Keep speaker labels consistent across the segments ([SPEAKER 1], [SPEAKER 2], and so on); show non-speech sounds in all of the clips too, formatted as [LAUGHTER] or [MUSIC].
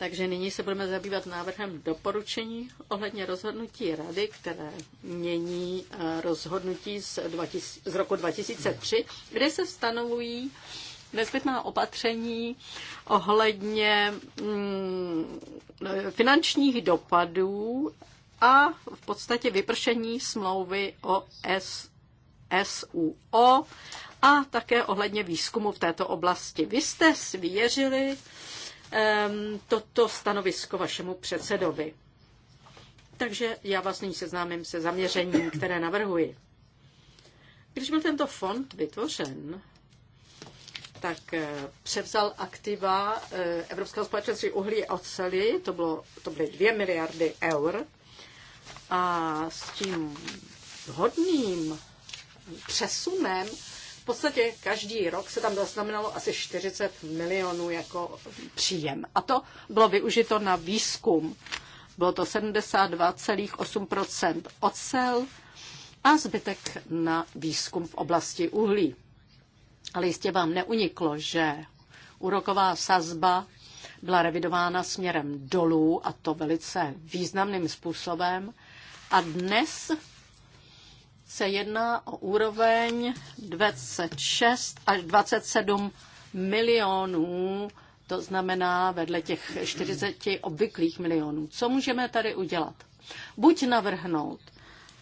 [SPEAKER 1] Takže nyní se budeme zabývat návrhem doporučení ohledně rozhodnutí rady, které mění eh, rozhodnutí z, 20, z roku 2003, kde se stanovují nezbytná opatření ohledně mm, finančních dopadů a v podstatě vypršení smlouvy o SUO a také ohledně výzkumu v této oblasti. Vy jste svěřili um, toto stanovisko vašemu předsedovi. Takže já vás nyní seznámím se zaměřením, které navrhuji. Když byl tento fond vytvořen, tak eh, převzal aktiva eh, Evropského společenství uhlí a oceli, to, bylo, to byly 2 miliardy eur, a s tím hodným přesunem v podstatě každý rok se tam zaznamenalo asi 40 milionů jako příjem. A to bylo využito na výzkum. Bylo to 72,8 ocel a zbytek na výzkum v oblasti uhlí. Ale jistě vám neuniklo, že úroková sazba byla revidována směrem dolů a to velice významným způsobem. A dnes se jedná o úroveň 26 až 27 milionů, to znamená vedle těch 40 obvyklých milionů. Co můžeme tady udělat? Buď navrhnout,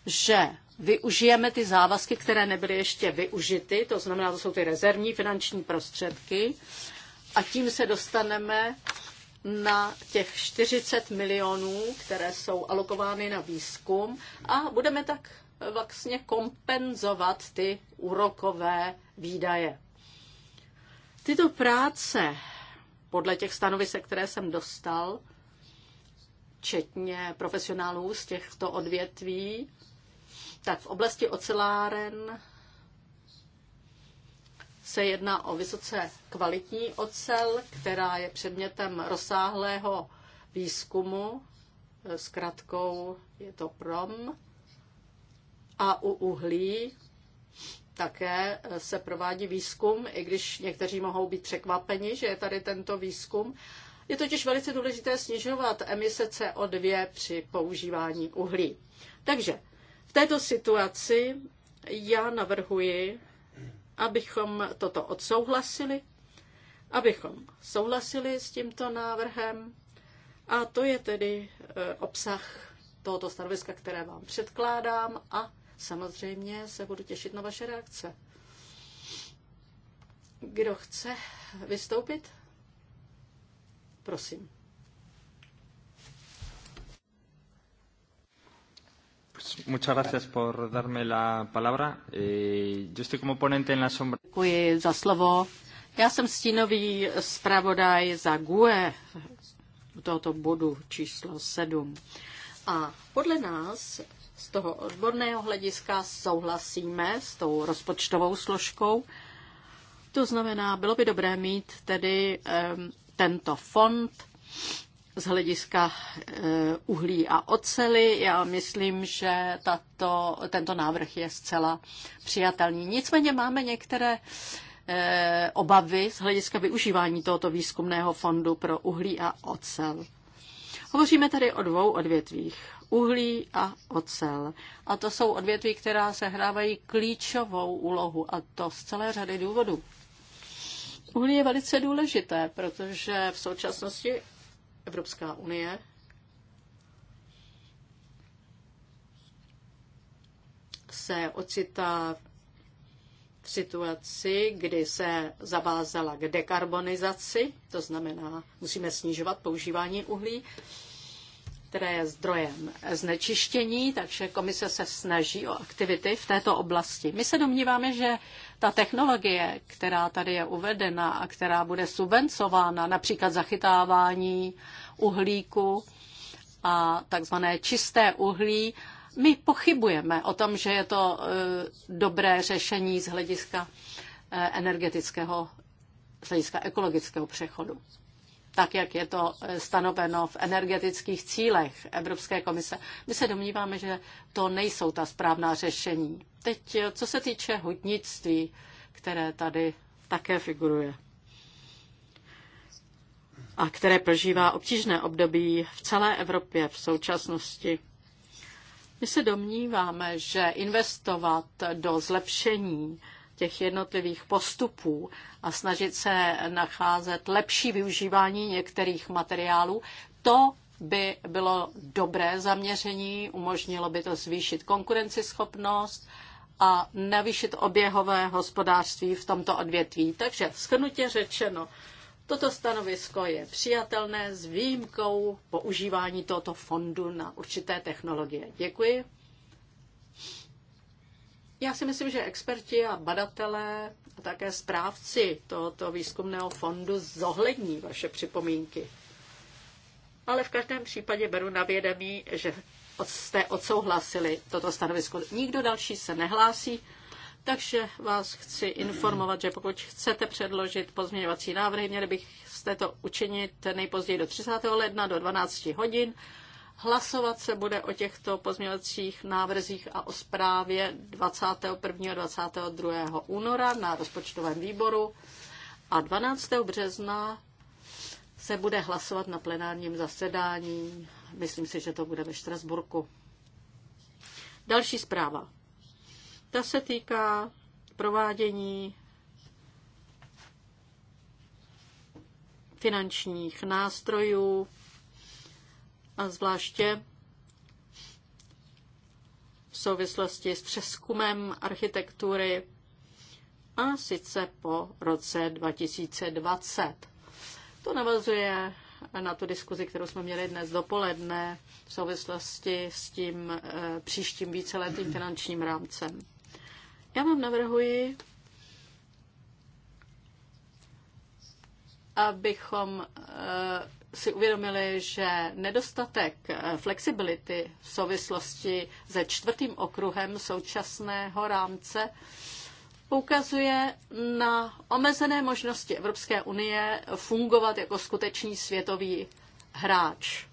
[SPEAKER 1] že využijeme ty závazky, které nebyly ještě využity, to znamená, to jsou ty rezervní finanční prostředky, a tím se dostaneme na těch 40 milionů, které jsou alokovány na výzkum a budeme tak vlastně kompenzovat ty úrokové výdaje. Tyto práce, podle těch stanovisek, které jsem dostal, včetně profesionálů z těchto odvětví, tak v oblasti oceláren se jedná o vysoce kvalitní ocel, která je předmětem rozsáhlého výzkumu. S je to PROM. A u uhlí také eh, se provádí výzkum, i když někteří mohou být překvapeni, že je tady tento výzkum. Je totiž velice důležité snižovat emise CO2 při používání uhlí. Takže v této situaci já navrhuji, abychom toto odsouhlasili, abychom souhlasili s tímto návrhem. A to je tedy eh, obsah tohoto stanoviska, které vám předkládám a Samozřejmě se budu těšit na vaše reakce. Kdo chce vystoupit? Prosím.
[SPEAKER 2] Muchas gracias por darme la palabra. Eh, yo estoy como ponente en la sombra. Děkuji za slovo.
[SPEAKER 1] Já jsem stínový zpravodaj za GUE u tohoto bodu číslo 7. A podle nás z toho odborného hlediska souhlasíme s tou rozpočtovou složkou. To znamená, bylo by dobré mít tedy tento fond z hlediska eh, uhlí a ocely. Já myslím, že tato, tento návrh je zcela přijatelný. Nicméně máme některé eh, obavy z hlediska využívání tohoto výzkumného fondu pro uhlí a ocel. Hovoříme tady o dvou odvětvích uhlí a ocel. A to jsou odvětví, která sehrávají klíčovou úlohu a to z celé řady důvodů. Uhlí je velice důležité, protože v současnosti Evropská unie se ocitá v situaci, kdy se zavázala k dekarbonizaci, to znamená, musíme snižovat používání uhlí, které je zdrojem znečištění, takže komise se snaží o aktivity v této oblasti. My se domníváme, že ta technologie, která tady je uvedena a která bude subvencována, například zachytávání uhlíku a takzvané čisté uhlí, my pochybujeme o tom, že je to e, dobré řešení z hlediska e, energetického, z hlediska ekologického přechodu tak jak je to eh, stanoveno v energetických cílech Evropské komise. My se domníváme, že to nejsou ta správná řešení. Teď, eh, co se týče hodnictví, které tady také figuruje a které prožívá obtížné období v celé Evropě v současnosti. My se domníváme, že investovat do zlepšení těch jednotlivých postupů a snažit se nacházet lepší využívání některých materiálů, to by bylo dobré zaměření, umožnilo by to zvýšit konkurenceschopnost a navýšit oběhové hospodářství v tomto odvětví. Takže shrnutě řečeno, toto stanovisko je přijatelné s výjimkou používání tohoto fondu na určité technologie. Děkuji. Já si myslím, že experti a badatelé a také správci tohoto výzkumného fondu zohlední vaše připomínky. Ale v každém případě beru na vědomí, že jste odsouhlasili toto stanovisko. Nikdo další se nehlásí, takže vás chci informovat, že pokud chcete předložit pozměňovací návrhy, měli jste to učinit nejpozději do 30. ledna do 12 hodin Hlasovat se bude o těchto pozměňovacích návrzích a o zprávě 21. a 22. února na rozpočtovém výboru a 12. března se bude hlasovat na plenárním zasedání. Myslím si, že to bude ve Štrasburku. Další zpráva. Ta se týká provádění finančních nástrojů a zvláště v souvislosti s přeskumem architektury a sice po roce 2020. To navazuje na tu diskuzi, kterou jsme měli dnes dopoledne v souvislosti s tím eh, příštím víceletým finančním rámcem. Já vám navrhuji, abychom eh, si uvědomili, že nedostatek eh, flexibility v souvislosti se čtvrtým okruhem současného rámce poukazuje na omezené možnosti Evropské unie fungovat jako skutečný světový hráč.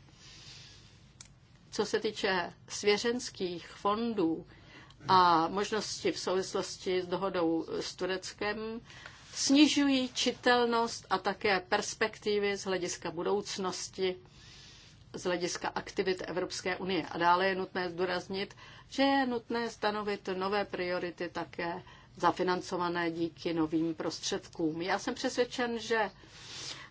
[SPEAKER 1] Co se týče svěřenských fondů a možnosti v souvislosti s dohodou s Tureckem, snižují čitelnost a také perspektivy z hlediska budoucnosti, z hlediska aktivit Evropské unie. A dále je nutné zdůraznit, že je nutné stanovit nové priority také zafinancované díky novým prostředkům. Já jsem přesvědčen, že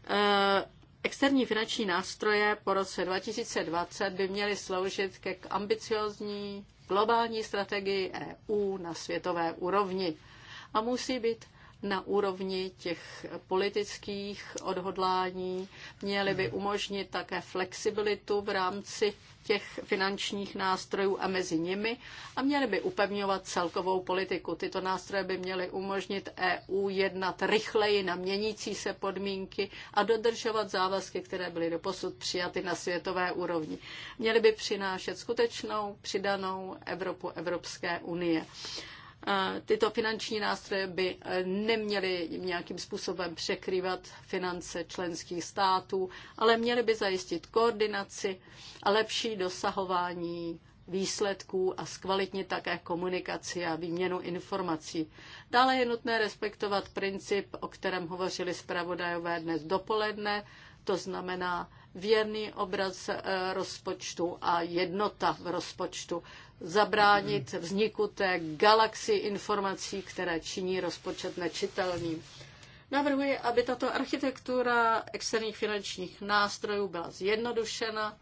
[SPEAKER 1] eh, Externí finanční nástroje po roce 2020 by měly sloužit ke ambiciozní globální strategii EU na světové úrovni a musí být na úrovni těch politických odhodlání, měly by mhm. umožnit také flexibilitu v rámci těch finančních nástrojů a mezi nimi a měly by upevňovat celkovou politiku. Tyto nástroje by měly umožnit EU jednat rychleji na měnící se podmínky a dodržovat závazky, které byly doposud přijaty na světové úrovni. Měly by přinášet skutečnou přidanou Evropu Evropské unie. Tyto finanční nástroje by eh, neměly nějakým způsobem překrývat finance členských států, ale měly by zajistit koordinaci a lepší dosahování výsledků a zkvalitnit také komunikaci a výměnu informací. Dále je nutné respektovat princip, o kterém hovořili zpravodajové dnes dopoledne, to znamená věrný obraz eh, rozpočtu a jednota v rozpočtu zabránit vzniku té galaxie informací, které činí rozpočet nečitelným. Navrhuji, aby tato architektura externích finančních nástrojů byla zjednodušena,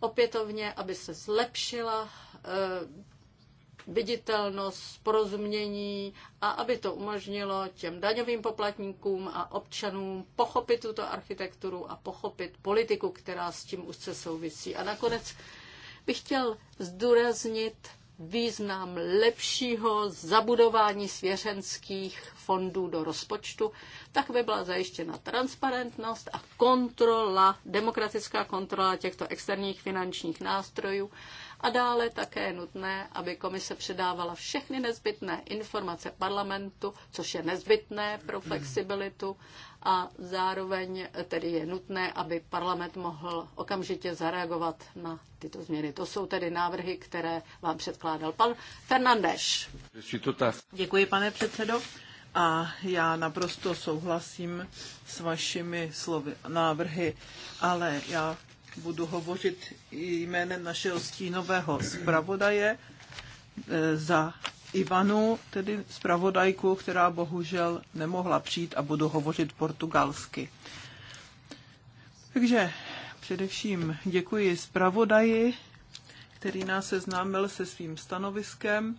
[SPEAKER 1] opětovně, aby se zlepšila eh, viditelnost, porozumění a aby to umožnilo těm daňovým poplatníkům a občanům pochopit tuto architekturu a pochopit politiku, která s tím se souvisí. A nakonec bych chtěl zdůraznit význam lepšího zabudování svěřenských fondů do rozpočtu, tak by byla zajištěna transparentnost a kontrola, demokratická kontrola těchto externích finančních nástrojů a dále také je nutné, aby komise předávala všechny nezbytné informace parlamentu, což je nezbytné pro flexibilitu a zároveň tedy je nutné, aby parlament mohl okamžitě zareagovat na tyto změny. To jsou tedy návrhy, které vám předkládal pan
[SPEAKER 3] Fernandeš. Děkuji, pane předsedo. A já naprosto souhlasím s vašimi slovy a návrhy, ale já budu hovořit jménem našeho stínového zpravodaje e, za Ivanu, tedy zpravodajku, která bohužel nemohla přijít a budu hovořit portugalsky. Takže především děkuji zpravodaji, který nás seznámil se svým stanoviskem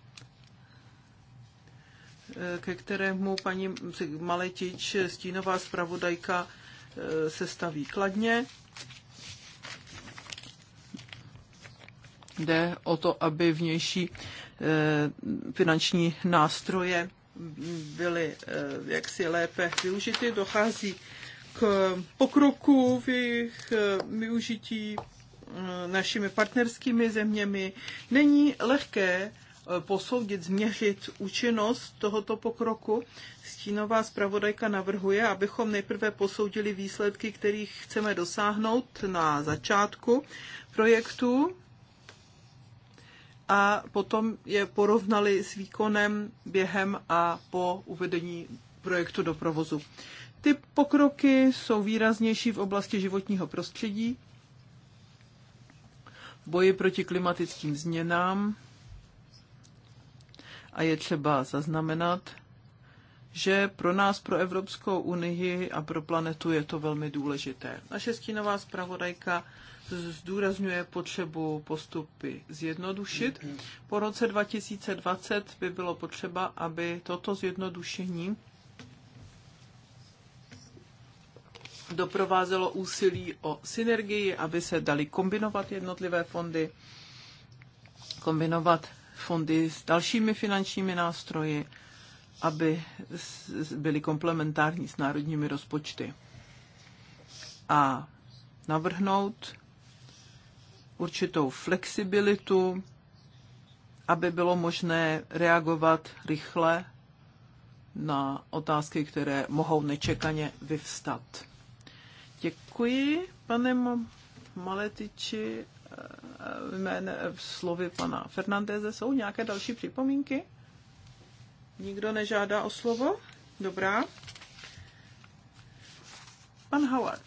[SPEAKER 3] ke kterému paní Maletič, stínová zpravodajka, se staví kladně. Jde o to, aby vnější Eh, finanční nástroje byly eh, jaksi lépe využity. Dochází k pokroku v jejich eh, využití našimi partnerskými zeměmi. Není lehké posoudit, změřit účinnost tohoto pokroku. Stínová zpravodajka navrhuje, abychom nejprve posoudili výsledky, kterých chceme dosáhnout na začátku projektu a potom je porovnali s výkonem během a po uvedení projektu do provozu. Ty pokroky jsou výraznější v oblasti životního prostředí, v boji proti klimatickým změnám a je třeba zaznamenat, že pro nás, pro Evropskou unii a pro planetu je to velmi důležité. Naše stínová zpravodajka zdůrazňuje potřebu postupy zjednodušit. Po roce 2020 by bylo potřeba, aby toto zjednodušení doprovázelo úsilí o synergii, aby se dali kombinovat jednotlivé fondy, kombinovat fondy s dalšími finančními nástroji, aby byly komplementární s národními rozpočty. A navrhnout určitou flexibilitu, aby bylo možné reagovat rychle na otázky, které mohou nečekaně vyvstat. Děkuji, pane Maletiči. Eh, jméne, slovy pana Fernandeze jsou nějaké další připomínky? Nikdo nežádá o slovo? Dobrá. Pan Howard.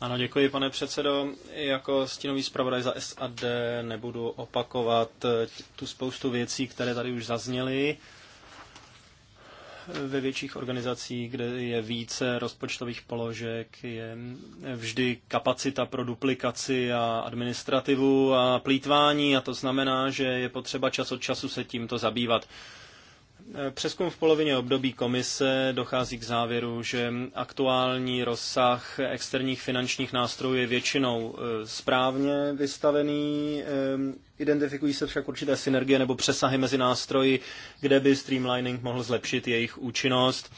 [SPEAKER 2] Ano, děkuji, pane předsedo. Jako stínový zpravodaj za SAD nebudu opakovat eh, tu spoustu věcí, které tady už zazněly. Ve větších organizacích, kde je více rozpočtových položek, je vždy kapacita pro duplikaci a administrativu a plítvání a to znamená, že je potřeba čas od času se tímto zabývat. Přeskum v polovině období komise dochází k závěru, že aktuální rozsah externích finančních nástrojů je většinou e, správně vystavený. E, identifikují se však určité synergie nebo přesahy mezi nástroji, kde by streamlining mohl zlepšit jejich účinnost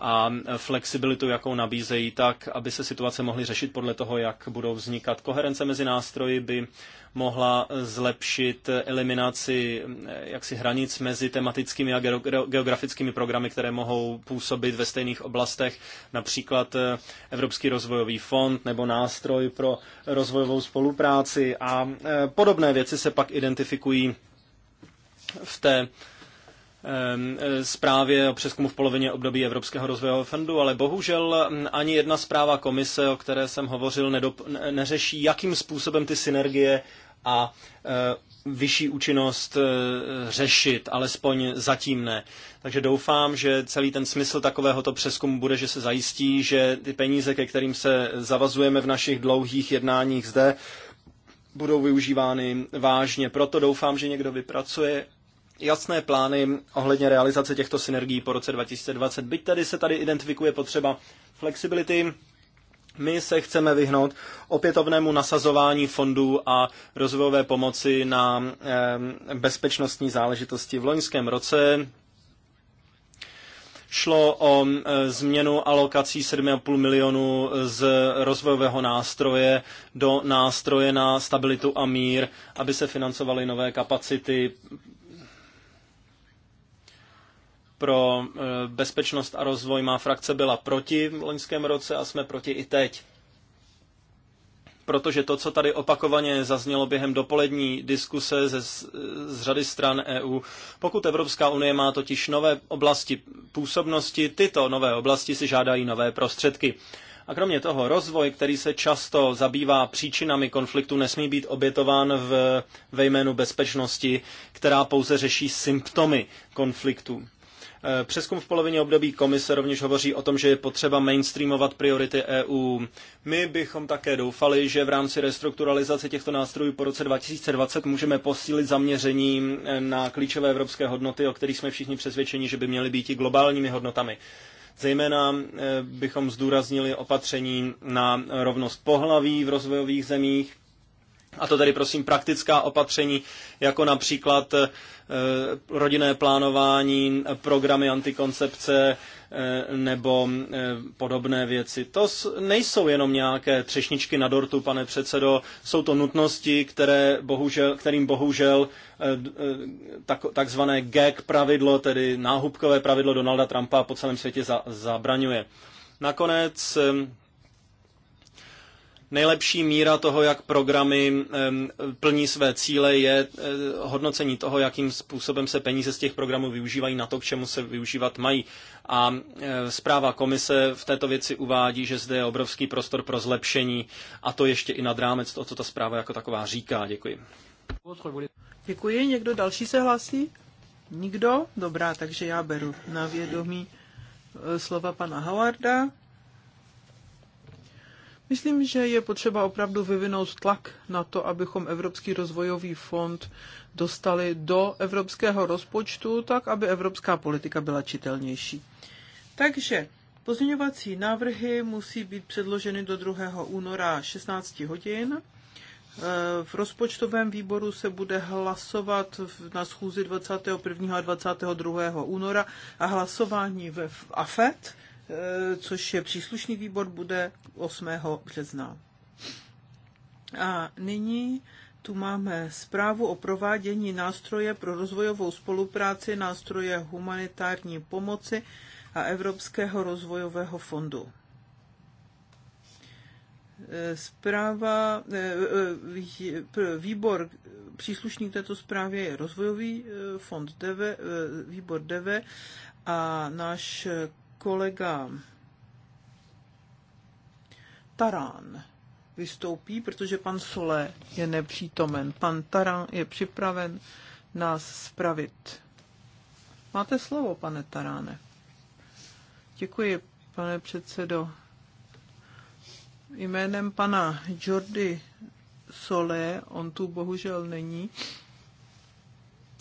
[SPEAKER 2] a e, flexibilitu, jakou nabízejí, tak aby se situace mohly řešit podle toho, jak budou vznikat. Koherence mezi nástroji by mohla zlepšit eliminaci e, jaksi hranic mezi tematickými a geografickými programy, které mohou působit ve stejných oblastech, například e, Evropský rozvojový fond nebo nástroj pro rozvojovou spolupráci a podobné věci se pak identifikují v té Ehm, eh, zprávě o přeskumu v polovině období Evropského rozvojového fondu, ale bohužel hm, ani jedna zpráva komise, o které jsem hovořil, nedop, neřeší, jakým způsobem ty synergie a eh, vyšší účinnost eh, řešit, alespoň zatím ne. Takže doufám, že celý ten smysl takovéhoto přeskumu bude, že se zajistí, že ty peníze, ke kterým se zavazujeme v našich dlouhých jednáních zde, budou využívány vážně. Proto doufám, že někdo vypracuje jasné plány ohledně realizace těchto synergií po roce 2020. Byť tady se tady identifikuje potřeba flexibility, my se chceme vyhnout opětovnému nasazování fondů a rozvojové pomoci na eh, bezpečnostní záležitosti. V loňském roce šlo o eh, změnu alokací 7,5 milionů z rozvojového nástroje do nástroje na stabilitu a mír, aby se financovaly nové kapacity pro eh, bezpečnost a rozvoj má frakce byla proti v loňském roce a jsme proti i teď. Protože to, co tady opakovaně zaznělo během dopolední diskuse ze, z řady stran EU, pokud Evropská unie má totiž nové oblasti působnosti, tyto nové oblasti si žádají nové prostředky. A kromě toho rozvoj, který se často zabývá příčinami konfliktu, nesmí být obětován v, ve jménu bezpečnosti, která pouze řeší symptomy konfliktu. Eh, přeskum v polovině období komise rovněž hovoří o tom, že je potřeba mainstreamovat priority EU. My bychom také doufali, že v rámci restrukturalizace těchto nástrojů po roce 2020 můžeme posílit zaměření eh, na klíčové evropské hodnoty, o kterých jsme všichni přesvědčeni, že by měly být i globálními hodnotami. Zejména eh, bychom zdůraznili opatření na rovnost pohlaví v rozvojových zemích, a to tedy prosím praktická opatření, jako například e, rodinné plánování, eh, programy antikoncepce e, nebo e, podobné věci. To s, nejsou jenom nějaké třešničky na dortu, pane předsedo, jsou to nutnosti, které bohužel, kterým bohužel tak, takzvané gag pravidlo, tedy náhubkové pravidlo Donalda Trumpa po celém světě za, zabraňuje. Nakonec nejlepší míra toho, jak programy plní své cíle, je eh, hodnocení toho, jakým způsobem se peníze z těch programů využívají na to, k čemu se využívat mají. A eh, zpráva komise v této věci uvádí, že zde je obrovský prostor pro zlepšení a to ještě i nad rámec toho, co ta zpráva jako taková říká. Děkuji.
[SPEAKER 3] Děkuji. Někdo další se hlásí? Nikdo? Dobrá, takže já beru na vědomí eh, slova pana Howarda. Myslím, že je potřeba opravdu vyvinout tlak na to, abychom Evropský rozvojový fond dostali do evropského rozpočtu, tak aby evropská politika byla čitelnější. Takže pozměňovací návrhy musí být předloženy do 2. února 16 hodin. V rozpočtovém výboru se bude hlasovat na schůzi 21. a 22. února a hlasování ve AFET Eh, což je příslušný výbor, bude 8. března. A nyní tu máme zprávu o provádění nástroje pro rozvojovou spolupráci, nástroje humanitární pomoci a Evropského rozvojového fondu. Eh, zpráva, eh, výbor příslušník této zprávě je rozvojový fond dv výbor dv a náš kolega Tarán vystoupí, protože pan Solé je nepřítomen. Pan Tarán je připraven nás spravit. Máte slovo, pane Taráne. Děkuji, pane předsedo. Jménem pana Jordy Solé, on tu bohužel není,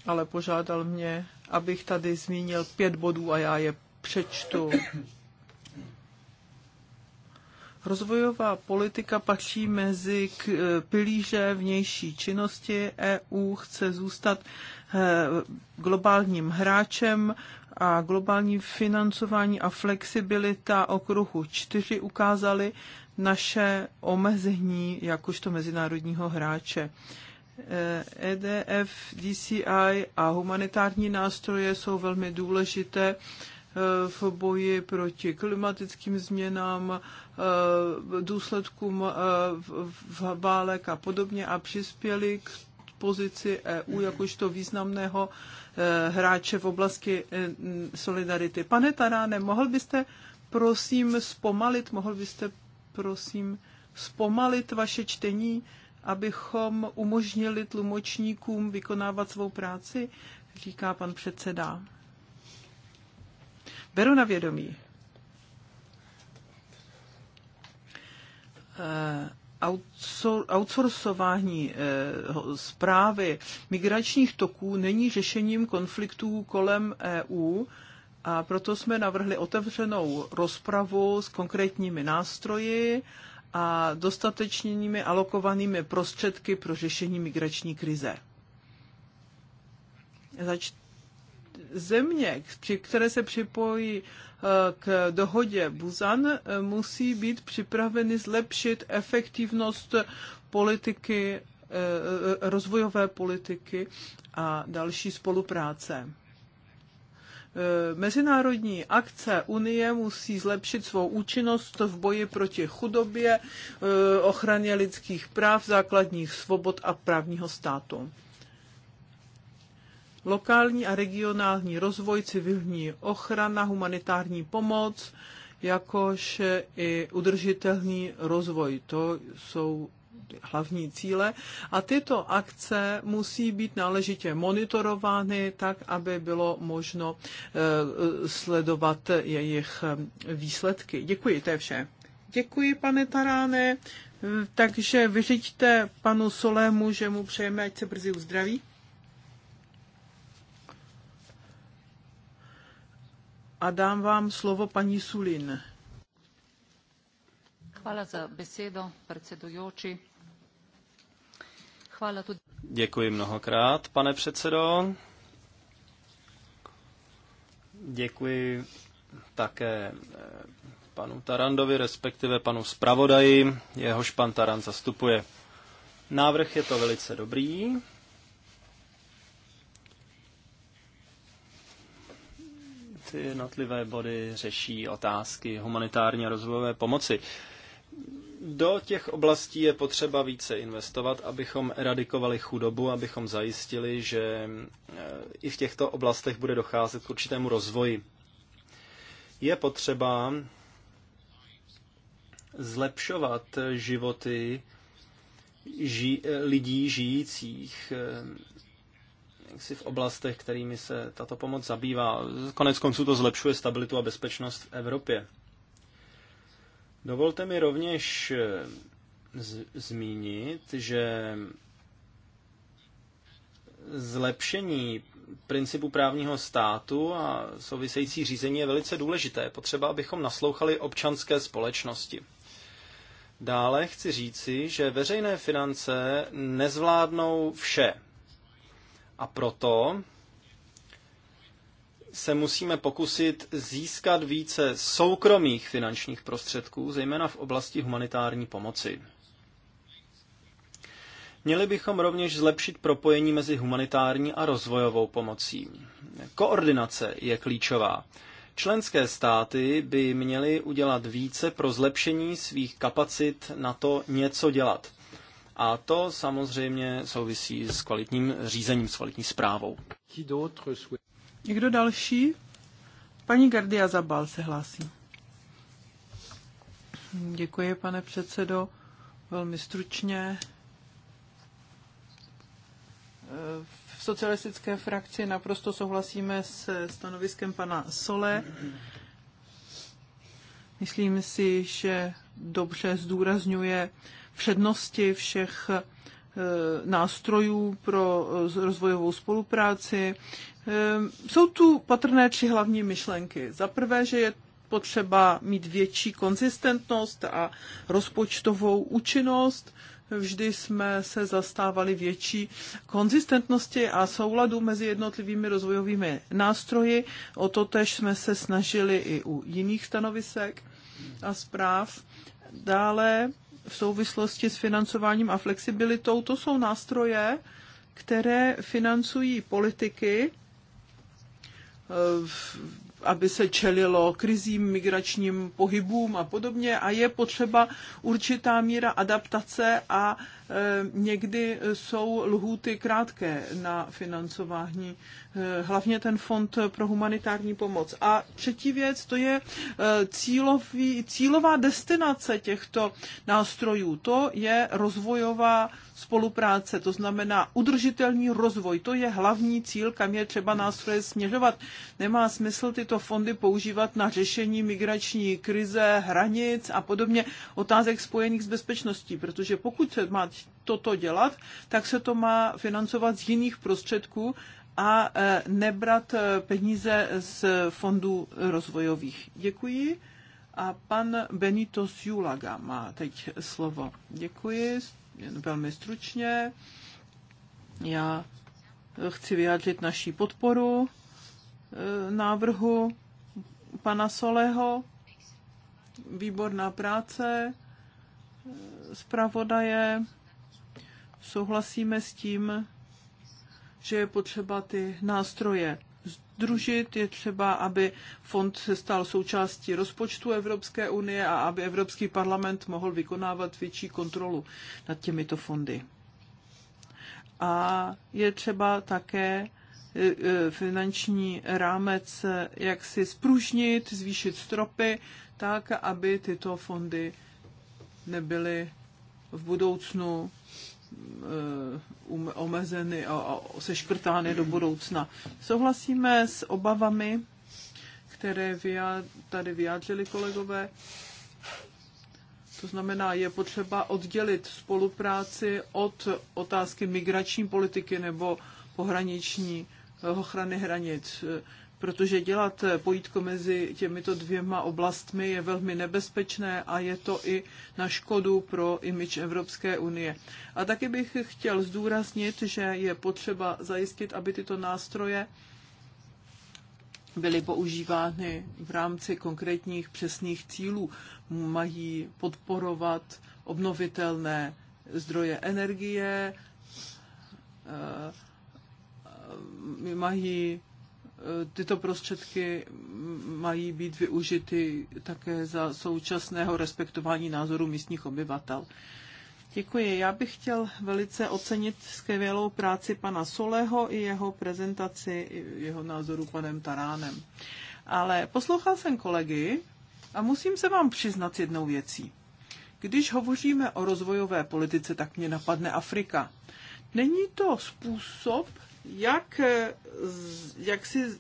[SPEAKER 3] ale požádal mě, abych tady zmínil pět bodů a já je přečtu. Rozvojová politika patří mezi k e, pilíře vnější činnosti. EU chce zůstat e, globálním hráčem a globální financování a flexibilita okruhu čtyři ukázaly naše omezení jakožto mezinárodního hráče. EDF, e DCI a humanitární nástroje jsou velmi důležité v boji proti klimatickým změnám, eh, důsledkům eh, v válek a podobně a přispěli k pozici EU jakožto významného eh, hráče v oblasti solidarity. Pane Taráne, mohl byste prosím zpomalit, mohl byste prosím zpomalit vaše čtení, abychom umožnili tlumočníkům vykonávat svou práci, říká pan předseda. Beru na vědomí. Eh, outsourcování eh, zprávy migračních toků není řešením konfliktů kolem EU, a proto jsme navrhli otevřenou rozpravu s konkrétními nástroji a dostatečnými alokovanými prostředky pro řešení migrační krize. Zač- země, které se připojí eh, k dohodě Buzan, eh, musí být připraveny zlepšit efektivnost politiky, eh, rozvojové politiky a další spolupráce. Mezinárodní akce Unie musí zlepšit svou účinnost v boji proti chudobě, ochraně lidských práv, základních svobod a právního státu lokální a regionální rozvoj, civilní ochrana, humanitární pomoc, jakož i udržitelný rozvoj. To jsou hlavní cíle a tyto akce musí být náležitě monitorovány tak, aby bylo možno eh, sledovat jejich eh, výsledky. Děkuji, to je vše. Děkuji, pane Taráne. Eh, takže vyřiďte panu Solému, že mu přejeme, ať se brzy uzdraví. a dám vám slovo paní Sulin.
[SPEAKER 1] Hvala za besedo, predsedujoči. Hvala tudi...
[SPEAKER 2] Děkuji mnohokrát, pane předsedo. Děkuji také eh, panu Tarandovi, respektive panu zpravodaji, jehož pan Tarand zastupuje. Návrh je to velice dobrý, ty jednotlivé body řeší otázky humanitární a rozvojové pomoci. Do těch oblastí je potřeba více investovat, abychom eradikovali chudobu, abychom zajistili, že eh, i v těchto oblastech bude docházet k určitému rozvoji. Je potřeba zlepšovat životy ži- lidí žijících eh, jaksi v oblastech, kterými se tato pomoc zabývá. Konec konců to zlepšuje stabilitu a bezpečnost v Evropě. Dovolte mi rovněž eh, zmínit, že zlepšení principu právního státu a související řízení je velice důležité. Je potřeba, abychom naslouchali občanské společnosti. Dále chci říci, že veřejné finance nezvládnou vše. A proto se musíme pokusit získat více soukromých finančních prostředků, zejména v oblasti humanitární pomoci. Měli bychom rovněž zlepšit propojení mezi humanitární a rozvojovou pomocí. Koordinace je klíčová. Členské státy by měly udělat více pro zlepšení svých kapacit na to něco dělat. A to samozřejmě souvisí s kvalitním řízením, s kvalitní zprávou.
[SPEAKER 3] Někdo další? Paní Gardia Zabal se hlásí. Děkuji, pane předsedo. Velmi stručně. V socialistické frakci naprosto souhlasíme se stanoviskem pana Sole. Myslím si, že dobře zdůrazňuje přednosti všech eh, nástrojů pro eh, rozvojovou spolupráci. Eh, jsou tu patrné tři hlavní myšlenky. Za prvé, že je potřeba mít větší konzistentnost a rozpočtovou účinnost. Vždy jsme se zastávali větší konzistentnosti a souladu mezi jednotlivými rozvojovými nástroji. O to tež jsme se snažili i u jiných stanovisek a zpráv. Dále v souvislosti s financováním a flexibilitou, to jsou nástroje, které financují politiky, eh, aby se čelilo krizím, migračním pohybům a podobně. A je potřeba určitá míra adaptace a eh, někdy jsou lhůty krátké na financování Eh, hlavně ten fond pro humanitární pomoc. A třetí věc, to je eh, cílový, cílová destinace těchto nástrojů. To je rozvojová spolupráce, to znamená udržitelný rozvoj. To je hlavní cíl, kam je třeba nástroje směřovat. Nemá smysl tyto fondy používat na řešení migrační krize, hranic a podobně otázek spojených s bezpečností, protože pokud se má toto dělat, tak se to má financovat z jiných prostředků, a e, nebrat e, peníze z fondů rozvojových. Děkuji. A pan Benito Siulaga má teď slovo. Děkuji, jen velmi stručně. Já chci vyjádřit naší podporu e, návrhu pana Soleho. Výborná práce zpravodaje. Souhlasíme s tím, že je potřeba ty nástroje združit, je třeba, aby fond se stal součástí rozpočtu Evropské unie a aby Evropský parlament mohl vykonávat větší kontrolu nad těmito fondy. A je třeba také e, e, finanční rámec jak si spružnit, zvýšit stropy, tak, aby tyto fondy nebyly v budoucnu Eh, um, omezeny a, a seškrtány do budoucna. Souhlasíme s obavami, které vyjad, tady vyjádřili kolegové. To znamená, je potřeba oddělit spolupráci od otázky migrační politiky nebo pohraniční eh, ochrany hranic protože dělat pojítko mezi těmito dvěma oblastmi je velmi nebezpečné a je to i na škodu pro imič Evropské unie. A taky bych chtěl zdůraznit, že je potřeba zajistit, aby tyto nástroje byly používány v rámci konkrétních přesných cílů. Mají podporovat obnovitelné zdroje energie, eh, mají tyto prostředky mají být využity také za současného respektování názoru místních obyvatel. Děkuji. Já bych chtěl velice ocenit skvělou práci pana Soleho i jeho prezentaci, i jeho názoru panem Taránem. Ale poslouchal jsem kolegy a musím se vám přiznat jednou věcí. Když hovoříme o rozvojové politice, tak mě napadne Afrika. Není to způsob, jak, eh, jak si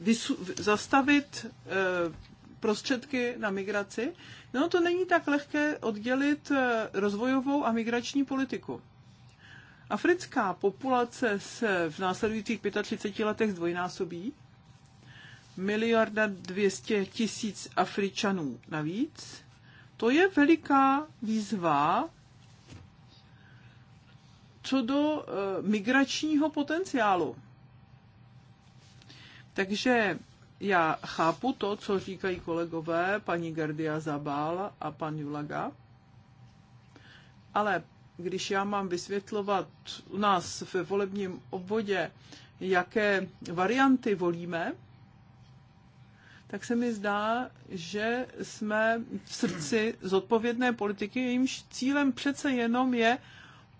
[SPEAKER 3] vysu, zastavit eh, prostředky na migraci. No to není tak lehké oddělit eh, rozvojovou a migrační politiku. Africká populace se v následujících 35 letech zdvojnásobí. Miliarda 200 tisíc Afričanů navíc. To je veliká výzva co do eh, migračního potenciálu. Takže já chápu to, co říkají kolegové, paní Gardia Zabal a pan Julaga, ale když já mám vysvětlovat u nás ve volebním obvodě, jaké varianty volíme, tak se mi zdá, že jsme v srdci zodpovědné politiky, jejímž cílem přece jenom je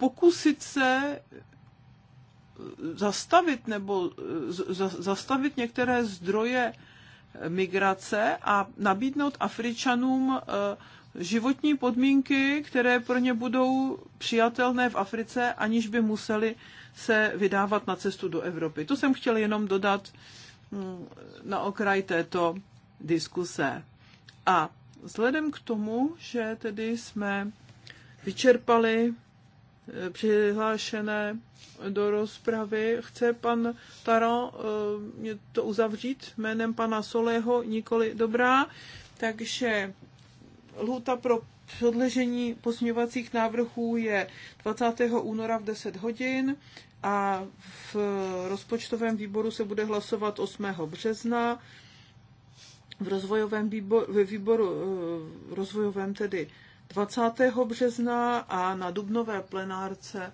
[SPEAKER 3] pokusit se eh, zastavit nebo eh, zastavit některé zdroje eh, migrace a nabídnout Afričanům životní podmínky, které pro ně budou přijatelné v Africe, aniž by museli se vydávat na cestu do Evropy. To jsem chtěl jenom dodat hm, na okraj této diskuse. A vzhledem k tomu, že tedy jsme vyčerpali Eh, přihlášené do rozpravy. Chce pan Taro eh, to uzavřít jménem pana Solého, nikoli dobrá. Takže lhuta pro předložení posměvacích návrhů je 20. února v 10 hodin a v rozpočtovém výboru se bude hlasovat 8. března, v rozvojovém výboru, ve výboru eh, rozvojovém tedy 20. března a na dubnové plenárce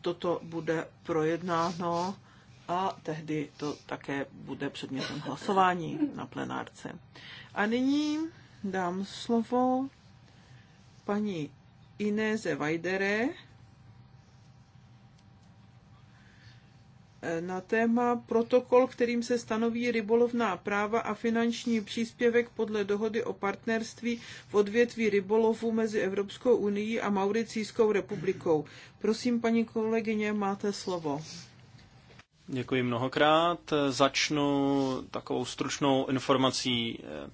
[SPEAKER 3] toto bude projednáno a tehdy to také bude předmětem hlasování na plenárce. A nyní dám slovo paní Inéze Vajdere, na téma protokol, kterým se stanoví rybolovná práva a finanční příspěvek podle dohody o partnerství v odvětví rybolovu mezi Evropskou unii a Mauricijskou republikou. Prosím, paní kolegyně, máte
[SPEAKER 2] slovo. Děkuji mnohokrát. Začnu takovou stručnou informací eh,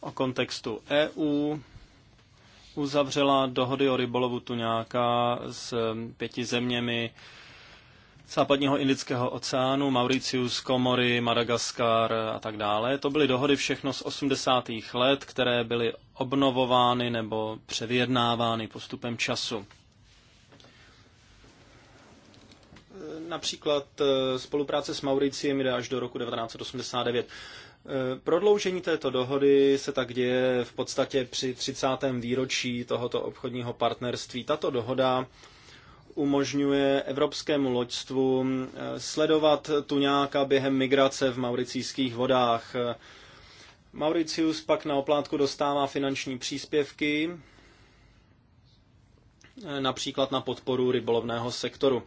[SPEAKER 2] o kontextu EU. Uzavřela dohody o rybolovu tuňáka s eh, pěti zeměmi západního Indického oceánu, Mauricius, Komory, Madagaskar a tak dále. To byly dohody všechno z 80. let, které byly obnovovány nebo převyjednávány postupem času. Například e, spolupráce s Mauriciem jde až do roku 1989. E, prodloužení této dohody se tak děje v podstatě při 30. výročí tohoto obchodního partnerství. Tato dohoda umožňuje evropskému loďstvu eh, sledovat tuňáka během migrace v mauricijských vodách. Mauricius pak na oplátku dostává finanční příspěvky, eh, například na podporu rybolovného sektoru.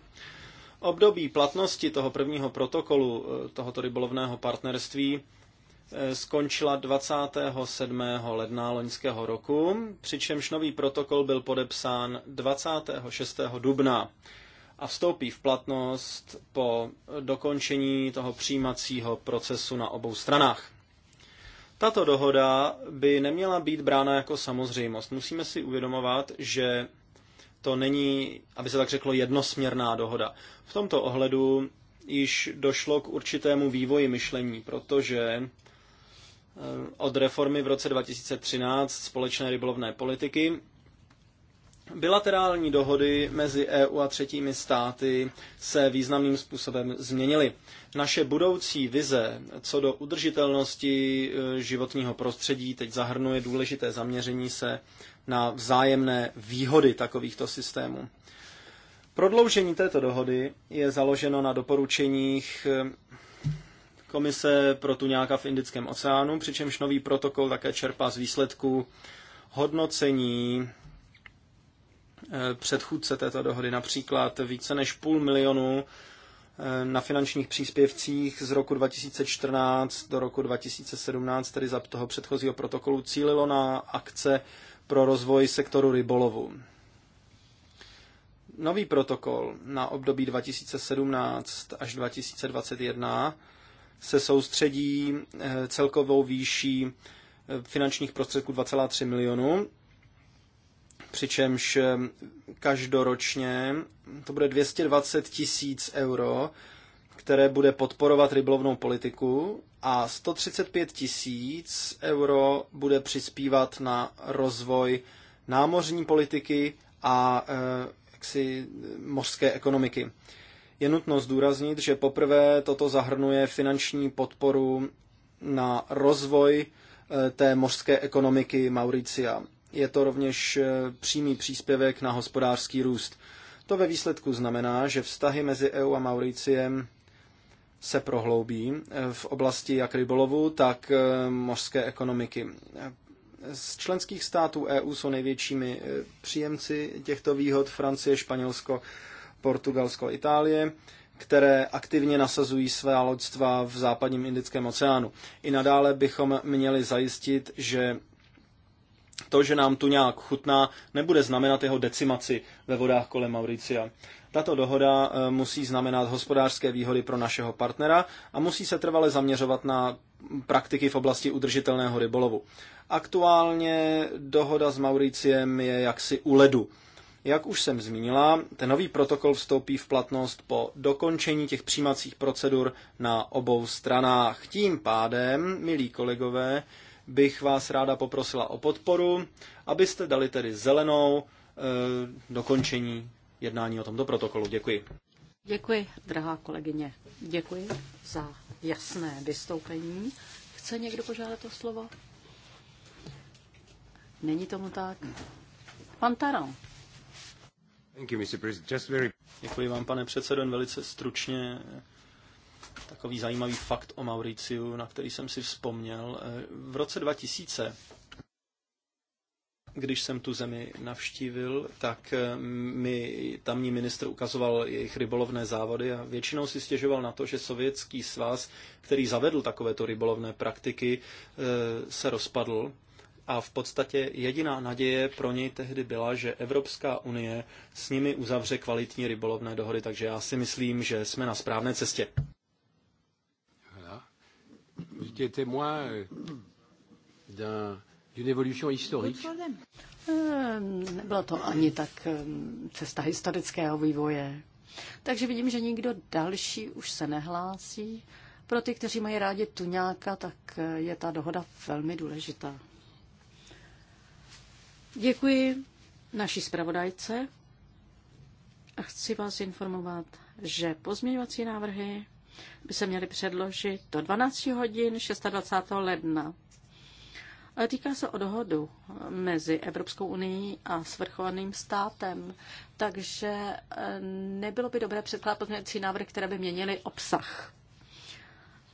[SPEAKER 2] Období platnosti toho prvního protokolu eh, tohoto rybolovného partnerství Eh, skončila 27. ledna loňského roku, přičemž nový protokol byl podepsán 26. dubna a vstoupí v platnost po dokončení toho přijímacího procesu na obou stranách. Tato dohoda by neměla být brána jako samozřejmost. Musíme si uvědomovat, že to není, aby se tak řeklo, jednosměrná dohoda. V tomto ohledu již došlo k určitému vývoji myšlení, protože Eh, od reformy v roce 2013 společné rybolovné politiky. Bilaterální dohody mezi EU a třetími státy se významným způsobem změnily. Naše budoucí vize co do udržitelnosti eh, životního prostředí teď zahrnuje důležité zaměření se na vzájemné výhody takovýchto systémů. Prodloužení této dohody je založeno na doporučeních eh, komise pro tuňáka v Indickém oceánu, přičemž nový protokol také čerpá z výsledků hodnocení eh, předchůdce této dohody, například více než půl milionu eh, na finančních příspěvcích z roku 2014 do roku 2017, tedy za toho předchozího protokolu, cílilo na akce pro rozvoj sektoru rybolovu. Nový protokol na období 2017 až 2021 se soustředí eh, celkovou výší eh, finančních prostředků 2,3 milionu, přičemž eh, každoročně to bude 220 tisíc euro, které bude podporovat rybolovnou politiku a 135 tisíc euro bude přispívat na rozvoj námořní politiky a jaksi mořské ekonomiky. Je nutno zdůraznit, že poprvé toto zahrnuje finanční podporu na rozvoj eh, té mořské ekonomiky Mauricia. Je to rovněž eh, přímý příspěvek na hospodářský růst. To ve výsledku znamená, že vztahy mezi EU a Mauriciem se prohloubí eh, v oblasti jak rybolovu, tak mořské ekonomiky. Z členských států EU jsou největšími příjemci těchto výhod Francie, Španělsko, Portugalsko a Itálie, které aktivně nasazují své loďstva v západním Indickém oceánu. I nadále bychom měli zajistit, že to, že nám tu nějak chutná, nebude znamenat jeho decimaci ve vodách kolem Mauricia. Tato dohoda eh, musí znamenat hospodářské výhody pro našeho partnera a musí se trvale zaměřovat na praktiky v oblasti udržitelného rybolovu. Aktuálně dohoda s Mauriciem je jaksi u ledu. Jak už jsem zmínila, ten nový protokol vstoupí v platnost po dokončení těch přijímacích procedur na obou stranách. Tím pádem, milí kolegové, bych vás ráda poprosila o podporu, abyste dali tedy zelenou e, dokončení jednání o tomto protokolu. Děkuji.
[SPEAKER 1] Děkuji, drahá kolegyně. Děkuji za jasné vystoupení. Chce někdo požádat o slovo? Není tomu tak. Pan Taran.
[SPEAKER 2] Děkuji vám, pane předsedo, velice stručně takový zajímavý fakt o Mauriciu, na který jsem si vzpomněl. V roce 2000, když jsem tu zemi navštívil, tak mm, mi tamní ministr ukazoval jejich rybolovné závody a většinou si stěžoval na to, že sovětský svaz, který zavedl takovéto rybolovné praktiky, eh, se rozpadl a v podstatě jediná naděje pro něj tehdy byla, že Evropská unie s nimi uzavře kvalitní rybolovné dohody, takže já si myslím, že jsme na správné cestě. Euh,
[SPEAKER 1] ehm, nebyla to ani tak ehm, cesta historického vývoje. Takže vidím, že nikdo další už se nehlásí. Pro ty, kteří mají rádi tuňáka, tak eh, je ta dohoda velmi důležitá. Děkuji naší zpravodajce a chci vás informovat, že pozměňovací návrhy by se měly předložit do 12 hodin 26. ledna. týká se o dohodu mezi Evropskou unii a svrchovaným státem, takže eh, nebylo by dobré předkládat pozměňovací návrhy, které by měnily obsah.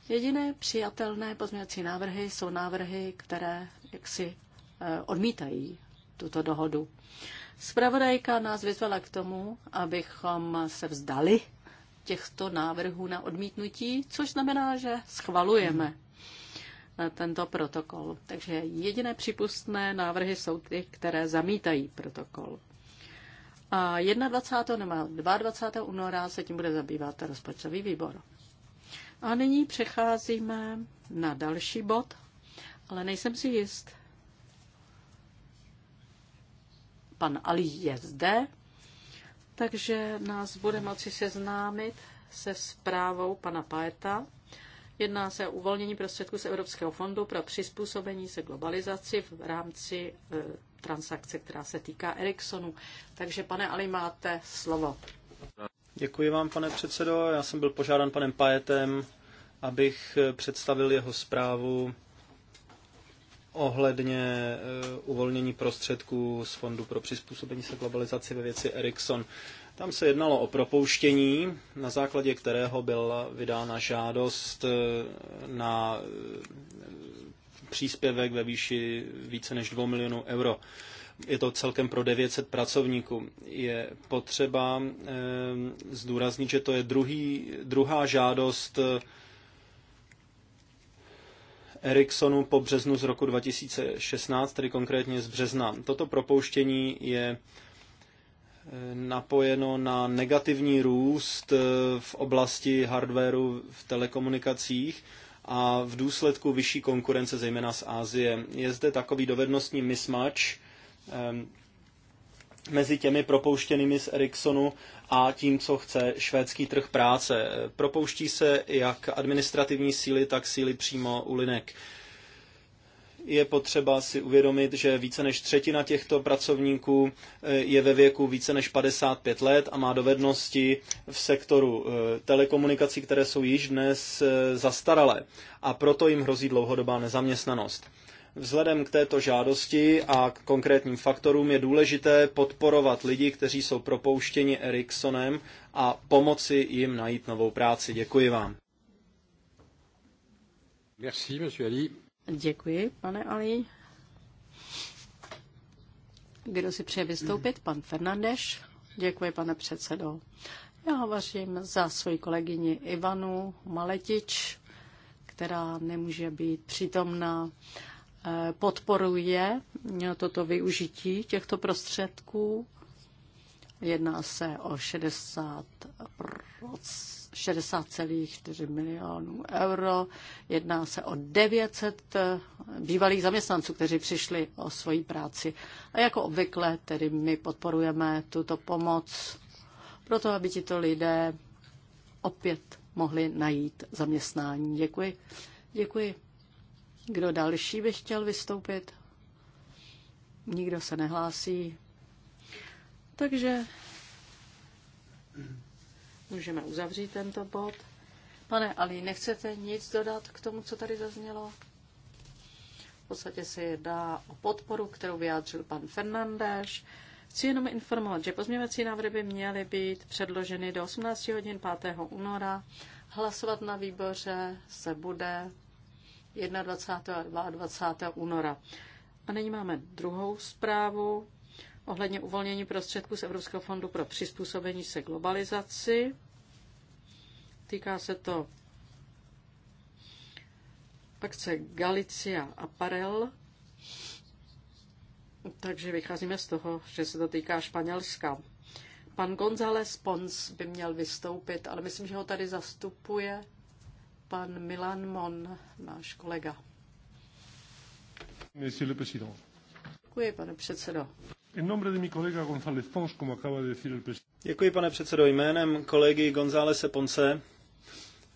[SPEAKER 1] Jediné přijatelné pozměňovací návrhy jsou návrhy, které jaksi eh, odmítají tuto dohodu. Spravodajka nás vyzvala k tomu, abychom se vzdali těchto návrhů na odmítnutí, což znamená, že schvalujeme tento protokol. Takže jediné připustné návrhy jsou ty, které zamítají protokol. A 21. nebo 22. února se tím bude zabývat rozpočtový výbor. A nyní přecházíme na další bod, ale nejsem si jist, Pan Ali je zde, takže nás bude moci seznámit se zprávou pana Paeta. Jedná se o uvolnění prostředků z Evropského fondu pro přizpůsobení se globalizaci v rámci e, transakce, která se týká Ericssonu. Takže, pane Ali, máte slovo.
[SPEAKER 2] Děkuji vám, pane předsedo. Já jsem byl požádán panem Paetem, abych e, představil jeho zprávu ohledně eh, uvolnění prostředků z Fondu pro přizpůsobení se globalizaci ve věci Ericsson. Tam se jednalo o propouštění, na základě kterého byla vydána žádost eh, na eh, příspěvek ve výši více než 2 milionů euro. Je to celkem pro 900 pracovníků. Je potřeba zdůraznit, že to je druhý, druhá žádost Ericssonu po březnu z roku 2016, tedy konkrétně z března. Toto propouštění je eh, napojeno na negativní růst eh, v oblasti hardwareu v telekomunikacích a v důsledku vyšší konkurence, zejména z Ázie Je zde takový dovednostní mismatch eh, mezi těmi propouštěnými z Ericssonu a tím, co chce švédský trh práce. Propouští se jak administrativní síly, tak síly přímo u linek. Je potřeba si uvědomit, že více než třetina těchto pracovníků eh, je ve věku více než 55 let a má dovednosti v sektoru eh, telekomunikací, které jsou již dnes eh, zastaralé. A proto jim hrozí dlouhodobá nezaměstnanost. Vzhledem k této žádosti a konkrétním faktorům je důležité podporovat lidi, kteří jsou propouštěni Ericssonem a pomoci jim najít novou práci. Děkuji vám. Merci, Ali.
[SPEAKER 1] Děkuji, pane Ali. Kdo si přeje vystoupit? Pan Fernandeš. Děkuji, pane předsedo. Já hovořím za svoji kolegyni Ivanu Maletič, která nemůže být přítomná podporuje toto využití těchto prostředků. Jedná se o 60 60,4 milionů euro. Jedná se o 900 eh, bývalých zaměstnanců, kteří přišli o svoji práci. A jako obvykle tedy my podporujeme tuto pomoc proto, aby tito lidé opět mohli najít zaměstnání. Děkuji. Děkuji. Kdo další by chtěl vystoupit? Nikdo se nehlásí. Takže můžeme uzavřít tento bod. Pane Ali, nechcete nic dodat k tomu, co tady zaznělo? V podstatě se jedná o podporu, kterou vyjádřil pan Fernandéš. Chci jenom informovat, že pozměňovací návrhy by měly být předloženy do 18 hodin 5. února. Hlasovat na výboře se bude 21. a 22. února. A nyní máme druhou zprávu ohledně uvolnění prostředků z Evropského fondu pro přizpůsobení se globalizaci. Týká se to akce Galicia Apparel. Takže vycházíme z toho, že se to týká Španělska. Pan González Pons by měl vystoupit, ale myslím, že ho tady zastupuje pan Milan Mon, náš kolega. Děkuji, pane předsedo.
[SPEAKER 3] En nombre de mi González Pons, como acaba de decir el presidente.
[SPEAKER 2] Děkuji, pane předsedo. Jménem kolegy Gonzálese Ponce,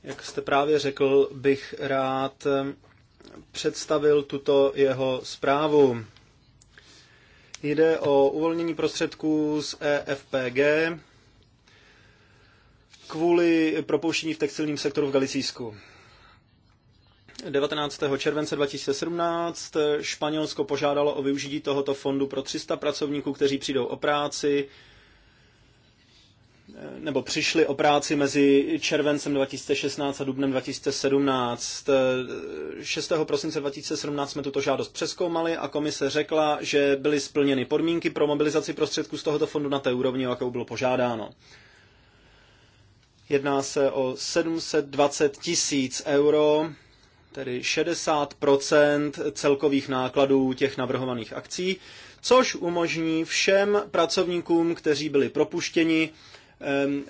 [SPEAKER 2] jak jste právě řekl, bych rád eh, představil tuto jeho zprávu. Jde o uvolnění prostředků z EFPG, kvůli propouštění v textilním sektoru v Galicísku. 19. července 2017 Španělsko požádalo o využití tohoto fondu pro 300 pracovníků, kteří přijdou o práci nebo přišli o práci mezi červencem 2016 a dubnem 2017. 6. prosince 2017 jsme tuto žádost přeskoumali a komise řekla, že byly splněny podmínky pro mobilizaci prostředků z tohoto fondu na té úrovni, jakou bylo požádáno. Jedná se o 720 tisíc euro, tedy 60 celkových nákladů těch navrhovaných akcí, což umožní všem pracovníkům, kteří byli propuštěni,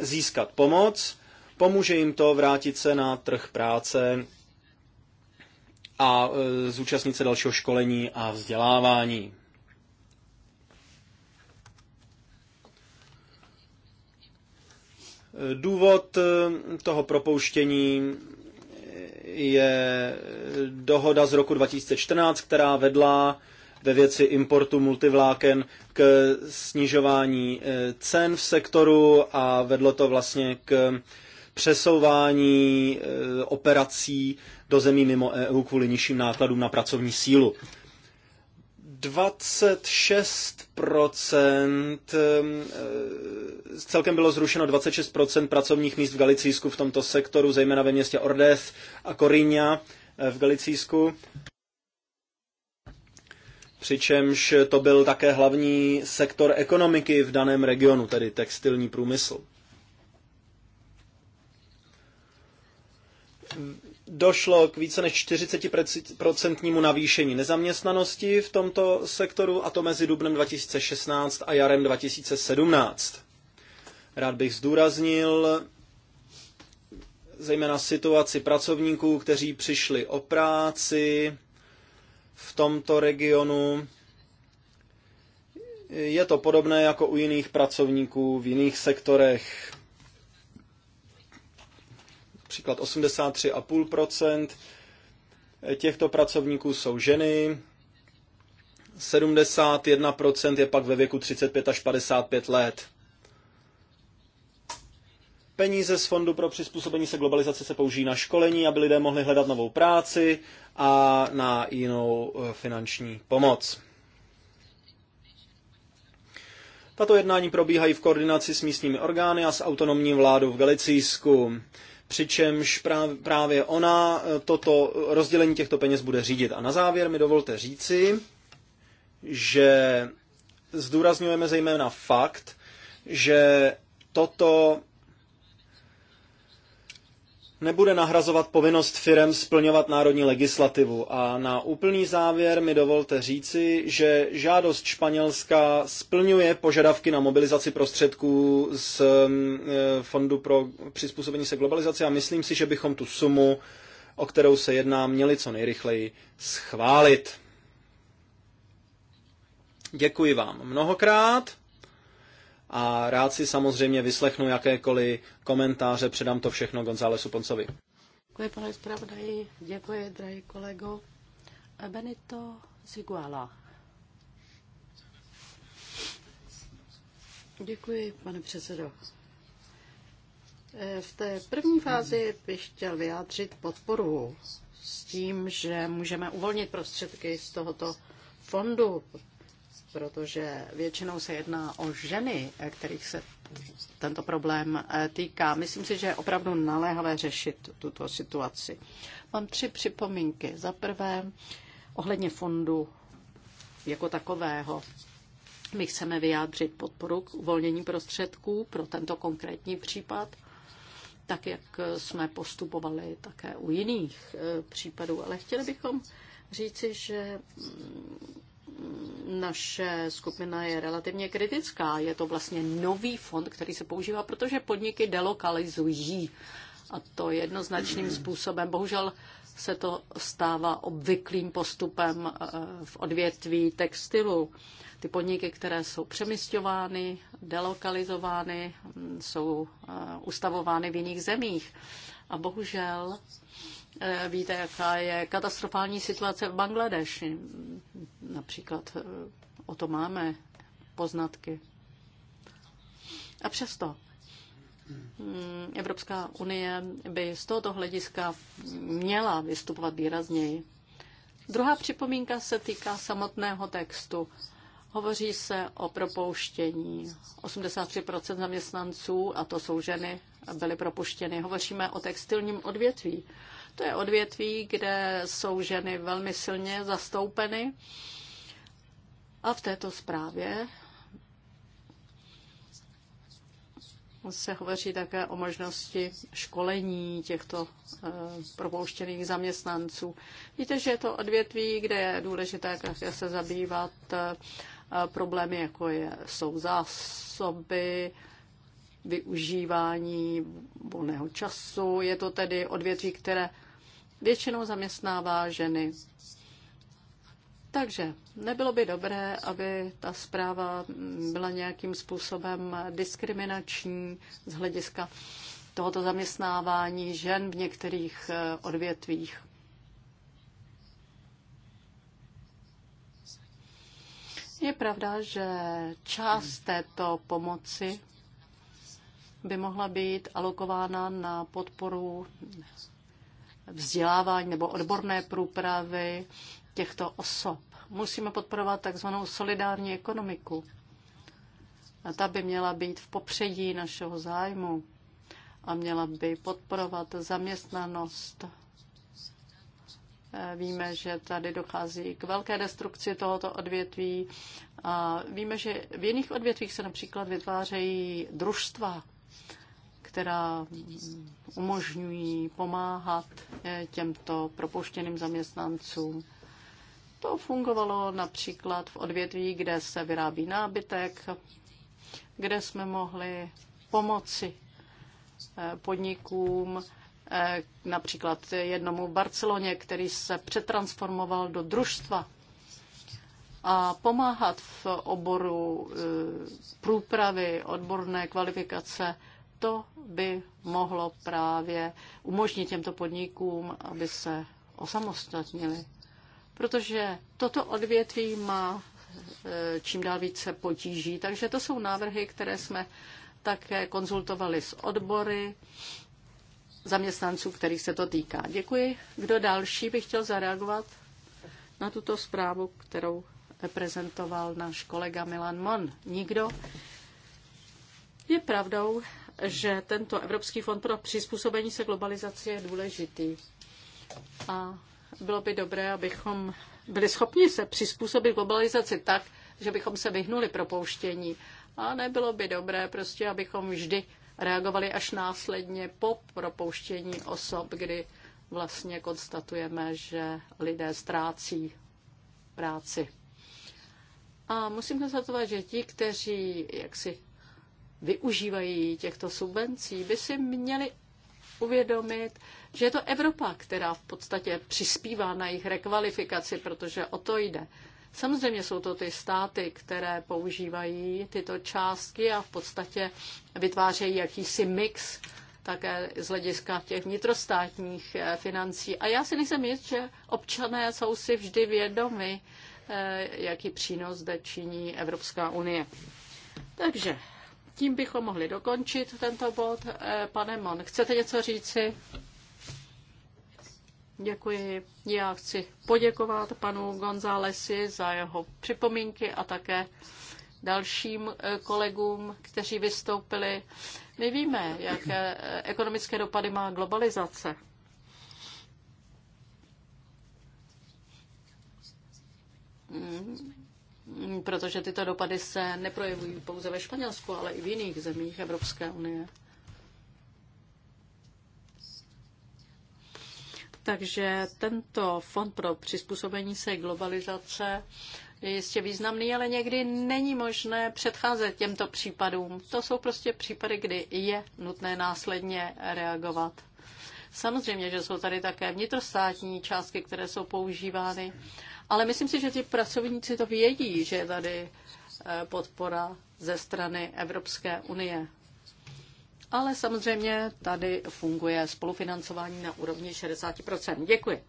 [SPEAKER 2] získat pomoc. Pomůže jim to vrátit se na trh práce a e, zúčastnit se dalšího školení a vzdělávání. Důvod eh, toho propouštění je dohoda z roku 2014, která vedla ve věci importu multivláken k snižování eh, cen v sektoru a vedlo to vlastně k přesouvání eh, operací do zemí mimo EU kvůli nižším nákladům na pracovní sílu. 26% ehm, eh, celkem bylo zrušeno 26% pracovních míst v Galicísku v tomto sektoru, zejména ve městě Ordez a Korinia eh, v Galicísku. Přičemž to byl také hlavní sektor ekonomiky v daném regionu, tedy textilní průmysl došlo k více než 40% navýšení nezaměstnanosti v tomto sektoru, a to mezi dubnem 2016 a jarem 2017. Rád bych zdůraznil zejména situaci pracovníků, kteří přišli o práci v tomto regionu. Je to podobné jako u jiných pracovníků v jiných sektorech například 83,5 těchto pracovníků jsou ženy, 71 je pak ve věku 35 až 55 let. Peníze z Fondu pro přizpůsobení se globalizaci se použijí na školení, aby lidé mohli hledat novou práci a na jinou eh, finanční pomoc. Tato jednání probíhají v koordinaci s místními orgány a s autonomní vládou v Galicísku přičemž právě ona e, toto rozdělení těchto peněz bude řídit. A na závěr mi dovolte říci, že zdůrazňujeme zejména fakt, že toto nebude nahrazovat povinnost firem splňovat národní legislativu. A na úplný závěr mi dovolte říci, že žádost Španělska splňuje požadavky na mobilizaci prostředků z eh, Fondu pro přizpůsobení se globalizaci a myslím si, že bychom tu sumu, o kterou se jedná, měli co nejrychleji schválit. Děkuji vám mnohokrát a rád si samozřejmě vyslechnu jakékoliv komentáře, předám to všechno Gonzálesu Poncovi.
[SPEAKER 1] Děkuji, pane zpravodaji, děkuji, drahý kolego. Benito Ziguala. Děkuji, pane předsedo. V té první fázi bych chtěl vyjádřit podporu s tím, že můžeme uvolnit prostředky z tohoto fondu protože většinou se jedná o ženy, kterých se tento problém eh, týká. Myslím si, že je opravdu naléhavé řešit tuto situaci. Mám tři připomínky. Za prvé, ohledně fondu jako takového. My chceme vyjádřit podporu k uvolnění prostředků pro tento konkrétní případ, tak jak jsme postupovali také u jiných eh, případů. Ale chtěli bychom říci, že mm, naše skupina je relativně kritická. Je to vlastně nový fond, který se používá, protože podniky delokalizují. A to jednoznačným způsobem. Bohužel se to stává obvyklým postupem eh, v odvětví textilu. Ty podniky, které jsou přemysťovány, delokalizovány, mm, jsou eh, ustavovány v jiných zemích. A bohužel Eh, víte, jaká je katastrofální situace v Bangladeši. Například eh, o to máme poznatky. A přesto hm, Evropská unie by z tohoto hlediska měla vystupovat výrazněji. Druhá připomínka se týká samotného textu. Hovoří se o propouštění. 83% zaměstnanců, a to jsou ženy, byly propuštěny. Hovoříme o textilním odvětví. To je odvětví, kde jsou ženy velmi silně zastoupeny. A v této zprávě se hovoří také o možnosti školení těchto eh, propouštěných zaměstnanců. Víte, že je to odvětví, kde je důležité také se zabývat eh, problémy, jako je, jsou zásoby, využívání volného času. Je to tedy odvětví, které většinou zaměstnává ženy. Takže nebylo by dobré, aby ta zpráva byla nějakým způsobem diskriminační z hlediska tohoto zaměstnávání žen v některých eh, odvětvích. Je pravda, že část této pomoci by mohla být alokována na podporu vzdělávání nebo odborné průpravy těchto osob. Musíme podporovat takzvanou solidární ekonomiku. A ta by měla být v popředí našeho zájmu a měla by podporovat zaměstnanost. Eh, víme, že tady dochází k velké destrukci tohoto odvětví. A víme, že v jiných odvětvích se například vytvářejí družstva která umožňují pomáhat eh, těmto propuštěným zaměstnancům. To fungovalo například v odvětví, kde se vyrábí nábytek, kde jsme mohli pomoci eh, podnikům, eh, například jednomu v Barceloně, který se přetransformoval do družstva a pomáhat v oboru průpravy, odborné kvalifikace to by mohlo právě umožnit těmto podnikům, aby se osamostatnili. Protože toto odvětví má e, čím dál více potíží, takže to jsou návrhy, které jsme také konzultovali s odbory zaměstnanců, kterých se to týká. Děkuji. Kdo další by chtěl zareagovat na tuto zprávu, kterou prezentoval náš kolega Milan Mon? Nikdo? Je pravdou, že tento Evropský fond pro přizpůsobení se globalizaci je důležitý. A bylo by dobré, abychom byli schopni se přizpůsobit globalizaci tak, že bychom se vyhnuli propouštění. A nebylo by dobré prostě, abychom vždy reagovali až následně po propouštění osob, kdy vlastně konstatujeme, že lidé ztrácí práci. A musím konstatovat, že ti, kteří jaksi využívají těchto subvencí, by si měli uvědomit, že je to Evropa, která v podstatě přispívá na jejich rekvalifikaci, protože o to jde. Samozřejmě jsou to ty státy, které používají tyto částky a v podstatě vytvářejí jakýsi mix také z hlediska těch vnitrostátních eh, financí. A já si nejsem jist, že občané jsou si vždy vědomi, eh, jaký přínos zde činí Evropská unie. Takže tím bychom mohli dokončit tento bod. Eh, pane Mon, chcete něco říci? Děkuji. Já chci poděkovat panu Gonzálesi za jeho připomínky a také dalším eh, kolegům, kteří vystoupili. My víme, jaké eh, ekonomické dopady má globalizace. Mm protože tyto dopady se neprojevují pouze ve Španělsku, ale i v jiných zemích Evropské unie. Takže tento fond pro přizpůsobení se globalizace je jistě významný, ale někdy není možné předcházet těmto případům. To jsou prostě případy, kdy je nutné následně reagovat. Samozřejmě, že jsou tady také vnitrostátní částky, které jsou používány. Uh, ale myslím si, že ti pracovníci to vědí, že je tady eh, podpora ze strany Evropské unie. Ale samozřejmě tady funguje spolufinancování na úrovni 60%. Děkuji.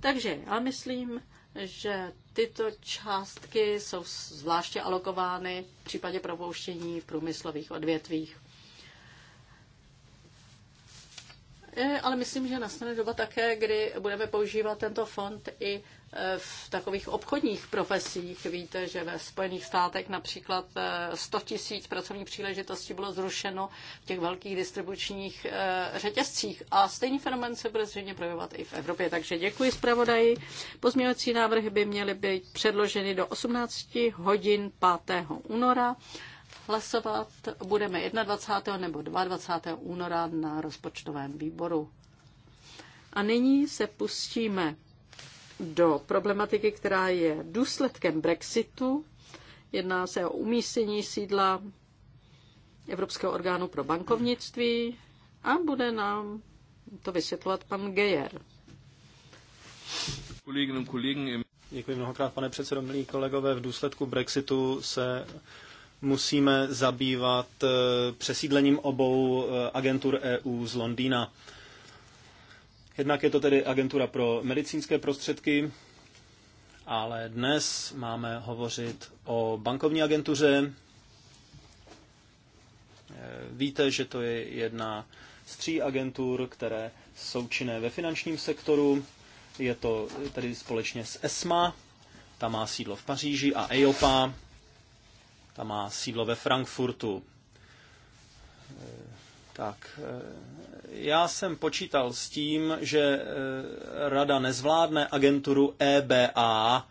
[SPEAKER 1] Takže já myslím, že tyto částky jsou zvláště alokovány v případě propouštění v průmyslových odvětvích. E, ale myslím, že nastane doba také, kdy budeme používat tento fond i e, v takových obchodních profesích. Víte, že ve Spojených státech například 100 e, tisíc pracovních příležitostí bylo zrušeno v těch velkých distribučních řetězcích a stejný fenomen se bude zřejmě projevovat i v Evropě. Takže děkuji zpravodaji. Pozměňovací návrhy by měly být předloženy do 18 hodin 5. února Hlasovat budeme 21. nebo 22. února na rozpočtovém výboru. A nyní se pustíme do problematiky, která je důsledkem Brexitu. Jedná se o umístění sídla Evropského orgánu pro bankovnictví a bude nám to vysvětlovat pan Gejer.
[SPEAKER 2] Děkuji mnohokrát, pane předsedo, milí kolegové. V důsledku Brexitu se musíme zabývat eh, přesídlením obou eh, agentur EU z Londýna. Jednak je to tedy agentura pro medicínské prostředky, ale dnes máme hovořit o bankovní agentuře. Eh, víte, že to je jedna z tří agentur, které jsou činné ve finančním sektoru. Je to tedy společně s ESMA, ta má sídlo v Paříži, a EIOPA, ta má sídlo ve Frankfurtu. Eh, tak, eh, já jsem počítal s tím, že eh, rada nezvládne agenturu EBA,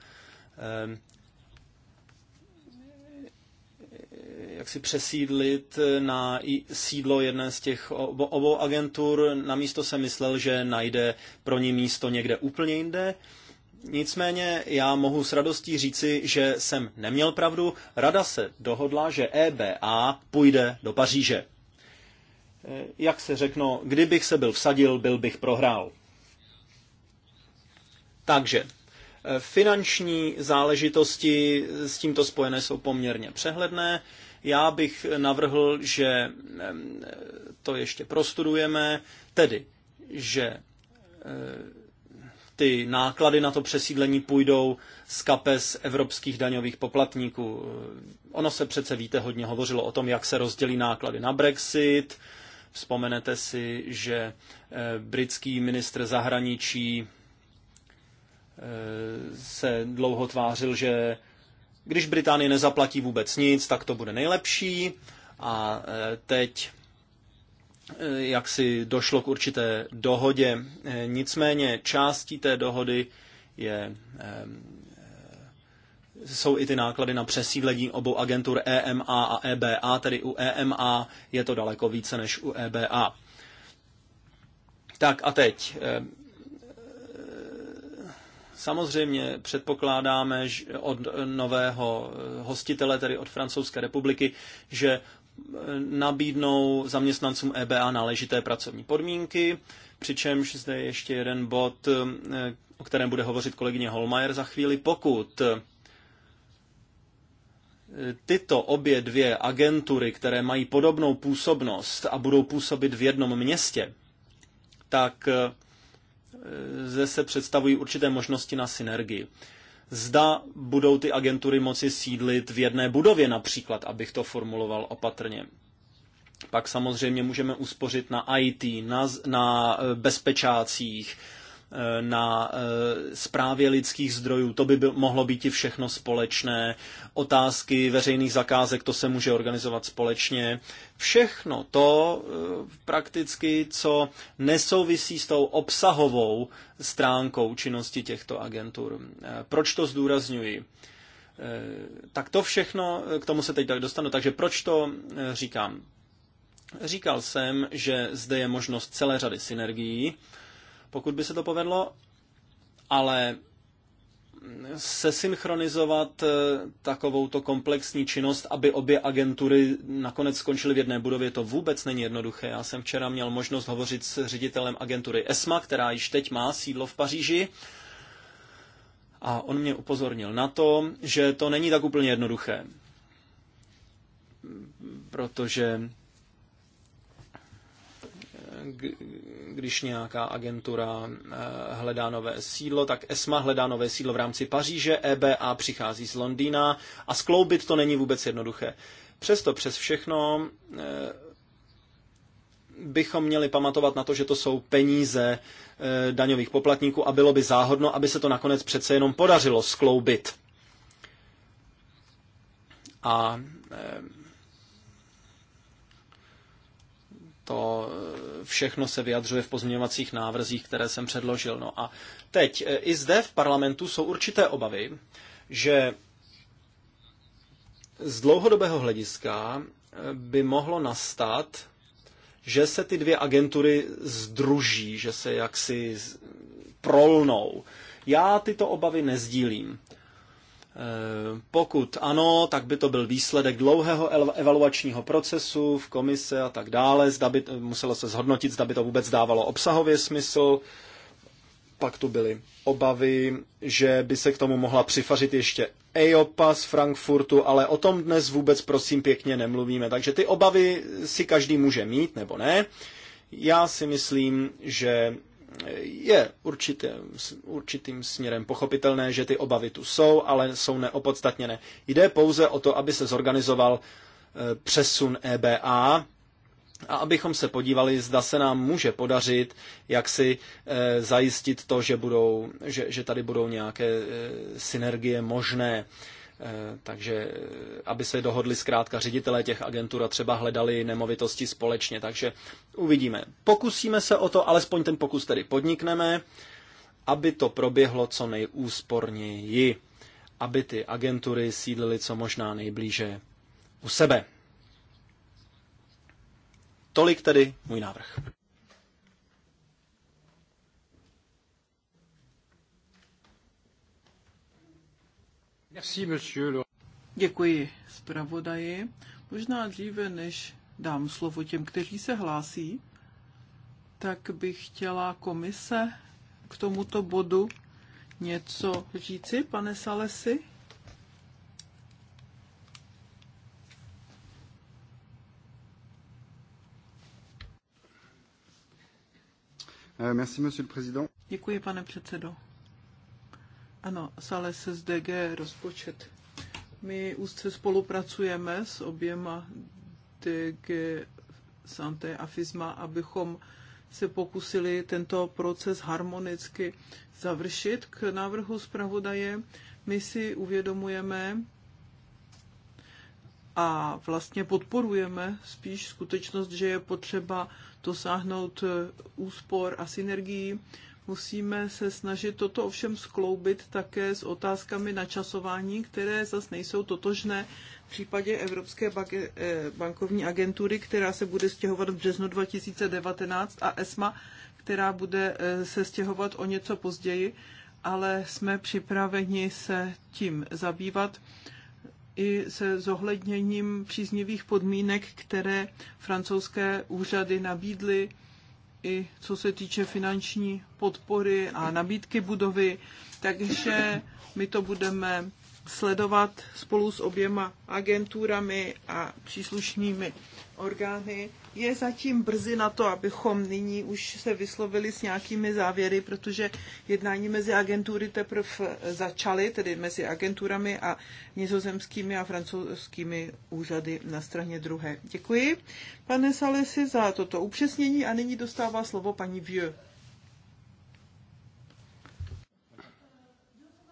[SPEAKER 2] jak si přesídlit na sídlo jedné z těch obou agentur. Na místo jsem myslel, že najde pro ně místo někde úplně jinde. Nicméně já mohu s radostí říci, že jsem neměl pravdu. Rada se dohodla, že EBA půjde do Paříže. Eh, jak se řekno, kdybych se byl vsadil, byl bych prohrál. Takže eh, finanční záležitosti eh, s tímto spojené jsou poměrně přehledné. Já bych navrhl, že to ještě prostudujeme, tedy, že ty náklady na to přesídlení půjdou z kapes evropských daňových poplatníků. Ono se přece víte, hodně hovořilo o tom, jak se rozdělí náklady na Brexit. Vzpomenete si, že eh, britský ministr zahraničí eh, se dlouho tvářil, že když Británie nezaplatí vůbec nic, tak to bude nejlepší. A eh, teď Eh, jak si došlo k určité dohodě. Eh, nicméně částí té dohody je, eh, jsou i ty náklady na přesídlení obou agentur EMA a EBA, e tedy u EMA je to daleko více než u EBA. Tak a teď. Samozřejmě předpokládáme od nového hostitele, tedy od Francouzské republiky, že nabídnou zaměstnancům EBA náležité pracovní podmínky, přičemž zde je ještě jeden bod, eh, o kterém bude hovořit kolegyně Holmajer za chvíli. Pokud eh, tyto obě dvě agentury, které mají podobnou působnost a budou působit v jednom městě, tak eh, zde se představují určité možnosti na synergii zda budou ty agentury moci sídlit v jedné budově například, abych to formuloval opatrně. Pak samozřejmě můžeme uspořit na IT, na, na eh, bezpečácích, Eh, na zprávě eh, lidských zdrojů, to by mohlo být i všechno společné, otázky veřejných zakázek, to se může organizovat společně. Všechno to eh, prakticky, co nesouvisí s tou obsahovou stránkou činnosti těchto agentur. Proč to zdůrazňuji? Tak to všechno, k tomu se teď tak dostanu, takže proč to říkám? Říkal jsem, že zde je možnost celé řady synergií, pokud by se to povedlo, ale sesynchronizovat eh, takovouto komplexní činnost, aby obě agentury nakonec skončily v jedné budově, to vůbec není jednoduché. Já jsem včera měl možnost hovořit s ředitelem agentury ESMA, která již teď má sídlo v Paříži. A on mě upozornil na to, že to není tak úplně jednoduché. Protože když nějaká agentura eh, hledá nové sídlo, tak ESMA hledá nové sídlo v rámci Paříže, EBA přichází z Londýna a skloubit to není vůbec jednoduché. Přesto přes všechno eh, bychom měli pamatovat na to, že to jsou peníze eh, daňových poplatníků a bylo by záhodno, aby se to nakonec přece jenom podařilo skloubit. A to všechno se vyjadřuje v pozměňovacích návrzích, které jsem předložil. No a teď e, i zde v parlamentu jsou určité obavy, že z dlouhodobého hlediska e, by mohlo nastat, že se ty dvě agentury združí, že se jaksi prolnou. Já tyto obavy nezdílím. Eh, pokud ano, tak by to byl výsledek dlouhého evaluačního procesu v komise a tak dále. Zda by, muselo se zhodnotit, zda by to vůbec dávalo obsahově smysl. Pak tu byly obavy, že by se k tomu mohla přifařit ještě EIOPA z Frankfurtu, ale o tom dnes vůbec prosím pěkně nemluvíme. Takže ty obavy si každý může mít nebo ne. Já si myslím, že je určitým, určitým směrem pochopitelné, že ty obavy tu jsou, ale jsou neopodstatněné. Jde pouze o to, aby se zorganizoval eh, přesun EBA a abychom se podívali, zda se nám může podařit, jak si eh, zajistit to, že, budou, že, že tady budou nějaké eh, synergie možné. Eh, takže eh, aby se dohodli zkrátka ředitelé těch agentur a třeba hledali nemovitosti společně, takže uvidíme. Pokusíme se o to, alespoň ten pokus tedy podnikneme, aby to proběhlo co nejúsporněji, aby ty agentury sídlily co možná nejblíže u sebe. Tolik tedy můj návrh.
[SPEAKER 3] Děkuji zpravodaji. Možná dříve, než dám slovo těm, kteří se hlásí, tak bych chtěla komise k tomuto bodu něco říci, pane Salesi?
[SPEAKER 4] Eh,
[SPEAKER 3] Děkuji, pane předsedo. Ano, z SDG rozpočet. My úzce spolupracujeme s oběma DG Santé a FISMA, abychom se pokusili tento proces harmonicky završit k návrhu zpravodaje. My si uvědomujeme a vlastně podporujeme spíš skutečnost, že je potřeba dosáhnout úspor a synergií Musíme se snažit toto ovšem skloubit také s otázkami načasování, které zas nejsou totožné v případě Evropské eh, bankovní agentury, která se bude stěhovat v březnu 2019 a ESMA, která bude eh, se stěhovat o něco později, ale jsme připraveni se tím zabývat i se zohledněním příznivých podmínek, které francouzské úřady nabídly i co se týče finanční podpory a nabídky budovy, takže my to budeme sledovat spolu s oběma agenturami a příslušnými orgány. Je zatím brzy na to, abychom nyní už se vyslovili s nějakými závěry, protože jednání mezi agentury teprve začaly, tedy mezi agenturami a nizozemskými a francouzskými úřady na straně druhé. Děkuji, pane Salesi, za toto upřesnění a nyní dostává slovo paní Vieux.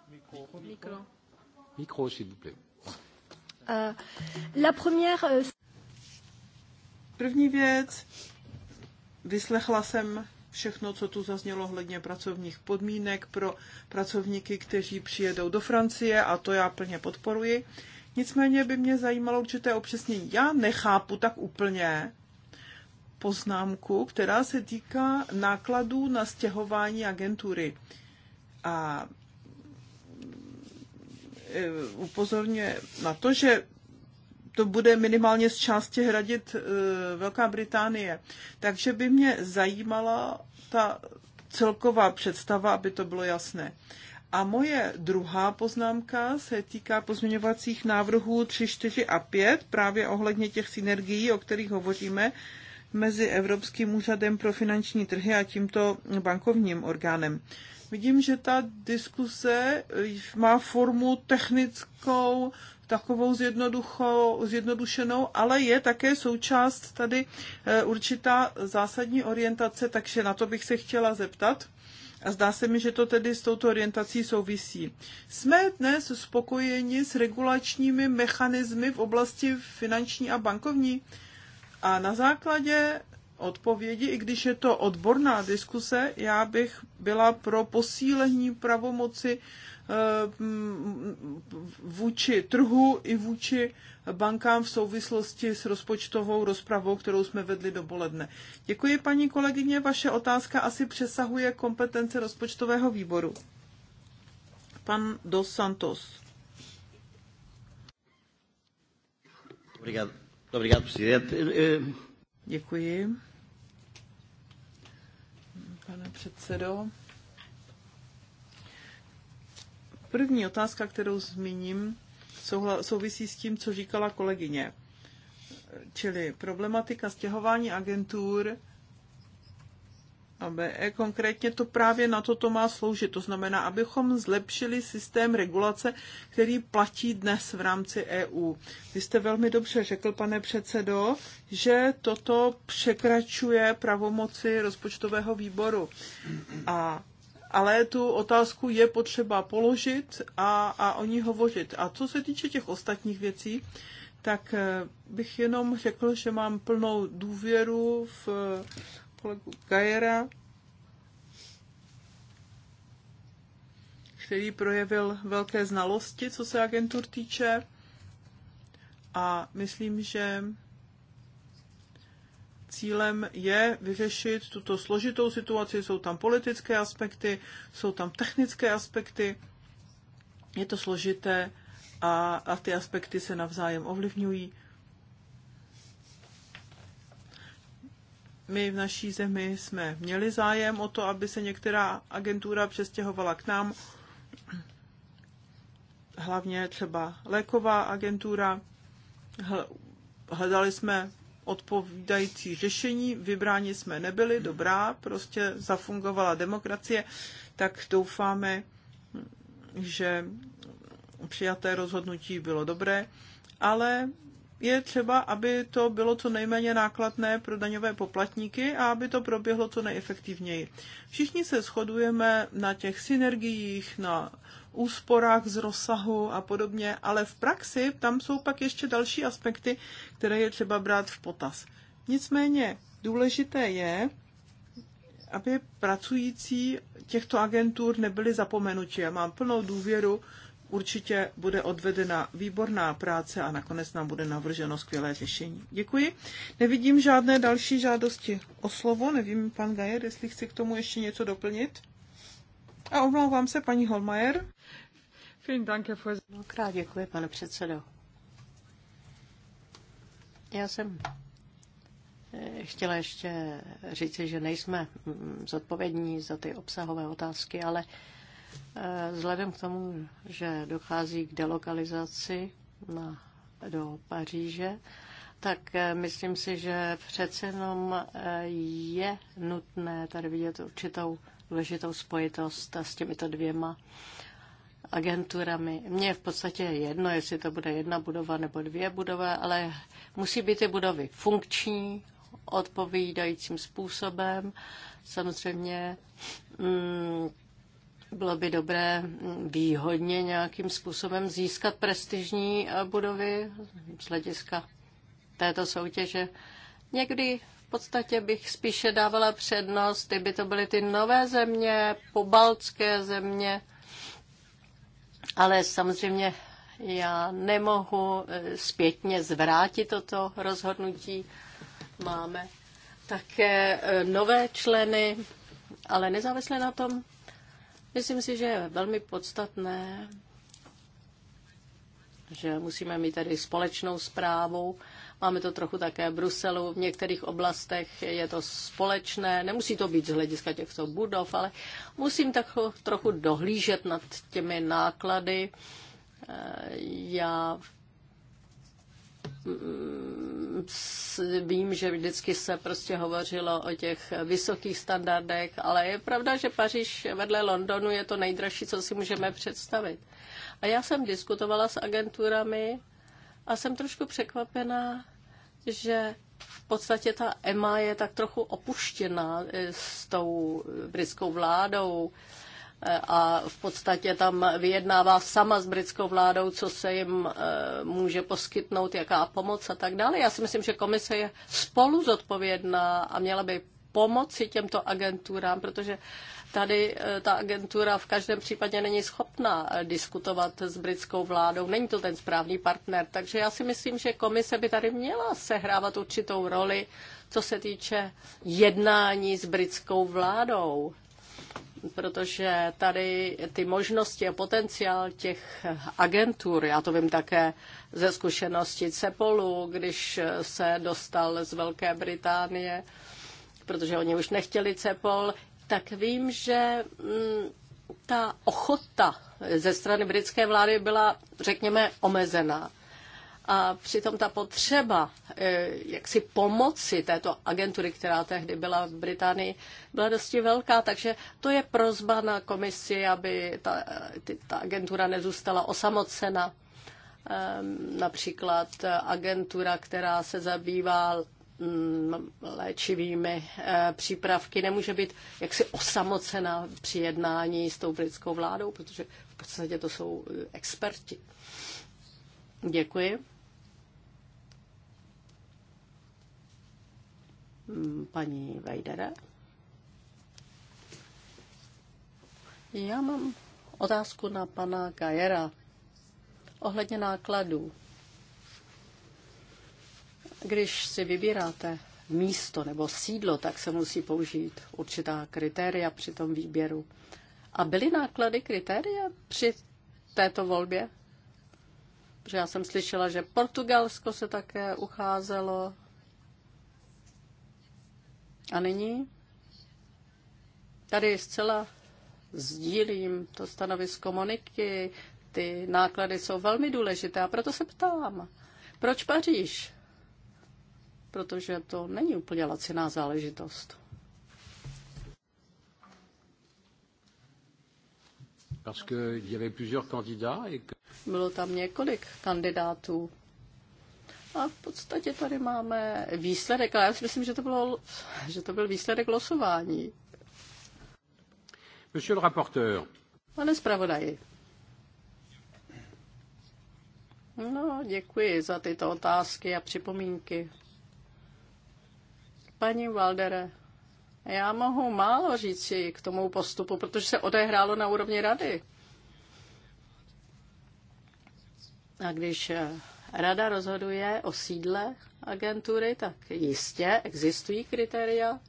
[SPEAKER 4] Mikro. Mikro.
[SPEAKER 3] Micro, s'il vous plaît.
[SPEAKER 4] Euh, la première... Euh,
[SPEAKER 3] První věc, vyslechla jsem všechno, co tu zaznělo hledně pracovních podmínek pro pracovníky, kteří přijedou do Francie a to já plně podporuji. Nicméně by mě zajímalo určité občasně Já nechápu tak úplně poznámku, která se týká nákladů na stěhování agentury. A Eh, upozorňuje na to, že to bude minimálně z části hradit eh, Velká Británie. Takže by mě zajímala ta celková představa, aby to bylo jasné. A moje druhá poznámka se týká pozměňovacích návrhů 3, 4 a 5, právě ohledně těch synergií, o kterých hovoříme, mezi Evropským úřadem pro finanční trhy a tímto bankovním orgánem. Uh, Vidím, že ta diskuse eh, má formu technickou, takovou zjednodušenou, ale je také součást tady eh, určitá zásadní orientace, takže na to bych se chtěla zeptat. A zdá se mi, že to tedy s touto orientací souvisí. Jsme dnes spokojeni s regulačními mechanismy v oblasti finanční a bankovní. A na základě odpovědi, i když je to odborná diskuse, já bych byla pro posílení pravomoci eh, vůči trhu i vůči bankám v souvislosti s rozpočtovou rozpravou, kterou jsme vedli dopoledne. Děkuji, paní kolegyně. Vaše otázka asi přesahuje kompetence rozpočtového výboru. Pan Dos Santos.
[SPEAKER 2] Obrigado, obrigado presidente. Eh, eh,
[SPEAKER 3] Děkuji. Pane předsedo. První otázka, kterou zmíním, souvisí s tím, co říkala kolegyně. Čili problematika stěhování agentur ABE eh, konkrétně to právě na toto má sloužit. To znamená, abychom zlepšili systém regulace, který platí dnes v rámci EU. Vy jste velmi dobře řekl, pane předsedo, že toto překračuje pravomoci rozpočtového výboru. A ale tu otázku je potřeba položit a, a o ní hovořit. A co se týče těch ostatních věcí, tak eh, bych jenom řekl, že mám plnou důvěru v kolegu Gajera, který projevil velké znalosti, co se agentur týče. A myslím, že cílem je vyřešit tuto složitou situaci. Jsou tam politické aspekty, jsou tam technické aspekty. Je to složité a, a ty aspekty se navzájem ovlivňují. my v naší zemi jsme měli zájem o to, aby se některá agentura přestěhovala k nám, hlavně třeba léková agentura. Hledali jsme odpovídající řešení, vybráni jsme nebyli, dobrá, prostě zafungovala demokracie, tak doufáme, že přijaté rozhodnutí bylo dobré, ale je třeba, aby to bylo co nejméně nákladné pro daňové poplatníky a aby to proběhlo co nejefektivněji. Všichni se shodujeme na těch synergiích, na úsporách z rozsahu a podobně, ale v praxi tam jsou pak ještě další aspekty, které je třeba brát v potaz. Nicméně důležité je, aby pracující těchto agentur nebyli zapomenuti. Já mám plnou důvěru určitě bude odvedena výborná práce a nakonec nám bude navrženo skvělé řešení. Děkuji. Nevidím žádné další žádosti o slovo. Nevím, pan Gajer, jestli chce k tomu ještě něco doplnit. A omlouvám se, paní Holmajer. Mnohokrát děkuji, pane předsedo. Já jsem
[SPEAKER 1] eh, chtěla ještě říci, že nejsme mm, zodpovědní za ty obsahové otázky, ale Vzhledem k tomu, že dochází k delokalizaci na, do Paříže, tak eh, myslím si, že přece jenom eh, je nutné tady vidět určitou důležitou spojitost s těmito dvěma agenturami. Mně je v podstatě jedno, jestli to bude jedna budova nebo dvě budovy, ale musí být ty budovy funkční, odpovídajícím způsobem. Samozřejmě mm, bylo by dobré mm, výhodně nějakým způsobem získat prestižní eh, budovy z hlediska této soutěže. Někdy v podstatě bych spíše dávala přednost, kdyby to byly ty nové země, pobaltské země, ale samozřejmě já nemohu eh, zpětně zvrátit toto rozhodnutí. Máme také eh, nové členy, ale nezávisle na tom Myslím si, že je velmi podstatné, že musíme mít tady společnou zprávu. Máme to trochu také v Bruselu, v některých oblastech je to společné, nemusí to být z hlediska těchto budov, ale musím tak trochu dohlížet nad těmi náklady. Já Mm, vím, že vždycky se prostě hovořilo o těch vysokých standardech, ale je pravda, že Paříž vedle Londonu je to nejdražší, co si můžeme představit. A já jsem diskutovala s agenturami a jsem trošku překvapená, že v podstatě ta EMA je tak trochu opuštěná eh, s tou britskou vládou a v podstatě tam vyjednává sama s britskou vládou, co se jim eh, může poskytnout, jaká pomoc a tak dále. Já si myslím, že komise je spolu zodpovědná a měla by pomoci těmto agenturám, protože tady eh, ta agentura v každém případě není schopná diskutovat s britskou vládou, není to ten správný partner. Takže já si myslím, že komise by tady měla sehrávat určitou roli, co se týče jednání s britskou vládou protože tady ty možnosti a potenciál těch agentur, já to vím také ze zkušenosti Cepolu, když se dostal z Velké Británie, protože oni už nechtěli Cepol, tak vím, že mm, ta ochota ze strany britské vlády byla, řekněme, omezená. A přitom ta potřeba, eh, jak si pomoci této agentury, která tehdy byla v Británii, byla dosti velká, takže to je prozba na komisi, aby ta, eh, ty, ta agentura nezůstala osamocena. Ehm, například eh, agentura, která se zabývá mm, léčivými přípravky, nemůže být jaksi osamocena při jednání s tou britskou vládou, protože v podstatě to jsou experti. Děkuji. Mm, paní Vajdara. Já mám otázku na pana Gajera ohledně nákladů. Když si vybíráte místo nebo sídlo, tak se musí použít určitá kritéria při tom výběru. A byly náklady kritéria při této volbě? Protože já jsem slyšela, že Portugalsko se také ucházelo a nyní tady zcela sdílím to stanovisko Moniky. Ty náklady jsou velmi důležité a proto se ptám, proč Paříž? Protože to není úplně laciná záležitost. Bylo tam několik kandidátů a v podstatě tady máme výsledek, ale já si myslím, že to, bylo, že to byl výsledek losování.
[SPEAKER 4] Monsieur le rapporteur.
[SPEAKER 1] Pane zpravodaji. No, děkuji za tyto otázky a připomínky. Paní Waldere, já mohu málo říci k tomu postupu, protože se odehrálo na úrovni rady. A když eh, rada rozhoduje o sídle agentury, tak jistě existují kritéria,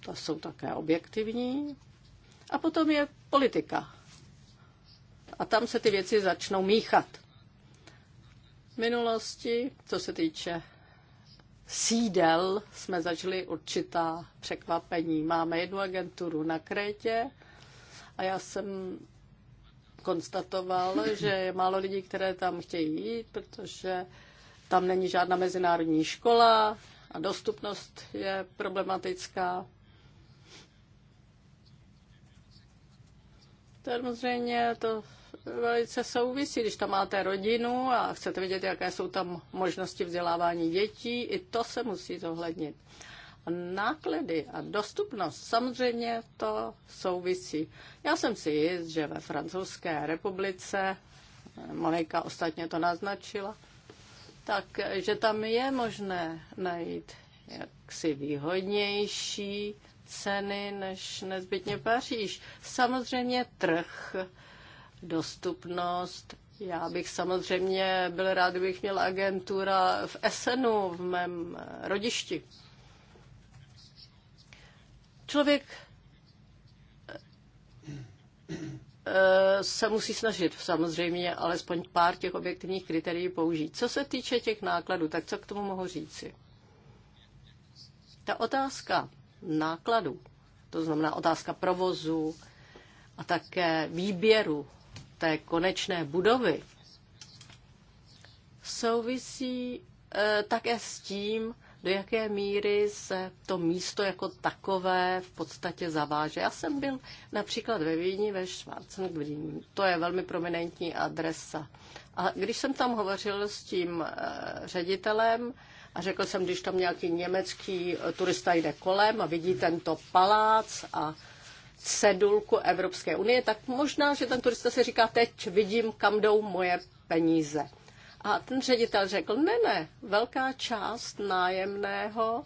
[SPEAKER 1] To jsou také objektivní. A potom je politika. A tam se ty věci začnou míchat. V minulosti, co se týče sídel, jsme zažili určitá překvapení. Máme jednu agenturu na Krétě a já jsem konstatoval, že je málo lidí, které tam chtějí jít, protože tam není žádná mezinárodní škola a dostupnost je problematická. Samozřejmě to velice souvisí, když tam máte rodinu a chcete vidět, jaké jsou tam možnosti vzdělávání dětí, i to se musí zohlednit náklady a dostupnost, samozřejmě to souvisí. Já jsem si jist, že ve Francouzské republice, Monika ostatně to naznačila, tak, že tam je možné najít jaksi výhodnější ceny než nezbytně Paříž. Samozřejmě trh, dostupnost. Já bych samozřejmě byl rád, kdybych měl agentura v Esenu, v mém rodišti. Člověk eh, se musí snažit samozřejmě alespoň pár těch objektivních kritérií použít. Co se týče těch nákladů, tak co k tomu mohu říci? Ta otázka nákladů, to znamená otázka provozu a také výběru té konečné budovy, souvisí eh, také s tím, do jaké míry se to místo jako takové v podstatě zaváže. Já jsem byl například ve Vídni ve Schwarzengrím. To je velmi prominentní adresa. A když jsem tam hovořil s tím eh, ředitelem, a řekl jsem, když tam nějaký německý eh, turista jde kolem a vidí tento palác a cedulku Evropské unie, tak možná, že ten turista si říká, teď vidím, kam jdou moje peníze. A ten ředitel řekl, ne, ne, velká část nájemného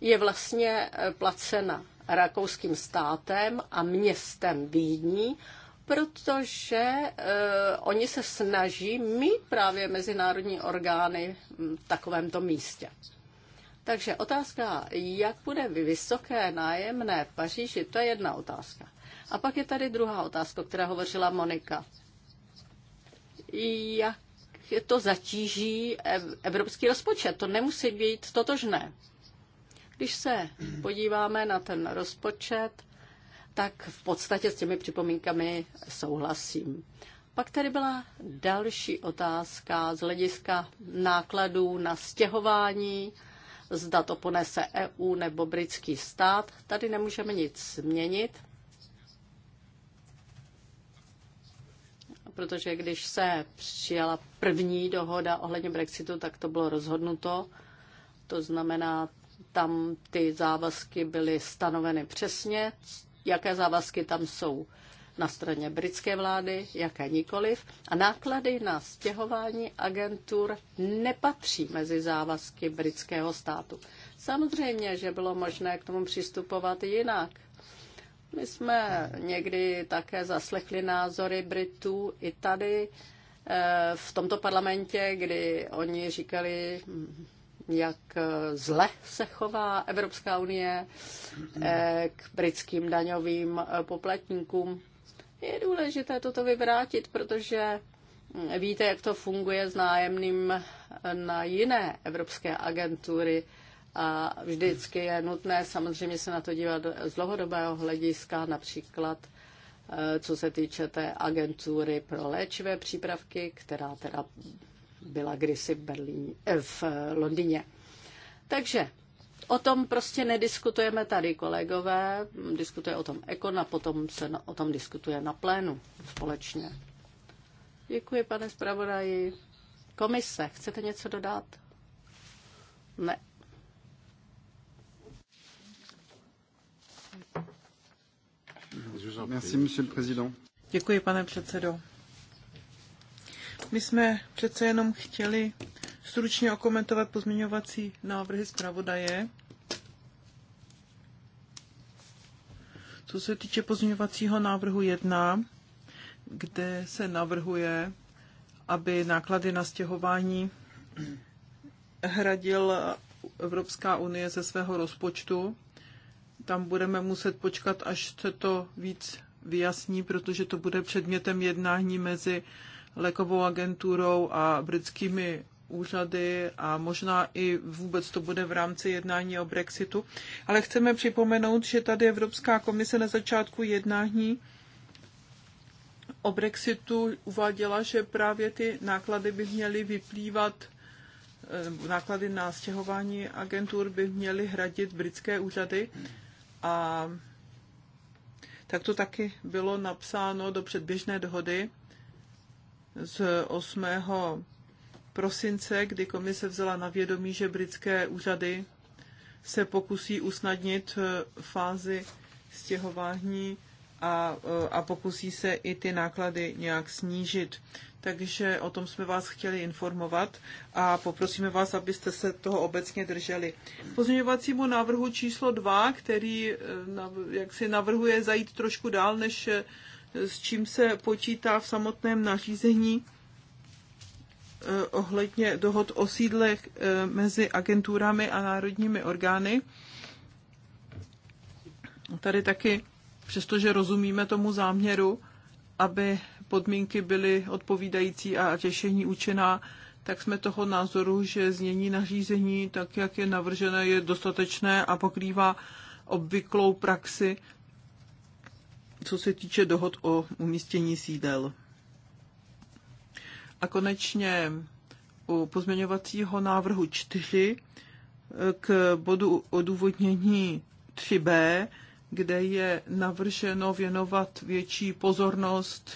[SPEAKER 1] je vlastně eh, placena rakouským státem a městem Vídní, protože e, oni se snaží mít právě mezinárodní orgány v takovémto místě. Takže otázka, jak bude vysoké nájemné v Paříži, to je jedna otázka. A pak je tady druhá otázka, která hovořila Monika. Jak to zatíží evropský rozpočet. To nemusí být totožné. Když se podíváme na ten rozpočet, tak v podstatě s těmi připomínkami souhlasím. Pak tady byla další otázka z hlediska nákladů na stěhování, zda to ponese EU nebo britský stát. Tady nemůžeme nic změnit. protože když se přijala první dohoda ohledně Brexitu, tak to bylo rozhodnuto. To znamená, tam ty závazky byly stanoveny přesně, jaké závazky tam jsou na straně britské vlády, jaké nikoliv. A náklady na stěhování agentur nepatří mezi závazky britského státu. Samozřejmě, že bylo možné k tomu přistupovat jinak. My jsme někdy také zaslechli názory Britů i tady eh, v tomto parlamentě, kdy oni říkali, hm, jak eh, zle se chová Evropská unie eh, k britským daňovým poplatníkům. Je důležité toto vyvrátit, protože hm, víte, jak to funguje s nájemným na jiné evropské agentury. A vždycky je nutné samozřejmě se na to dívat z dlouhodobého hlediska, například e, co se týče té agentury pro léčivé přípravky, která teda byla kdysi v, Berlíně, e, v Londýně. Takže o tom prostě nediskutujeme tady, kolegové. Diskutuje o tom Ekon a potom se o tom diskutuje na plénu společně. Děkuji, pane zpravodaji. Komise, chcete něco dodat? Ne,
[SPEAKER 3] Děkuji, pane předsedo. My jsme přece jenom chtěli stručně okomentovat pozměňovací návrhy zpravodaje. Co se týče pozměňovacího návrhu 1, kde se navrhuje, aby náklady na stěhování hradil Evropská unie ze svého rozpočtu, tam budeme muset počkat, až se to víc vyjasní, protože to bude předmětem jednání mezi lékovou agenturou a britskými úřady a možná i vůbec to bude v rámci jednání o Brexitu. Ale chceme připomenout, že tady Evropská komise na začátku jednání o Brexitu uváděla, že právě ty náklady by měly vyplývat, eh, náklady na stěhování agentur by měly hradit britské úřady. A tak to taky bylo napsáno do předběžné dohody z 8. prosince, kdy komise vzala na vědomí, že britské úřady se pokusí usnadnit eh, fázi stěhování a, a pokusí se i ty náklady nějak snížit. Takže o tom jsme vás chtěli informovat a poprosíme vás, abyste se toho obecně drželi. Pozměňovacímu návrhu číslo 2, který eh, jak si navrhuje zajít trošku dál, než eh, s čím se počítá v samotném nařízení eh, ohledně dohod o sídlech mezi agenturami a národními orgány. Tady taky přestože rozumíme tomu záměru, aby podmínky byly odpovídající a řešení účinná, tak jsme toho názoru, že znění nařízení, tak jak je navržené, je dostatečné a pokrývá obvyklou praxi, co se týče dohod o umístění sídel. A konečně u pozměňovacího návrhu 4 k bodu odůvodnění 3b kde je navrženo věnovat větší pozornost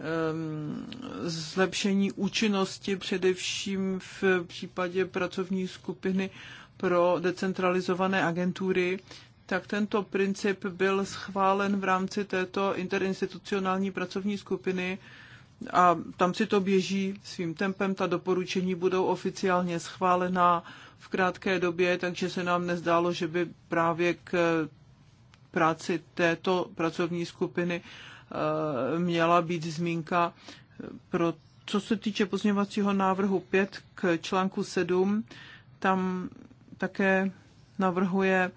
[SPEAKER 3] ehm, zlepšení účinnosti, především v případě pracovní skupiny pro decentralizované agentury, tak tento princip byl schválen v rámci této interinstitucionální pracovní skupiny a tam si to běží svým tempem, ta doporučení budou oficiálně schválená v krátké době, takže se nám nezdálo, že by právě k eh, práci této pracovní skupiny eh, měla být zmínka. Pro, co se týče pozměňovacího návrhu 5 k článku 7, tam také navrhuje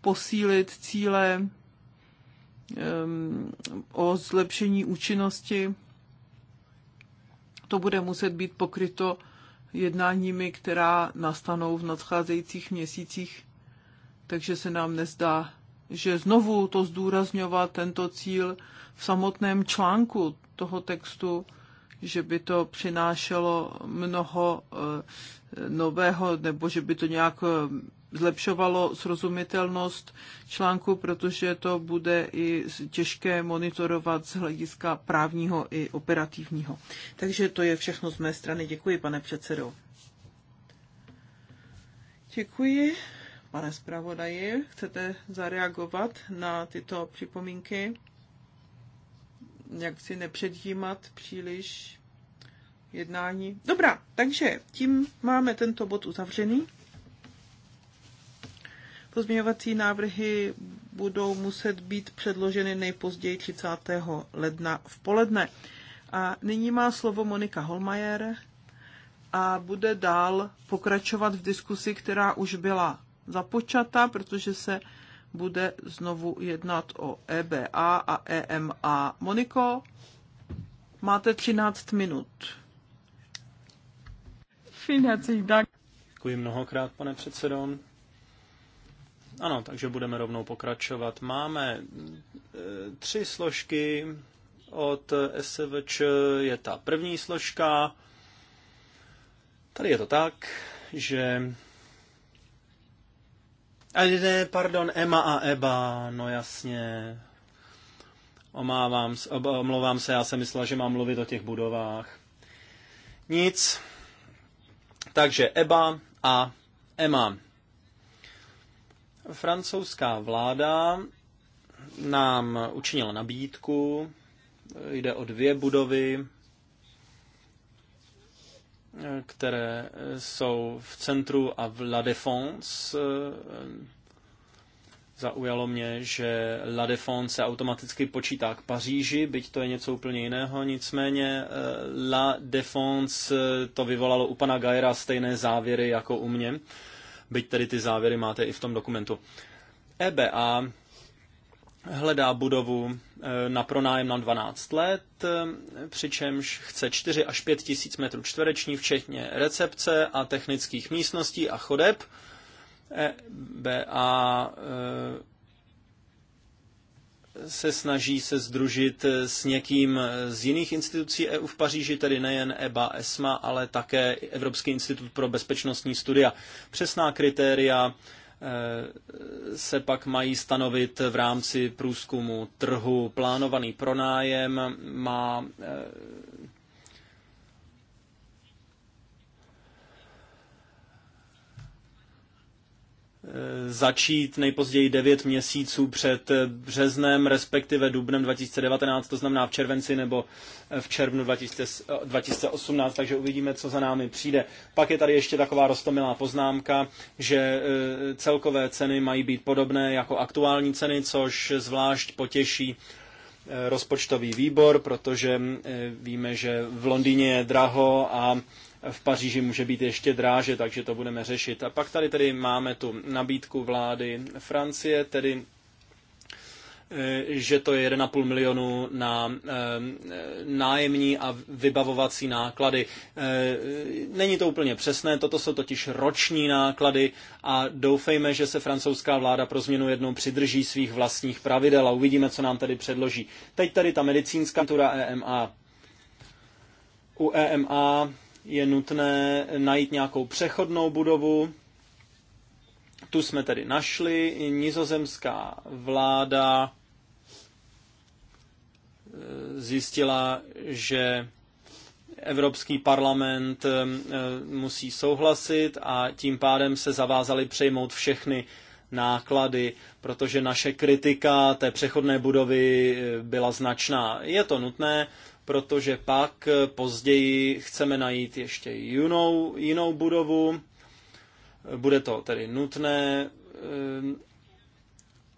[SPEAKER 3] posílit cíle ehm, o zlepšení účinnosti to bude muset být pokryto jednáními, která nastanou v nadcházejících měsících, takže se nám nezdá, že znovu to zdůrazňovat, tento cíl v samotném článku toho textu, že by to přinášelo mnoho eh, nového, nebo že by to nějak eh, zlepšovalo srozumitelnost článku, protože to bude i těžké monitorovat z hlediska právního i operativního. Takže to je všechno z mé strany. Děkuji, pane předsedo. Děkuji. Pane zpravodaji, chcete zareagovat na tyto připomínky? Jak si nepředjímat příliš jednání? Dobrá, takže tím máme tento bod uzavřený. Pozměňovací návrhy budou muset být předloženy nejpozději 30. ledna v poledne. A nyní má slovo Monika Holmajer a bude dál pokračovat v diskusi, která už byla započata, protože se bude znovu jednat o EBA a EMA. E Moniko, máte 13 minut.
[SPEAKER 2] Děkuji mnohokrát, pane předsedo. Ano, takže budeme rovnou pokračovat. Máme e, tři složky od SVČ. Je ta první složka. Tady je to tak, že... A ne, pardon, Ema a Eba, no jasně. Omávám, omlouvám se, já jsem myslel, že mám mluvit o těch budovách. Nic. Takže Eba a Ema. Francouzská vláda nám učinila nabídku, jde o dvě budovy, které jsou v centru a v La Défense. Zaujalo mě, že La Défense se automaticky počítá k Paříži, byť to je něco úplně jiného, nicméně eh, La Défense eh, to vyvolalo u pana Gajera stejné závěry jako u mě byť tedy ty závěry máte i v tom dokumentu. EBA hledá budovu e, na pronájem na 12 let, e, přičemž chce 4 až 5 tisíc metrů čtvereční, včetně recepce a technických místností a chodeb. EBA e, se snaží se združit eh, s někým eh, z jiných institucí EU v Paříži, tedy nejen EBA, ESMA, ale také Evropský institut pro bezpečnostní studia. Přesná kritéria eh, se pak mají stanovit v rámci průzkumu trhu. Plánovaný pronájem má Eh, začít nejpozději 9 měsíců před eh, březnem, respektive dubnem 2019, to znamená v červenci nebo eh, v červnu 2018, takže uvidíme, co za námi přijde. Pak je tady ještě taková rostomilá poznámka, že celkové ceny mají být podobné jako aktuální ceny, což zvlášť potěší rozpočtový výbor, protože víme, že v Londýně je draho a v Paříži může být ještě dráže, takže to budeme řešit. A pak tady tedy máme tu nabídku vlády Francie, tedy eh, že to je 1,5 milionu na eh, nájemní a vybavovací náklady. Eh, není to úplně přesné, toto jsou totiž roční náklady a doufejme, že se francouzská vláda pro změnu jednou přidrží svých vlastních pravidel a uvidíme, co nám tady předloží. Teď tady ta medicínská tura EMA. U EMA je nutné najít nějakou přechodnou budovu. Tu jsme tedy našli. Nizozemská vláda eh, zjistila, že Evropský parlament eh, musí souhlasit a tím pádem se zavázali přejmout všechny náklady, protože naše kritika té přechodné budovy eh, byla značná. Je to nutné, protože pak eh, později chceme najít ještě jinou, jinou budovu. Bude to tedy nutné, eh,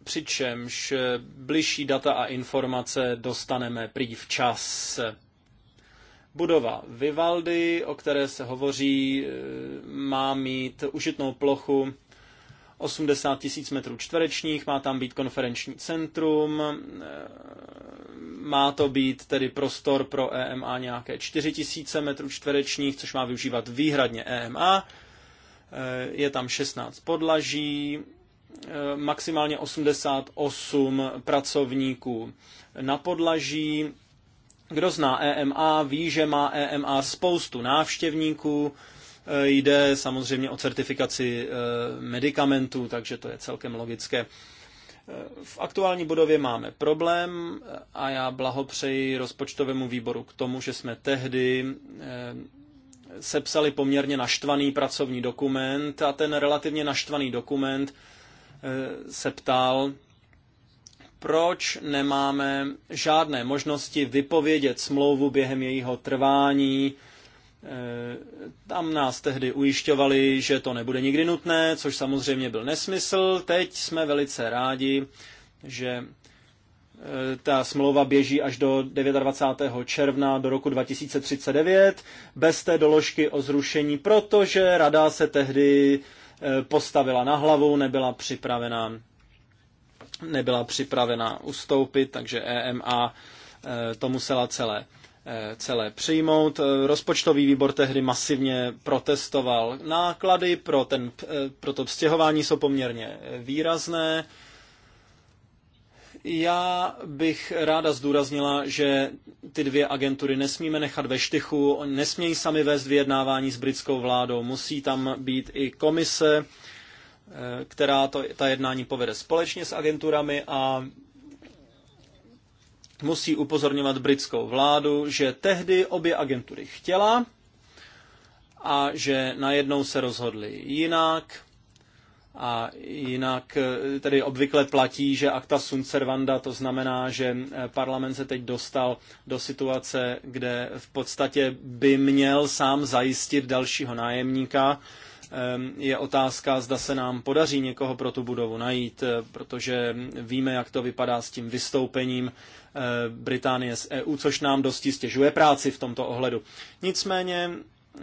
[SPEAKER 2] přičemž eh, bližší data a informace dostaneme prý včas. Budova Vivaldy, o které se hovoří, má mít užitnou plochu 80 tisíc metrů čtverečních, má tam být konferenční centrum, má to být tedy prostor pro EMA nějaké 4000 metrů čtverečních, což má využívat výhradně EMA. E, je tam 16 podlaží, e, maximálně 88 pracovníků na podlaží. Kdo zná EMA, ví, že má EMA spoustu návštěvníků. E, jde samozřejmě o certifikaci medicamentů, takže to je celkem logické. V aktuální budově máme problém a já blahopřeji rozpočtovému výboru k tomu, že jsme tehdy eh, sepsali poměrně naštvaný pracovní dokument a ten relativně naštvaný dokument eh, se ptal, proč nemáme žádné možnosti vypovědět smlouvu během jejího trvání, Eh, tam nás tehdy ujišťovali, že to nebude nikdy nutné, což samozřejmě byl nesmysl. Teď jsme velice rádi, že eh, ta smlouva běží až do 29. června do roku 2039 bez té doložky o zrušení, protože rada se tehdy eh, postavila na hlavu, nebyla připravena, nebyla připravena ustoupit, takže EMA to musela celé Eh, celé přijmout. Eh, rozpočtový výbor tehdy masivně protestoval. Náklady pro, ten, eh, pro to stěhování jsou poměrně výrazné. Já bych ráda zdůraznila, že ty dvě agentury nesmíme nechat ve štychu, oni nesmějí sami vést vyjednávání s britskou vládou, musí tam být i komise, která to, ta jednání povede společně s agenturami a musí upozorňovat britskou vládu, že tehdy obě agentury chtěla a že najednou se rozhodli jinak. A jinak eh, tedy obvykle platí, že akta sunt servanda, to znamená, že eh, parlament se teď dostal do situace, kde v podstatě by měl sám zajistit dalšího nájemníka. Ehm, je otázka, zda se nám podaří někoho pro tu budovu najít, eh, protože víme, jak to vypadá s tím vystoupením Eh, Británie z EU, což nám dosti stěžuje práci v tomto ohledu. Nicméně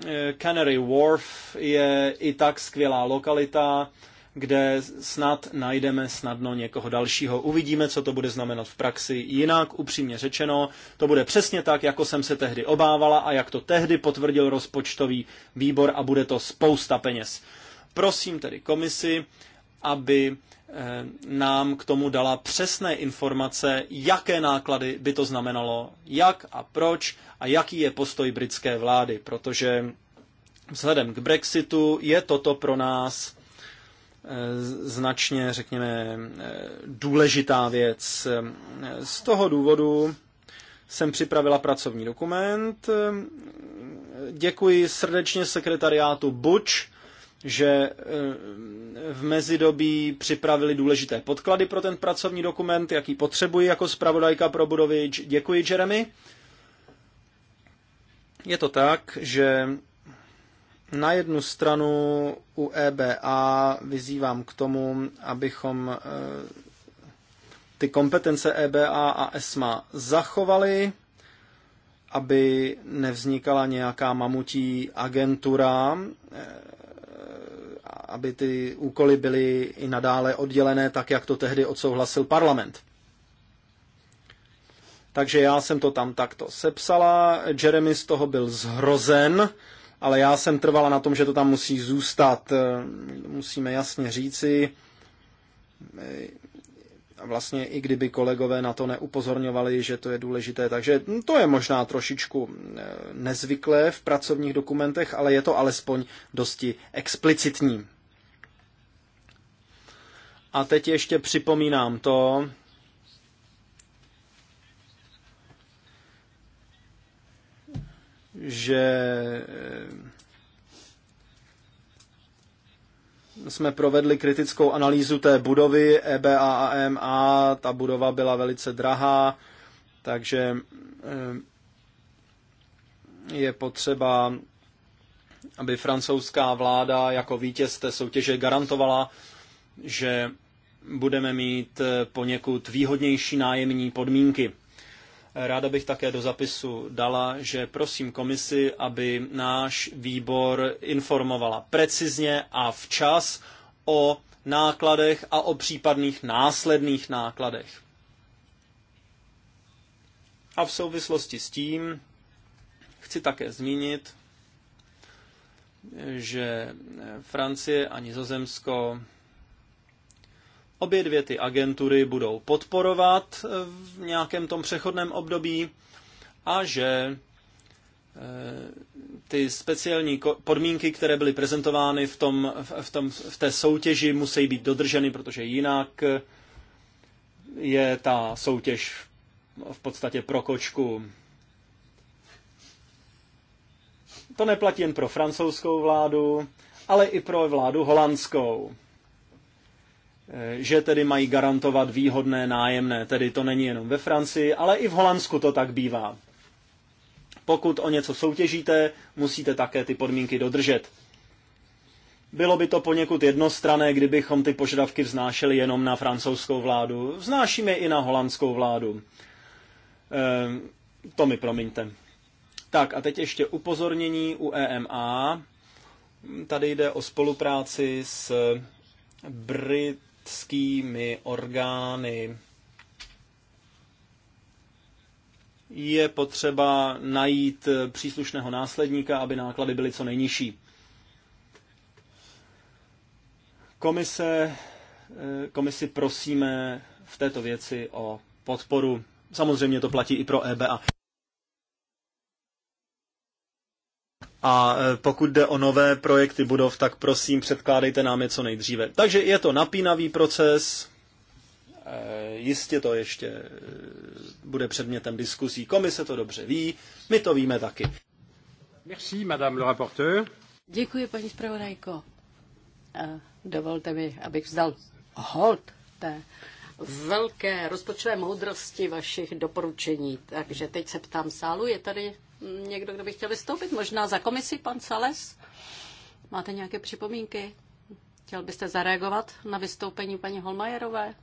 [SPEAKER 2] eh, Canary Wharf je i tak skvělá lokalita, kde snad najdeme snadno někoho dalšího. Uvidíme, co to bude znamenat v praxi. Jinak, upřímně řečeno, to bude přesně tak, jako jsem se tehdy obávala a jak to tehdy potvrdil rozpočtový výbor a bude to spousta peněz. Prosím tedy komisi, aby Eh, nám k tomu dala přesné informace, jaké náklady by to znamenalo, jak a proč a jaký je postoj britské vlády, protože vzhledem k Brexitu je toto pro nás eh, značně, řekněme, eh, důležitá věc. Z toho důvodu jsem připravila pracovní dokument. Děkuji srdečně sekretariátu Buč že e, v mezidobí připravili důležité podklady pro ten pracovní dokument, jaký potřebuji jako zpravodajka pro budovy. Děkuji, Jeremy. Je to tak, že na jednu stranu u EBA vyzývám k tomu, abychom e, ty kompetence EBA a ESMA e zachovali, aby nevznikala nějaká mamutí agentura aby ty úkoly byly i nadále oddělené, tak jak to tehdy odsouhlasil parlament. Takže já jsem to tam takto sepsala, Jeremy z toho byl zhrozen, ale já jsem trvala na tom, že to tam musí zůstat. Eh, musíme jasně říci, eh, vlastně i kdyby kolegové na to neupozorňovali, že to je důležité. Takže to je možná trošičku eh, nezvyklé v pracovních dokumentech, ale je to alespoň dosti explicitní. A teď ještě připomínám to, že eh, jsme provedli kritickou analýzu té budovy e a Ta budova byla velice drahá, takže eh, je potřeba, aby francouzská vláda jako vítěz té soutěže garantovala, že budeme mít eh, poněkud výhodnější nájemní podmínky. Ráda bych také do zapisu dala, že prosím komisi, aby náš výbor informovala precizně a včas o nákladech a o případných následných nákladech. A v souvislosti s tím chci také zmínit, že Francie a Nizozemsko Obě dvě ty agentury budou podporovat eh, v nějakém tom přechodném období a že eh, ty speciální podmínky, které byly prezentovány v, tom, v, tom, v té soutěži, musí být dodrženy, protože jinak eh, je ta soutěž v podstatě pro kočku. To neplatí jen pro francouzskou vládu, ale i pro vládu holandskou. Eh, že tedy mají garantovat výhodné nájemné. Tedy to není jenom ve Francii, ale i v Holandsku to tak bývá. Pokud o něco soutěžíte, musíte také ty podmínky dodržet. Bylo by to poněkud jednostrané, kdybychom ty požadavky vznášeli jenom na francouzskou vládu. Vznášíme i na holandskou vládu. E, to mi promiňte. Tak a teď ještě upozornění u EMA. Tady jde o spolupráci s Brit lidskými orgány. Je potřeba najít příslušného následníka, aby náklady byly co nejnižší. Komise, eh, komisi prosíme v této věci o podporu. Samozřejmě to platí i pro EBA. A e, pokud jde o nové projekty budov, tak prosím, předkládejte nám je co nejdříve. Takže je to napínavý proces, e, jistě to ještě e, bude předmětem diskuzí. Komise to dobře ví, my to víme taky. Merci, madame le rapporteur.
[SPEAKER 1] Děkuji, paní zpravodajko. Dovolte mi, abych vzdal hold té velké rozpočtové moudrosti vašich doporučení. Takže teď se ptám sálu, je tady někdo, kdo by chtěl vystoupit? Možná za komisi, pan Sales? Máte nějaké připomínky? Chtěl byste zareagovat na vystoupení paní Holmajerové?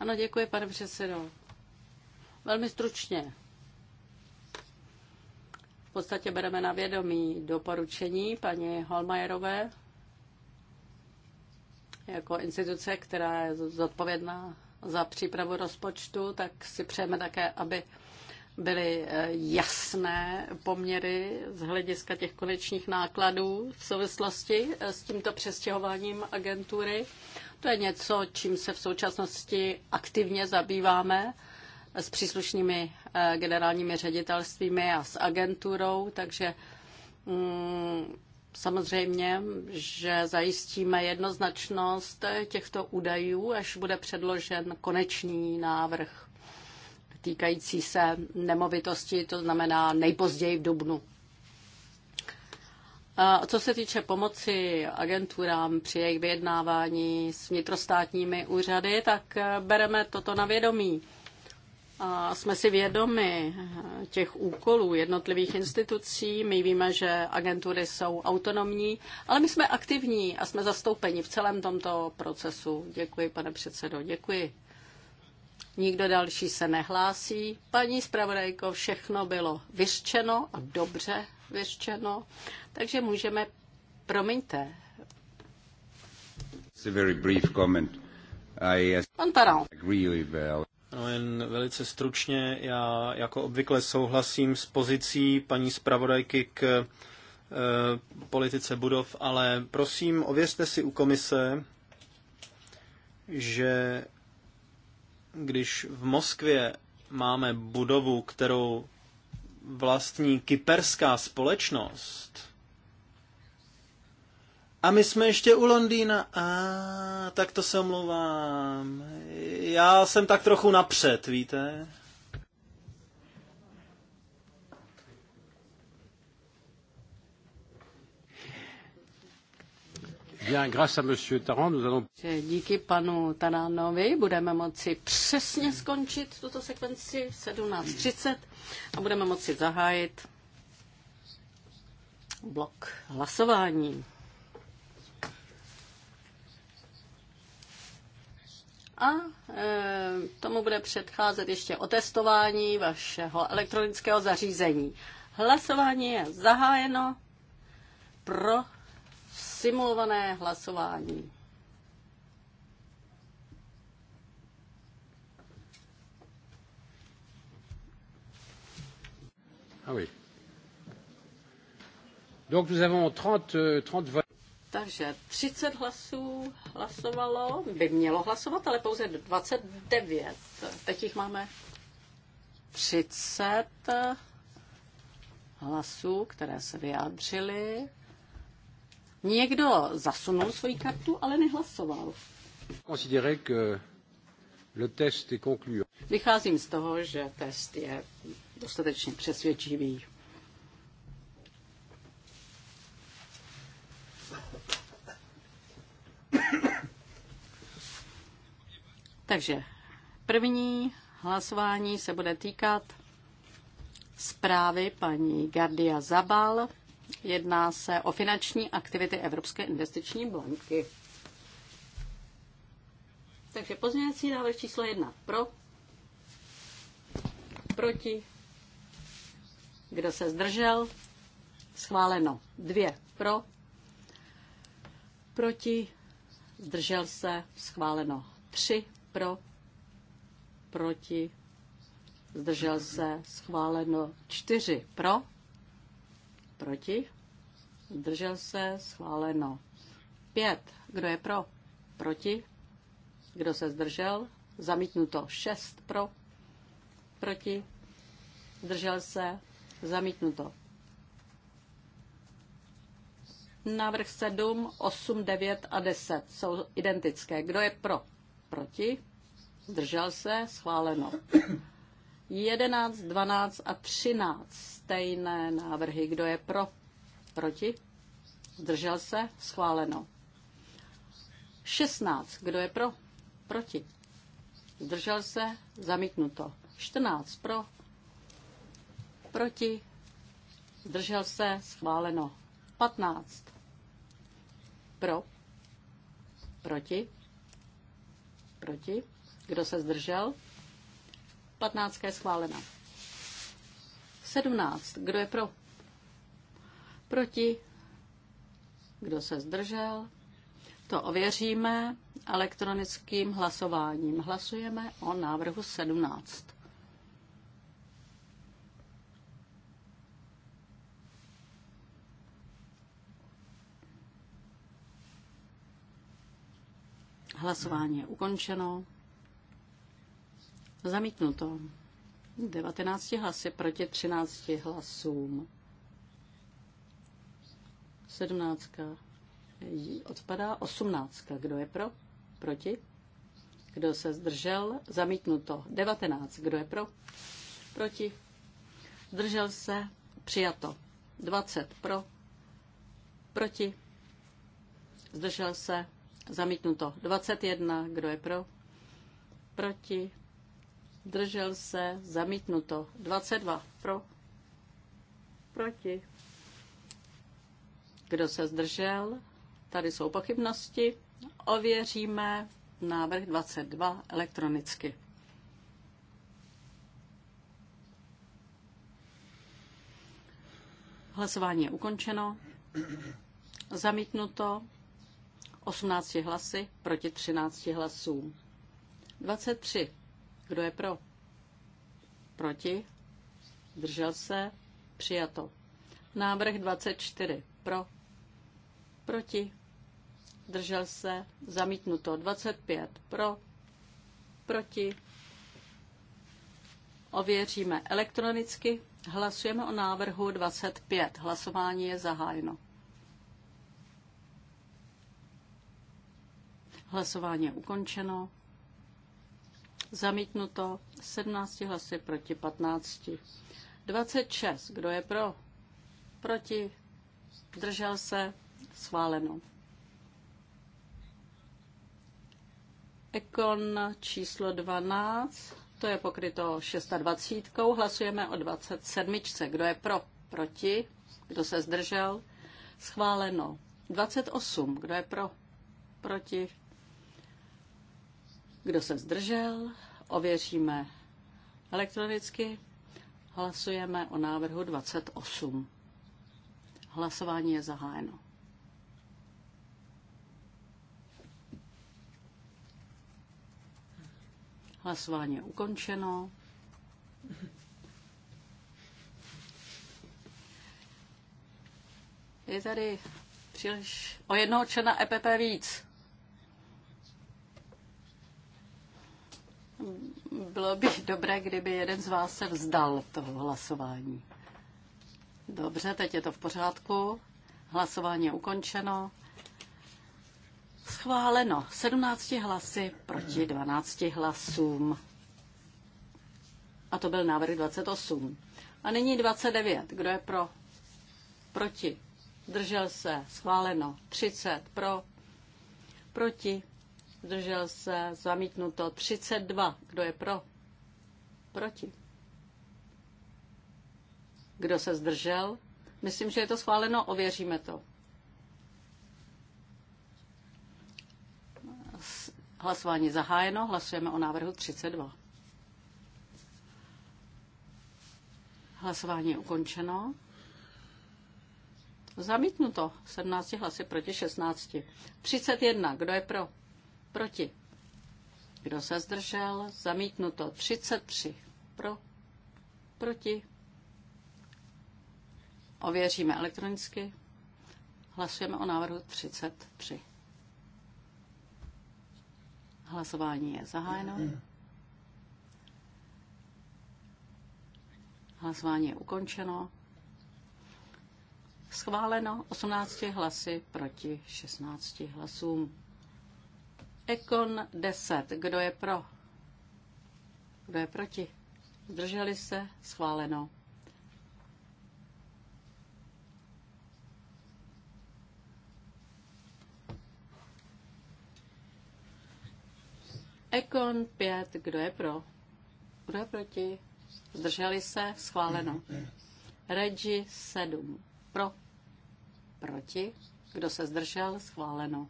[SPEAKER 1] Ano, děkuji, pane předsedo. Velmi stručně. V podstatě bereme na vědomí doporučení paní Holmajerové jako instituce, která je zodpovědná za přípravu rozpočtu, tak si přejeme také, aby byly eh, jasné poměry z hlediska těch konečných nákladů v souvislosti eh, s tímto přestěhováním agentury. To je něco, čím se v současnosti aktivně zabýváme eh, s příslušnými generálními ředitelstvími a s agenturou, takže mm, samozřejmě, že zajistíme jednoznačnost těchto údajů, až bude předložen konečný návrh týkající se nemovitosti, to znamená nejpozději v dubnu. A co se týče pomoci agenturám při jejich vyjednávání s vnitrostátními úřady, tak bereme toto na vědomí. A jsme si vědomi těch úkolů jednotlivých institucí. My víme, že agentury jsou autonomní, ale my jsme aktivní a jsme zastoupeni v celém tomto procesu. Děkuji, pane předsedo. Děkuji nikdo další se nehlásí. Paní zpravodajko, všechno bylo vyřčeno a dobře vyřčeno, takže můžeme, promiňte.
[SPEAKER 4] Uh, Pan Parent. Uh,
[SPEAKER 2] no jen velice stručně, já jako obvykle souhlasím s pozicí paní zpravodajky k e, politice budov, ale prosím, ověřte si u komise, že když v Moskvě máme budovu, kterou vlastní kyperská společnost, a my jsme ještě u Londýna. A tak to se omlouvám. Já jsem tak trochu napřed, víte?
[SPEAKER 1] Díky panu Taránovi budeme moci přesně skončit tuto sekvenci 17.30 a budeme moci zahájit blok hlasování. A e, tomu bude předcházet ještě otestování vašeho elektronického zařízení. Hlasování je zahájeno pro simulované hlasování.
[SPEAKER 4] Ah oui. Donc nous avons 30, 30 votes.
[SPEAKER 1] Takže 30 hlasů hlasovalo, by mělo hlasovat, ale pouze 29. Teď jich máme 30 hlasů, které se vyjádřily. Někdo zasunul svoji kartu, ale nehlasoval. Vycházím z toho, že test je dostatečně přesvědčivý. Takže první hlasování se bude týkat zprávy paní Gardia Zabal Jedná se o finanční aktivity Evropské investiční banky. Takže pozměňovací návrh číslo jedna. pro, proti, kdo se zdržel, schváleno Dvě. pro, proti, zdržel se, schváleno Tři. pro, proti, zdržel se, schváleno čtyři. pro, Proti? Zdržel se? Schváleno. Pět. Kdo je pro? Proti? Kdo se zdržel? Zamítnuto. Šest pro? Proti? Zdržel se? Zamítnuto. Návrh 7, 8, 9 a 10 jsou identické. Kdo je pro? Proti? Zdržel se? Schváleno. 11, 12 a 13 stejné návrhy. Kdo je pro? Proti? Zdržel se? Schváleno. 16. Kdo je pro? Proti. Zdržel se? Zamítnuto. 14. Pro? Proti. Zdržel se? Schváleno. 15. Pro? Proti? Proti. Kdo se zdržel? 15 je schválena. 17. Kdo je pro? Proti? Kdo se zdržel? To ověříme elektronickým hlasováním. Hlasujeme o návrhu 17. Hlasování je ukončeno. Zamítnuto. 19 hlasy proti 13 hlasům. 17. Odpadá 18. Kdo je pro? Proti? Kdo se zdržel? Zamítnuto. 19. Kdo je pro? Proti? Zdržel se? Přijato. 20 pro? Proti? Zdržel se? Zamítnuto. 21. Kdo je pro? Proti? Zdržel se. Zamítnuto. 22. Pro. Proti. Kdo se zdržel? Tady jsou pochybnosti. Ověříme návrh 22 elektronicky. Hlasování je ukončeno. Zamítnuto 18 hlasy proti 13 hlasům. 23 kdo je pro? Proti? Držel se? Přijato. Návrh 24. Pro? Proti? Držel se? Zamítnuto. 25. Pro? Proti? Ověříme elektronicky. Hlasujeme o návrhu 25. Hlasování je zahájeno. Hlasování je ukončeno. Zamítnuto 17 hlasy proti 15. 26. Kdo je pro? Proti? Držel se? Schváleno. Ekon číslo 12, to je pokryto 26. Hlasujeme o 27. Kdo je pro? Proti? Kdo se zdržel? Schváleno. 28. Kdo je pro? Proti? Kdo se zdržel? Ověříme elektronicky. Hlasujeme o návrhu 28. Hlasování je zahájeno. Hlasování je ukončeno. Je tady příliš o jednoho člena EPP víc. Bylo by dobré, kdyby jeden z vás se vzdal toho hlasování. Dobře, teď je to v pořádku. Hlasování je ukončeno. Schváleno 17 hlasy proti 12 hlasům. A to byl návrh 28. A nyní 29. Kdo je pro? Proti. Držel se. Schváleno. 30 pro. Proti zdržel se, zamítnuto 32. Kdo je pro? Proti. Kdo se zdržel? Myslím, že je to schváleno, ověříme to. Hlasování zahájeno, hlasujeme o návrhu 32. Hlasování je ukončeno. Zamítnuto 17 hlasy proti 16. 31. Kdo je pro? Proti. Kdo se zdržel? Zamítnuto. 33. Pro. Proti. Ověříme elektronicky. Hlasujeme o návrhu 33. Hlasování je zahájeno. Hlasování je ukončeno. Schváleno 18 hlasy proti 16 hlasům. Ekon 10. Kdo je pro? Kdo je proti? Zdrželi se? Schváleno. Ekon 5. Kdo je pro? Kdo je proti? Zdrželi se? Schváleno. Regi 7. Pro? Proti? Kdo se zdržel? Schváleno.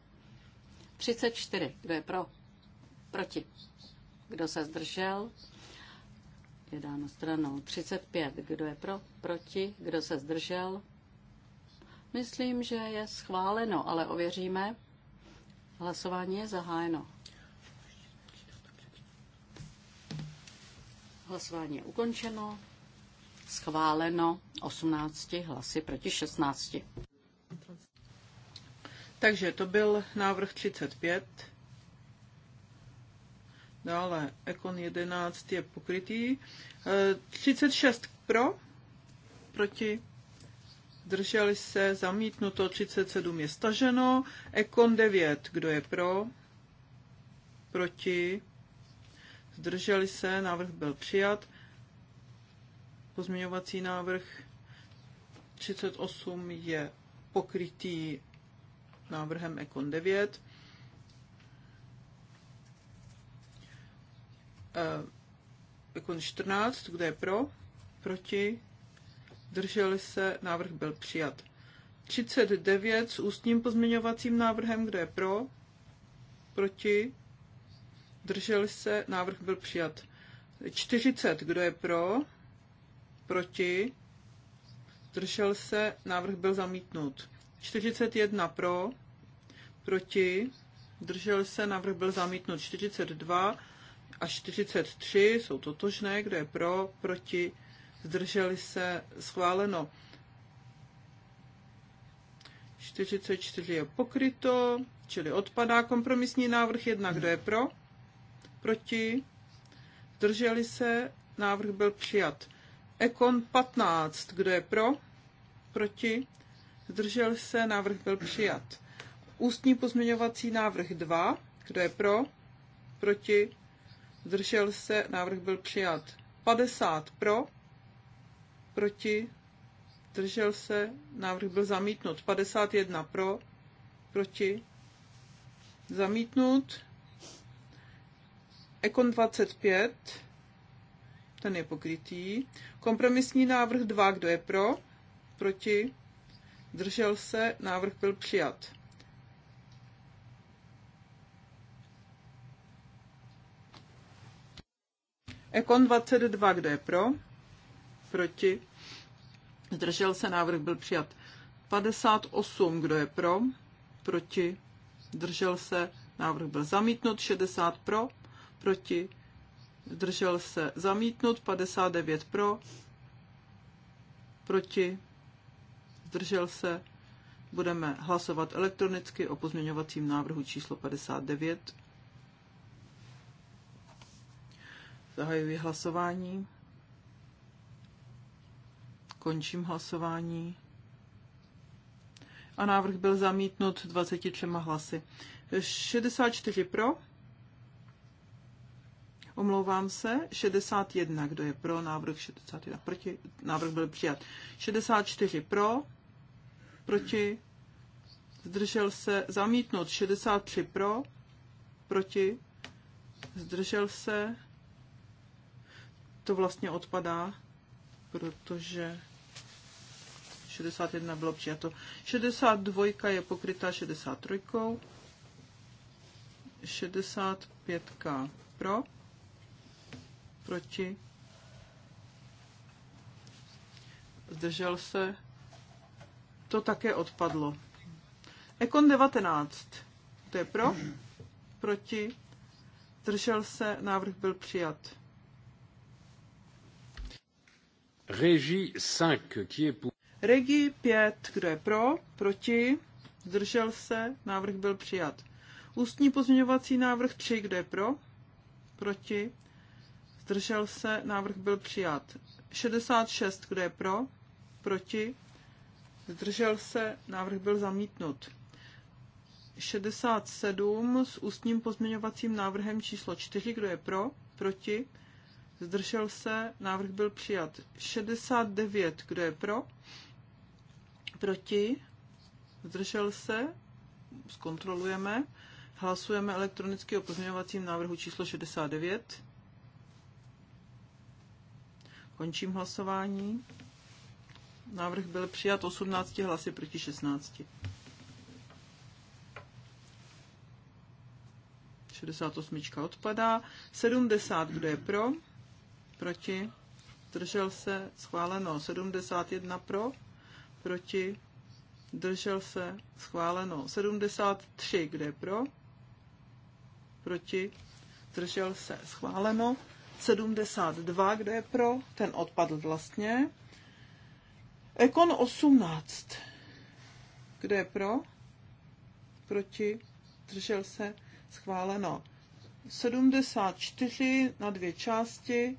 [SPEAKER 1] 34. Kdo je pro? Proti. Kdo se zdržel? Je dáno stranou. 35. Kdo je pro? Proti. Kdo se zdržel? Myslím, že je schváleno, ale ověříme. Hlasování je zahájeno. Hlasování je ukončeno. Schváleno 18 hlasy proti
[SPEAKER 3] 16. Takže to byl návrh 35. Dále Ekon 11 je pokrytý. 36 e, pro, proti, drželi se, zamítnuto 37 je staženo. Ekon 9, kdo je pro, proti, zdrželi se, návrh byl přijat. Pozměňovací návrh 38 je pokrytý návrhem Econ 9. Eh, Econ 14, kde je pro, proti, drželi se, návrh byl přijat. 39 s ústním pozměňovacím návrhem, kde je pro, proti, drželi se, návrh byl přijat. 40, kdo je pro, proti, držel se, návrh byl zamítnut. 41 pro, proti, držel se, návrh byl zamítnut 42 a 43 jsou totožné, kde je pro, proti, zdrželi se, schváleno. 44 je pokryto, čili odpadá kompromisní návrh 1, kdo je pro, proti, zdrželi se, návrh byl přijat. Ekon 15, kdo je pro, proti, zdržel se, návrh byl přijat. Ústní pozměňovací návrh 2, kdo je pro, proti, zdržel se, návrh byl přijat. 50 pro, proti, zdržel se, návrh byl zamítnut. 51 pro, proti, zamítnut. Ekon 25, ten je pokrytý. Kompromisní návrh 2, kdo je pro, proti, Držel se, návrh byl přijat. Ekon 22, kdo je pro? Proti. Zdržel se, návrh byl přijat. 58, kdo je pro? Proti. Zdržel se, návrh byl zamítnut. 60 pro? Proti. Zdržel se, zamítnut. 59 pro? Proti zdržel se. Budeme hlasovat elektronicky o pozměňovacím návrhu číslo 59. Zahajuji hlasování. Končím hlasování. A návrh byl zamítnut 23 hlasy. 64 pro. Omlouvám se, 61, kdo je pro, návrh 61 proti, návrh byl přijat. 64 pro, proti, zdržel se, zamítnout 63 pro, proti, zdržel se, to vlastně odpadá, protože 61 bylo přijato. 62 je pokrytá 63. 65 pro, proti, zdržel se, to také odpadlo. Ekon 19. To je pro? Proti? Držel se, návrh byl přijat. Regi 5, qui est pour... Regi 5, kdo je pro? Proti? Zdržel se, návrh byl přijat. Ústní pozměňovací návrh 3, kdo je pro? Proti? Zdržel se, návrh byl přijat. 66, kdo je pro? Proti? zdržel se, návrh byl zamítnut. 67 s ústním pozměňovacím návrhem číslo 4, kdo je pro, proti, zdržel se, návrh byl přijat. 69, kdo je pro, proti, zdržel se, zkontrolujeme, hlasujeme elektronicky o pozměňovacím návrhu číslo 69. Končím hlasování. Návrh byl přijat 18 hlasy proti 16. 68 odpadá. 70, kdo je pro? Proti? Držel se? Schváleno. 71 pro? Proti? Držel se? Schváleno. 73, kdo je pro? Proti? Držel se? Schváleno. 72, kdo je pro? Ten odpadl vlastně. Ekon 18. Kdo je pro? Proti? Držel se? Schváleno. 74 na dvě části.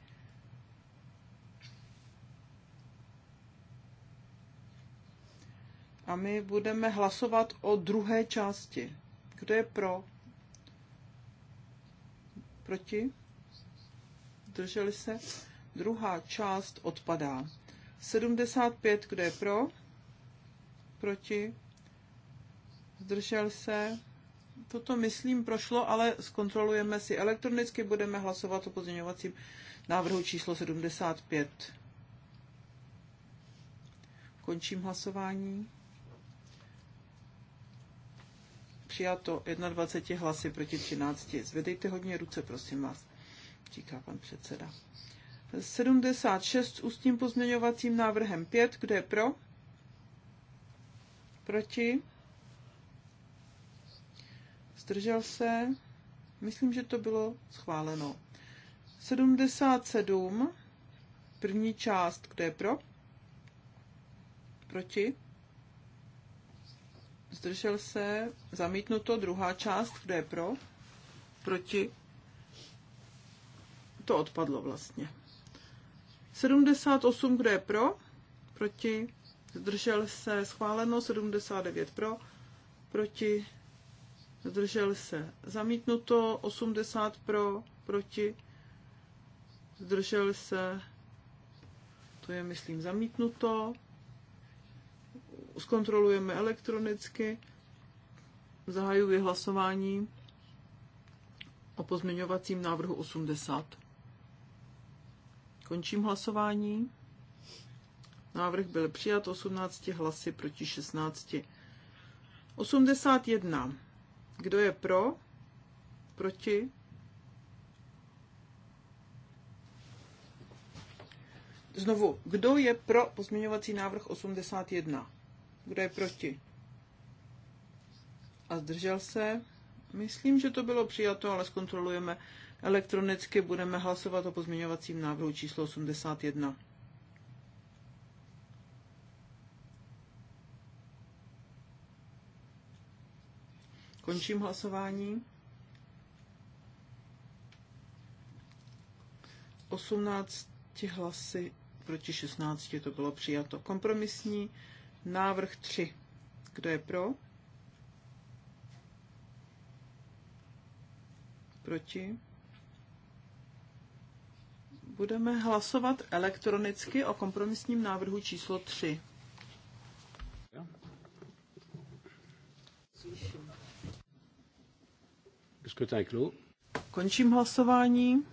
[SPEAKER 3] A my budeme hlasovat o druhé části. Kdo je pro? Proti? Drželi se? Druhá část odpadá. 75, kdo je pro? Proti? Zdržel se? Toto, myslím, prošlo, ale zkontrolujeme si elektronicky, budeme hlasovat o pozměňovacím návrhu číslo 75. Končím hlasování. Přijato 21 hlasy proti 13. Zvedejte hodně ruce, prosím vás, říká pan předseda. 76 s ústním pozměňovacím návrhem 5. Kdo je pro? Proti? Zdržel se? Myslím, že to bylo schváleno. 77. První část. Kdo je pro? Proti? Zdržel se? Zamítnuto. Druhá část. Kdo je pro? Proti? To odpadlo vlastně. 78, kdo je pro, proti, zdržel se, schváleno, 79 pro, proti, zdržel se, zamítnuto, 80 pro, proti, zdržel se, to je, myslím, zamítnuto, zkontrolujeme elektronicky, zahajuji hlasování o pozměňovacím návrhu 80. Končím hlasování. Návrh byl přijat 18 hlasy proti 16. 81. Kdo je pro? Proti? Znovu, kdo je pro pozměňovací návrh 81? Kdo je proti? A zdržel se? Myslím, že to bylo přijato, ale zkontrolujeme Elektronicky budeme hlasovat o pozměňovacím návrhu číslo 81. Končím hlasování. 18 hlasy proti 16 to bylo přijato. Kompromisní návrh 3. Kdo je pro? Proti? Budeme hlasovat elektronicky o kompromisním návrhu číslo 3. Končím hlasování.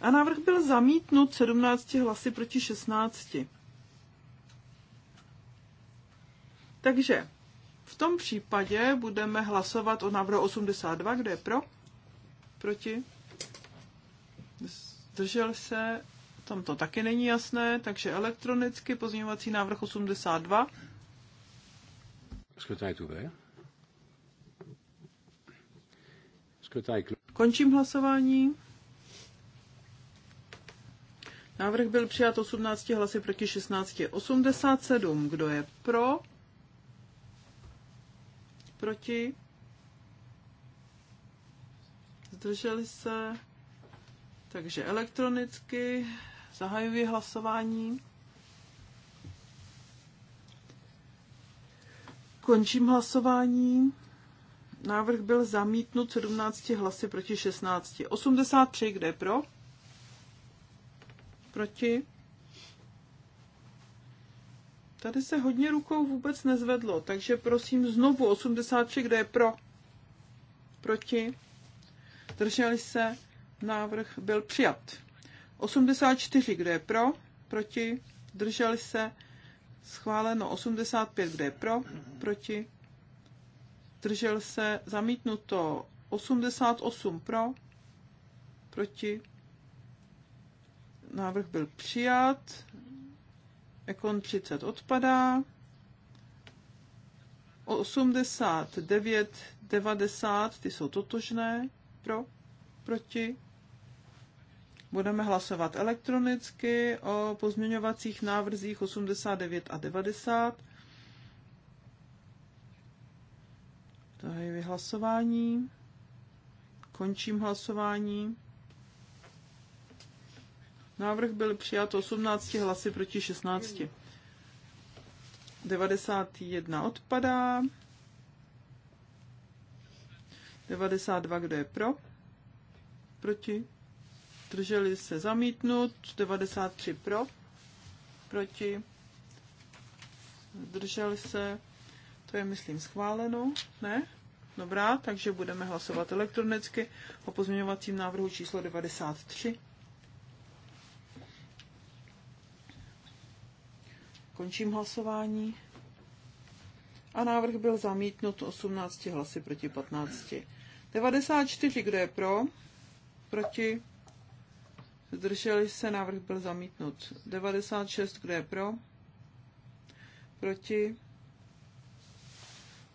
[SPEAKER 3] A návrh byl zamítnut 17 hlasy proti 16. Takže v tom případě budeme hlasovat o návrhu 82. kde je pro? Proti? zdržel se, tam to taky není jasné, takže elektronicky pozměňovací návrh 82. Končím hlasování. Návrh byl přijat 18 hlasy proti 16. 87. Kdo je pro? Proti? Zdrželi se? Takže elektronicky zahajuji hlasování. Končím hlasování. Návrh byl zamítnut 17 hlasy proti 16. 83, kde pro? Proti? Tady se hodně rukou vůbec nezvedlo, takže prosím znovu 83, kde je pro? Proti? Drželi se? Návrh byl přijat. 84, kdo je pro, proti, drželi se, schváleno 85, kdo je pro, proti, držel se, zamítnuto 88 pro, proti, návrh byl přijat, Ekon 30 odpadá, 89, 90, ty jsou totožné, pro, proti, Budeme hlasovat elektronicky o pozměňovacích návrzích 89 a 90. To je vyhlasování. Končím hlasování. Návrh byl přijat 18 hlasy proti 16. 91 odpadá. 92, kdo je pro? Proti? zdrželi se zamítnut, 93 pro, proti, zdrželi se, to je myslím schváleno, ne? Dobrá, takže budeme hlasovat elektronicky o pozměňovacím návrhu číslo 93. Končím hlasování. A návrh byl zamítnut 18 hlasy proti 15. 94, kdo je pro? Proti? Zdrželi se, návrh byl zamítnut. 96, kdo je pro? Proti?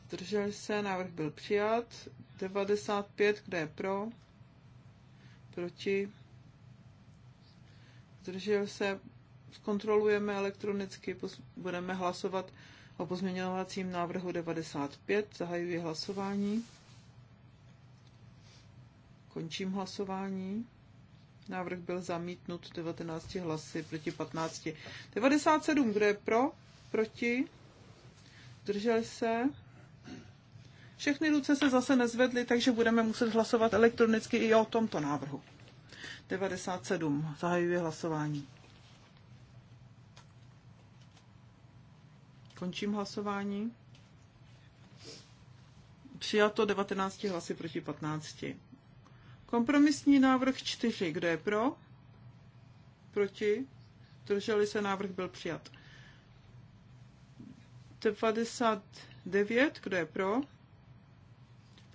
[SPEAKER 3] Zdrželi se, návrh byl přijat. 95, kdo je pro? Proti? Zdržel se, zkontrolujeme elektronicky, budeme hlasovat o pozměňovacím návrhu 95. Zahajuji hlasování. Končím hlasování. Návrh byl zamítnut 19 hlasy proti 15. 97, kdo je pro? Proti? Zdrželi se? Všechny ruce se zase nezvedly, takže budeme muset hlasovat elektronicky i o tomto návrhu. 97. Zahajuje hlasování. Končím hlasování. Přijato 19 hlasy proti 15. Kompromisní návrh 4. Kdo je pro? Proti? Drželi se, návrh byl přijat. 99. Kdo je pro?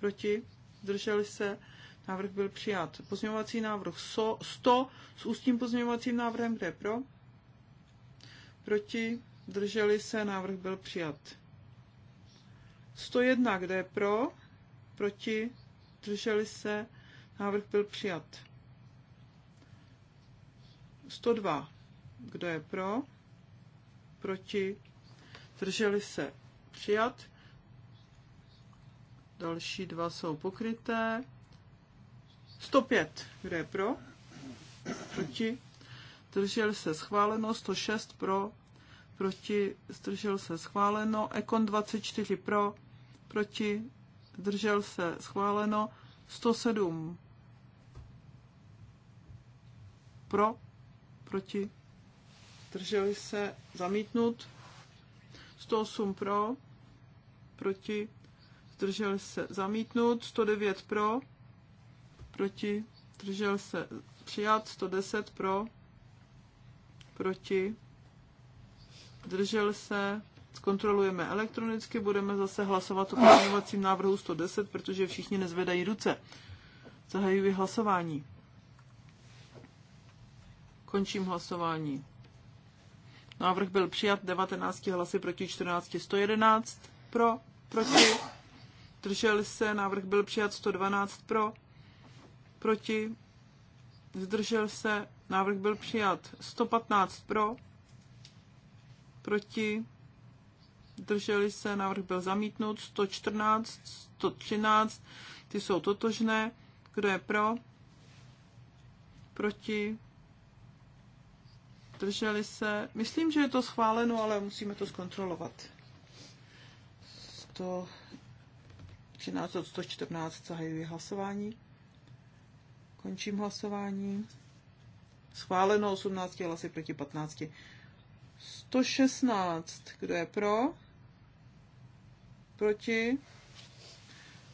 [SPEAKER 3] Proti? Drželi se, návrh byl přijat. Pozměňovací návrh 100 s ústním pozměňovacím návrhem. Kdo je pro? Proti? Drželi se, návrh byl přijat. 101. Kdo je pro? Proti? Drželi se, Návrh byl přijat. 102. Kdo je pro? Proti? Drželi se? Přijat. Další dva jsou pokryté. 105. Kdo je pro? Proti? Drželi se schváleno. 106 pro. Proti? Zdržel se schváleno. Ekon 24 pro. Proti? Zdržel se schváleno. 107 pro, proti, Drželi se, zamítnut. 108 pro, proti, zdrželi se, zamítnut. 109 pro, proti, zdržel se, přijat. 110 pro, proti, zdržel se, zkontrolujeme elektronicky, budeme zase hlasovat o pozměňovacím návrhu 110, protože všichni nezvedají ruce. Zahajuji hlasování. Končím hlasování. Návrh byl přijat 19 hlasy proti 14, 111 pro, proti, drželi se, návrh byl přijat 112 pro, proti, zdržel se, návrh byl přijat 115 pro, proti, zdrželi se, návrh byl zamítnut 114, 113, ty jsou totožné, kdo je pro, proti, zdrželi se. Myslím, že je to schváleno, ale musíme to zkontrolovat. 113 od 114 zahajuji hlasování. Končím hlasování. Schváleno 18 hlasy proti 15. 116. Kdo je pro? Proti?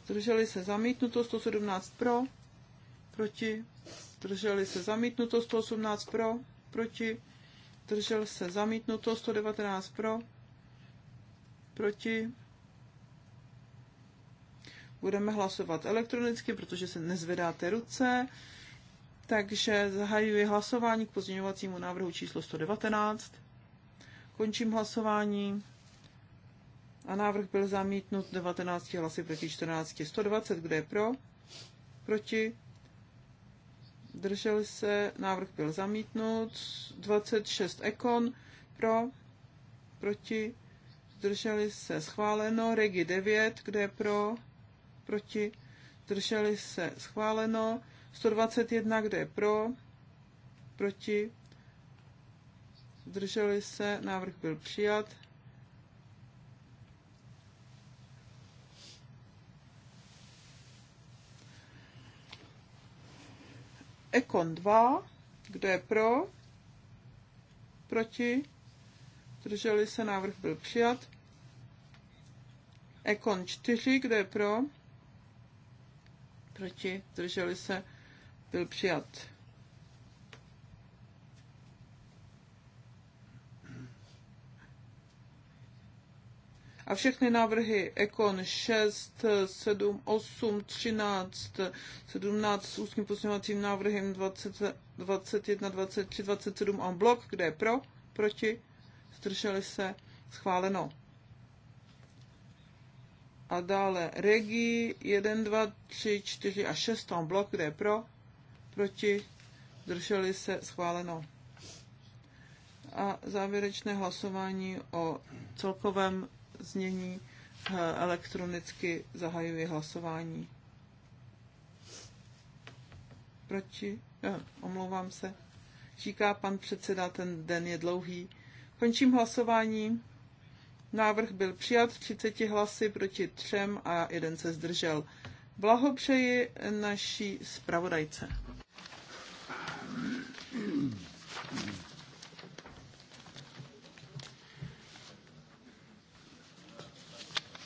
[SPEAKER 3] Zdrželi se zamítnuto 117 pro? Proti? Zdrželi se zamítnuto 118 pro? Proti? zdržel se zamítnuto, 119 pro, proti. Budeme hlasovat elektronicky, protože se nezvedáte ruce. Takže zahajuji hlasování k pozměňovacímu návrhu číslo 119. Končím hlasování. A návrh byl zamítnut 19 hlasy proti 14. 120, kde je pro? Proti? zdrželi se, návrh byl zamítnut. 26 Ekon pro, proti, zdrželi se, schváleno. Regi 9, kde je pro, proti, zdrželi se, schváleno. 121, kde je pro, proti, zdrželi se, návrh byl přijat. Ekon 2, kdo je pro, proti, Drželi se, návrh byl přijat. Ekon 4, kdo je pro, proti, Drželi se, byl přijat. a všechny návrhy Ekon 6, 7, 8, 13, 17 s ústním posměvacím návrhem 20, 21, 23, 27 en blok, kde je pro, proti, zdrželi se, schváleno. A dále Regi 1, 2, 3, 4 a 6 en blok, kde je pro, proti, zdrželi se, schváleno a závěrečné hlasování o celkovém znění eh, elektronicky zahajuji hlasování. Proti? Ne, eh, omlouvám se. Říká pan předseda, ten den je dlouhý. Končím hlasování. Návrh byl přijat 30 hlasy proti třem a jeden se zdržel. Blahopřeji naší zpravodajce.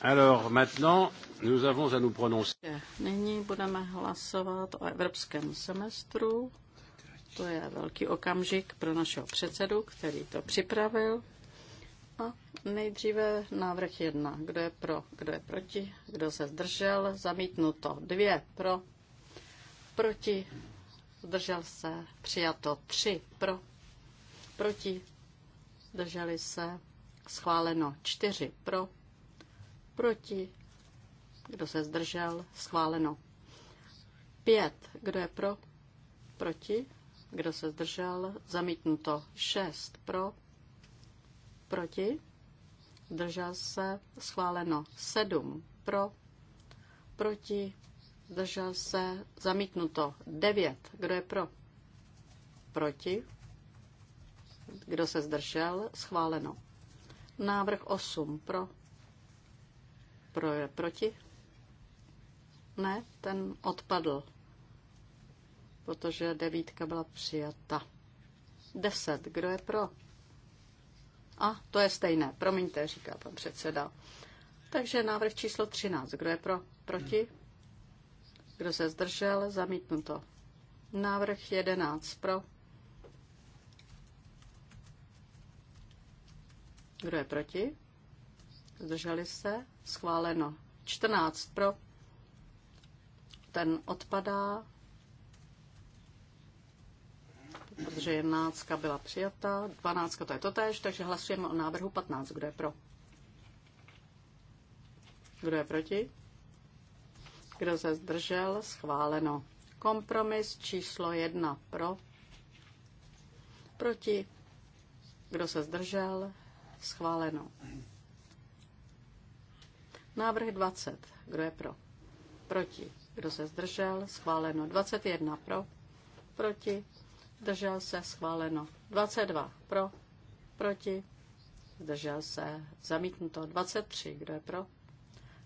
[SPEAKER 4] Alors maintenant, nous avons à nous prononcer.
[SPEAKER 1] Nyní budeme hlasovat o evropském semestru. To je velký okamžik pro našeho předsedu, který to připravil. A nejdříve návrh jedna. Kdo je pro, kdo je proti, kdo se zdržel, zamítnuto. Dvě pro, proti, zdržel se, přijato. Tři pro, proti, zdrželi se, schváleno. Čtyři pro, Proti? Kdo se zdržel? Schváleno. Pět. Kdo je pro? Proti? Kdo se zdržel? Zamítnuto. Šest. Pro? Proti? Zdržel se? Schváleno. Sedm. Pro? Proti? Zdržel se? Zamítnuto. Devět. Kdo je pro? Proti? Kdo se zdržel? Schváleno. Návrh 8 pro. Pro je proti? Ne, ten odpadl, protože devítka byla přijata. Deset, kdo je pro? A to je stejné, promiňte, říká pan předseda. Takže návrh číslo 13, kdo je pro? Proti? Kdo se zdržel? Zamítnuto. Návrh 11 pro. Kdo je proti? Zdrželi se? schváleno. 14 pro, ten odpadá, protože 11 byla přijata, 12 to je totéž, takže hlasujeme o návrhu 15. Kdo je pro? Kdo je proti? Kdo se zdržel? Schváleno. Kompromis číslo 1 pro. Proti. Kdo se zdržel? Schváleno. Návrh 20. Kdo je pro? Proti. Kdo se zdržel? Schváleno. 21 pro. Proti. Zdržel se? Schváleno. 22 pro. Proti. Zdržel se? Zamítnuto. 23. Kdo je pro?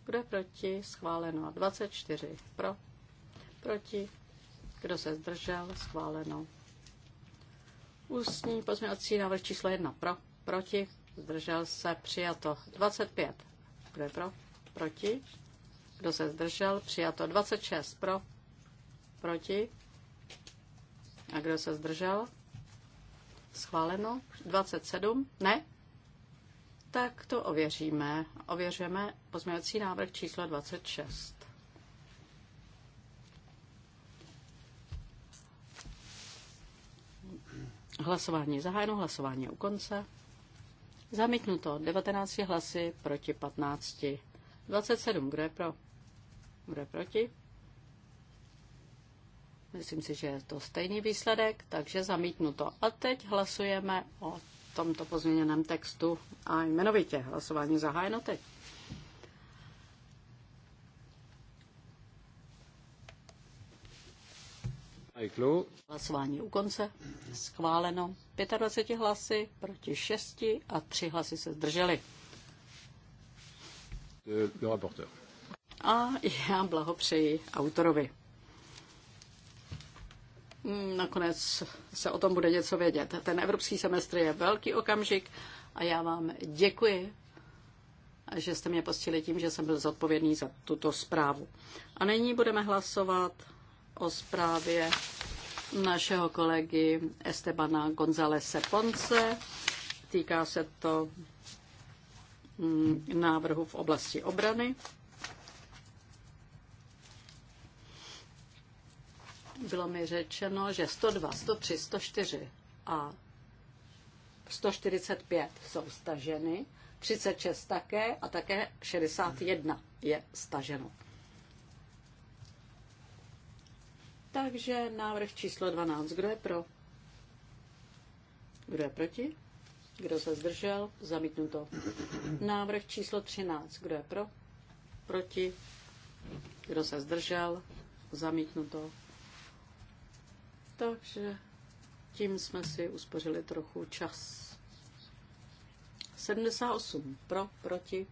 [SPEAKER 1] Kdo je proti? Schváleno. 24 pro. Proti. Kdo se zdržel? Schváleno. Ústní pozměňovací návrh číslo 1 pro. Proti. Zdržel se? Přijato. 25. Kdo je pro? Proti? Kdo se zdržel? Přijato 26 pro. Proti? A kdo se zdržel? Schváleno. 27? Ne? Tak to ověříme. Ověříme pozměňovací návrh číslo 26. Hlasování zahájeno, hlasování u konce. Zamítnuto 19 hlasy proti 15. 27, kdo je pro? Kdo je proti? Myslím si, že je to stejný výsledek, takže zamítnuto. A teď hlasujeme o tomto pozměněném textu a jmenovitě hlasování zahájeno teď. Hlasování u konce. Schváleno 25 hlasy proti 6 a 3 hlasy se zdrželi.
[SPEAKER 4] Eh, le rapporteur.
[SPEAKER 1] A já blahopřeji autorovi. Nakonec se o tom bude něco vědět. Ten evropský semestr je velký okamžik a já vám děkuji, že jste mě postili tím, že jsem byl zodpovědný za tuto zprávu. A nyní budeme hlasovat o zprávě našeho kolegy Estebana Gonzalese Ponce. Týká se to Mm, návrhu v oblasti obrany. Bylo mi řečeno, že 102, 103, 104 a 145 jsou staženy, 36 také a také 61 je staženo. Takže návrh číslo 12. Kdo je pro? Kdo je proti? Kdo se zdržel? Zamítnuto. Návrh číslo 13. Kdo je pro? Proti? Kdo se zdržel? Zamítnuto. Takže tím jsme si uspořili trochu čas. 78 pro, proti.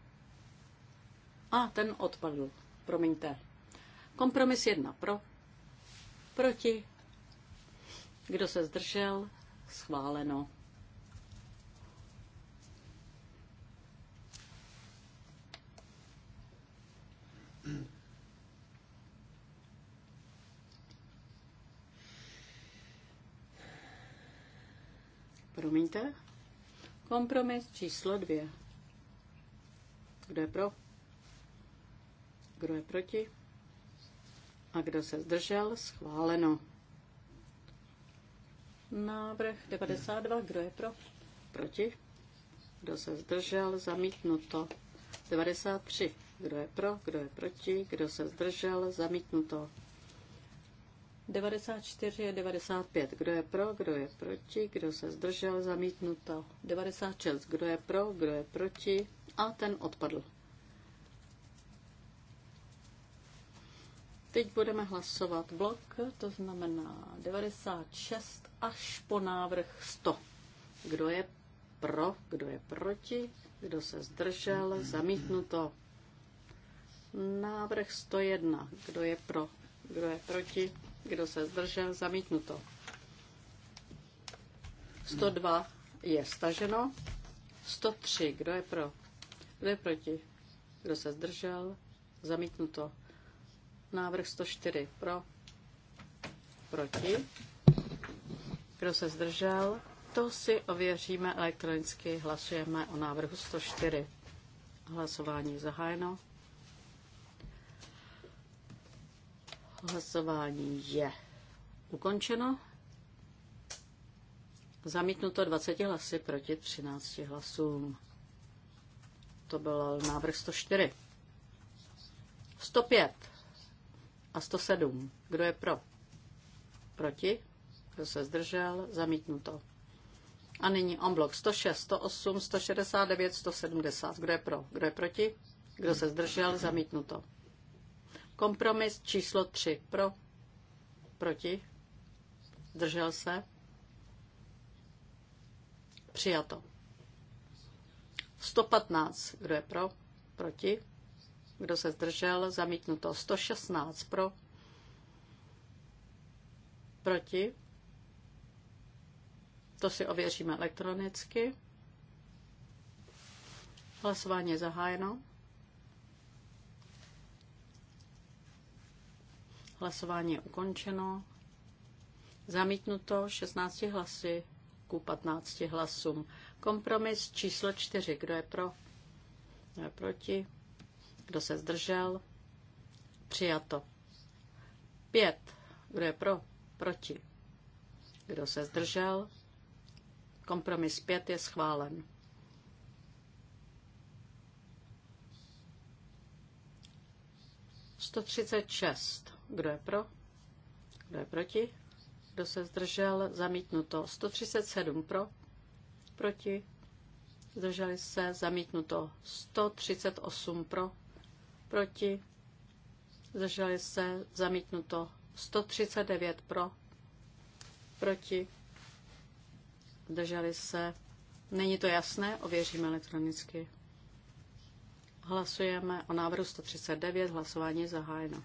[SPEAKER 1] A ten odpadl. Promiňte. Kompromis 1 pro, proti. Kdo se zdržel? Schváleno. Promiňte. Kompromis číslo dvě. Kdo je pro? Kdo je proti? A kdo se zdržel? Schváleno. Návrh 92. Kdo je pro? Proti? Kdo se zdržel? Zamítnuto. 93. Kdo je pro? Kdo je proti? Kdo se zdržel? Zamítnuto. 94 je 95. Kdo je pro, kdo je proti, kdo se zdržel, zamítnuto. 96. Kdo je pro, kdo je proti a ten odpadl. Teď budeme hlasovat blok, to znamená 96 až po návrh 100. Kdo je pro, kdo je proti, kdo se zdržel, zamítnuto. Návrh 101. Kdo je pro, kdo je proti, kdo se zdržel? Zamítnuto. 102 je staženo. 103. Kdo je pro? Kdo je proti? Kdo se zdržel? Zamítnuto. Návrh 104. Pro? Proti? Kdo se zdržel? To si ověříme elektronicky. Hlasujeme o návrhu 104. Hlasování zahájeno. Hlasování je ukončeno. Zamítnuto 20 hlasy proti 13 hlasům. To byl návrh 104. 105 a 107. Kdo je pro? Proti? Kdo se zdržel? Zamítnuto. A nyní omblok 106, 108, 169, 170. Kdo je pro? Kdo je proti? Kdo se zdržel? Zamítnuto. Kompromis číslo 3 pro, proti, zdržel se, přijato. 115, kdo je pro, proti, kdo se zdržel, zamítnuto. 116 pro, proti, to si ověříme elektronicky. Hlasování je zahájeno. Hlasování je ukončeno. Zamítnuto 16 hlasy ku 15 hlasům. Kompromis číslo 4. Kdo je pro? Kdo je proti? Kdo se zdržel? Přijato. 5. Kdo je pro? Proti. Kdo se zdržel? Kompromis 5 je schválen. Sto třicet šest. Kdo je pro? Kdo je proti? Kdo se zdržel? Zamítnuto. 137 pro? Proti? Zdrželi se? Zamítnuto. 138 pro? Proti? Zdrželi se? Zamítnuto. 139 pro? Proti? Zdrželi se? Není to jasné? Ověříme elektronicky. Hlasujeme o návrhu 139. Hlasování je zahájeno.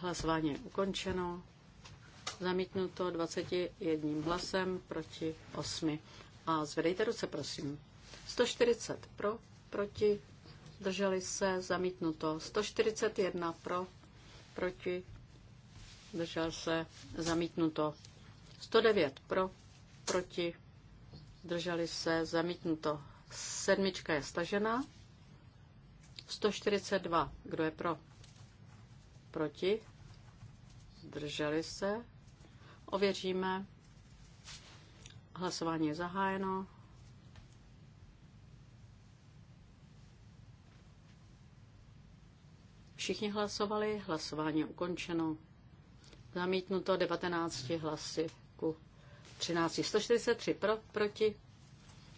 [SPEAKER 1] Hlasování je ukončeno. Zamítnuto 21 hlasem proti 8. A zvedejte ruce, prosím. 140 pro, proti, drželi se, zamítnuto. 141 pro, proti, držel se, zamítnuto. 109 pro, proti, drželi se, zamítnuto. Sedmička je stažená. 142, kdo je pro? Proti, zdrželi se. Ověříme. Hlasování je zahájeno. Všichni hlasovali, hlasování je ukončeno. Zamítnuto 19 hlasy ku 13. 143 pro, proti,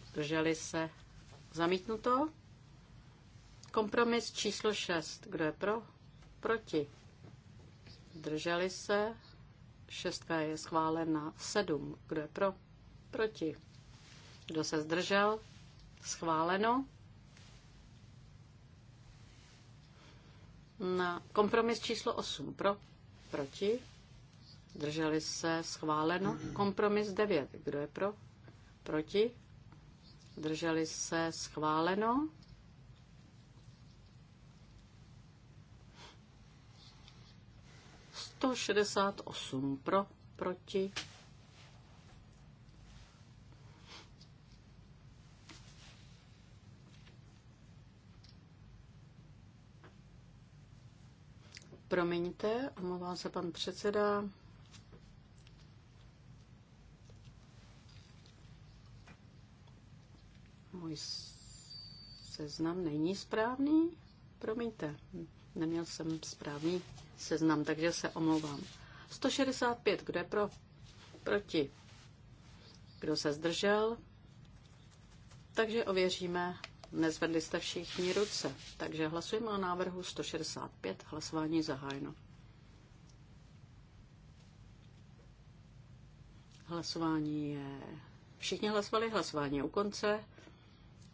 [SPEAKER 1] zdrželi se. Zamítnuto. Kompromis číslo 6. Kdo je pro? Proti. Zdrželi se. Šestka je schválena. Sedm. Kdo je pro? Proti. Kdo se zdržel? Schváleno. Na kompromis číslo 8 pro, proti, drželi se schváleno. Kompromis 9, kdo je pro, proti, drželi se schváleno. 168 pro, proti. Promiňte, omlouvá se pan předseda. Můj seznam není správný. Promiňte, neměl jsem správný seznam, takže se omlouvám. 165, kdo je pro? Proti. Kdo se zdržel? Takže ověříme. Nezvedli jste všichni ruce. Takže hlasujeme o návrhu 165. Hlasování zahájeno. Hlasování je... Všichni hlasovali, hlasování je u konce.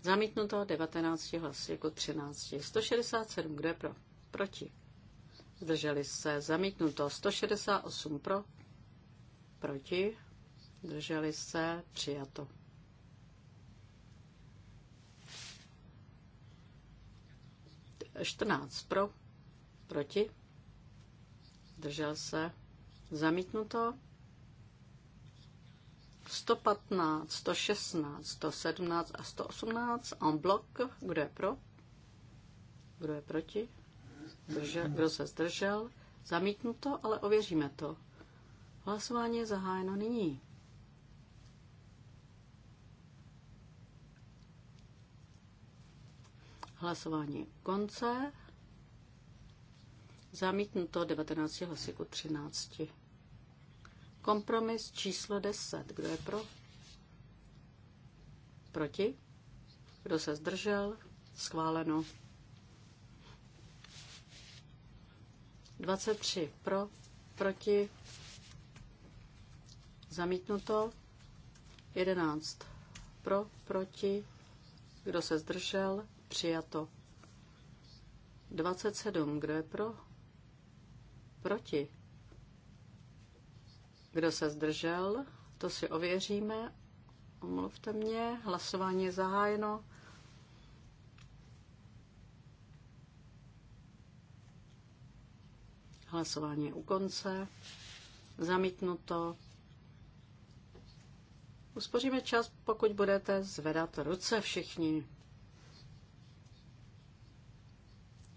[SPEAKER 1] Zamítnuto 19 hlas jako 13. 167, kdo je pro? Proti. Zdrželi se. Zamítnuto. 168 pro. Proti. Zdrželi se. Přijato. 14 pro. Proti. Zdržel se. Zamítnuto. 115, 116, 117 a 118 en bloc. Kdo je pro? Kdo je proti? Zdržel, kdo se zdržel? Zamítnuto, ale ověříme to. Hlasování je zahájeno nyní. Hlasování konce. Zamítnuto 19 hlasy ku 13. Kompromis číslo 10. Kdo je pro? Proti? Kdo se zdržel? Schváleno. 23 pro, proti, zamítnuto, 11 pro, proti, kdo se zdržel, přijato. 27, kdo je pro, proti, kdo se zdržel, to si ověříme, omluvte mě, hlasování je zahájeno. Hlasování je u konce. Zamítnuto. Uspoříme čas, pokud budete zvedat ruce všichni.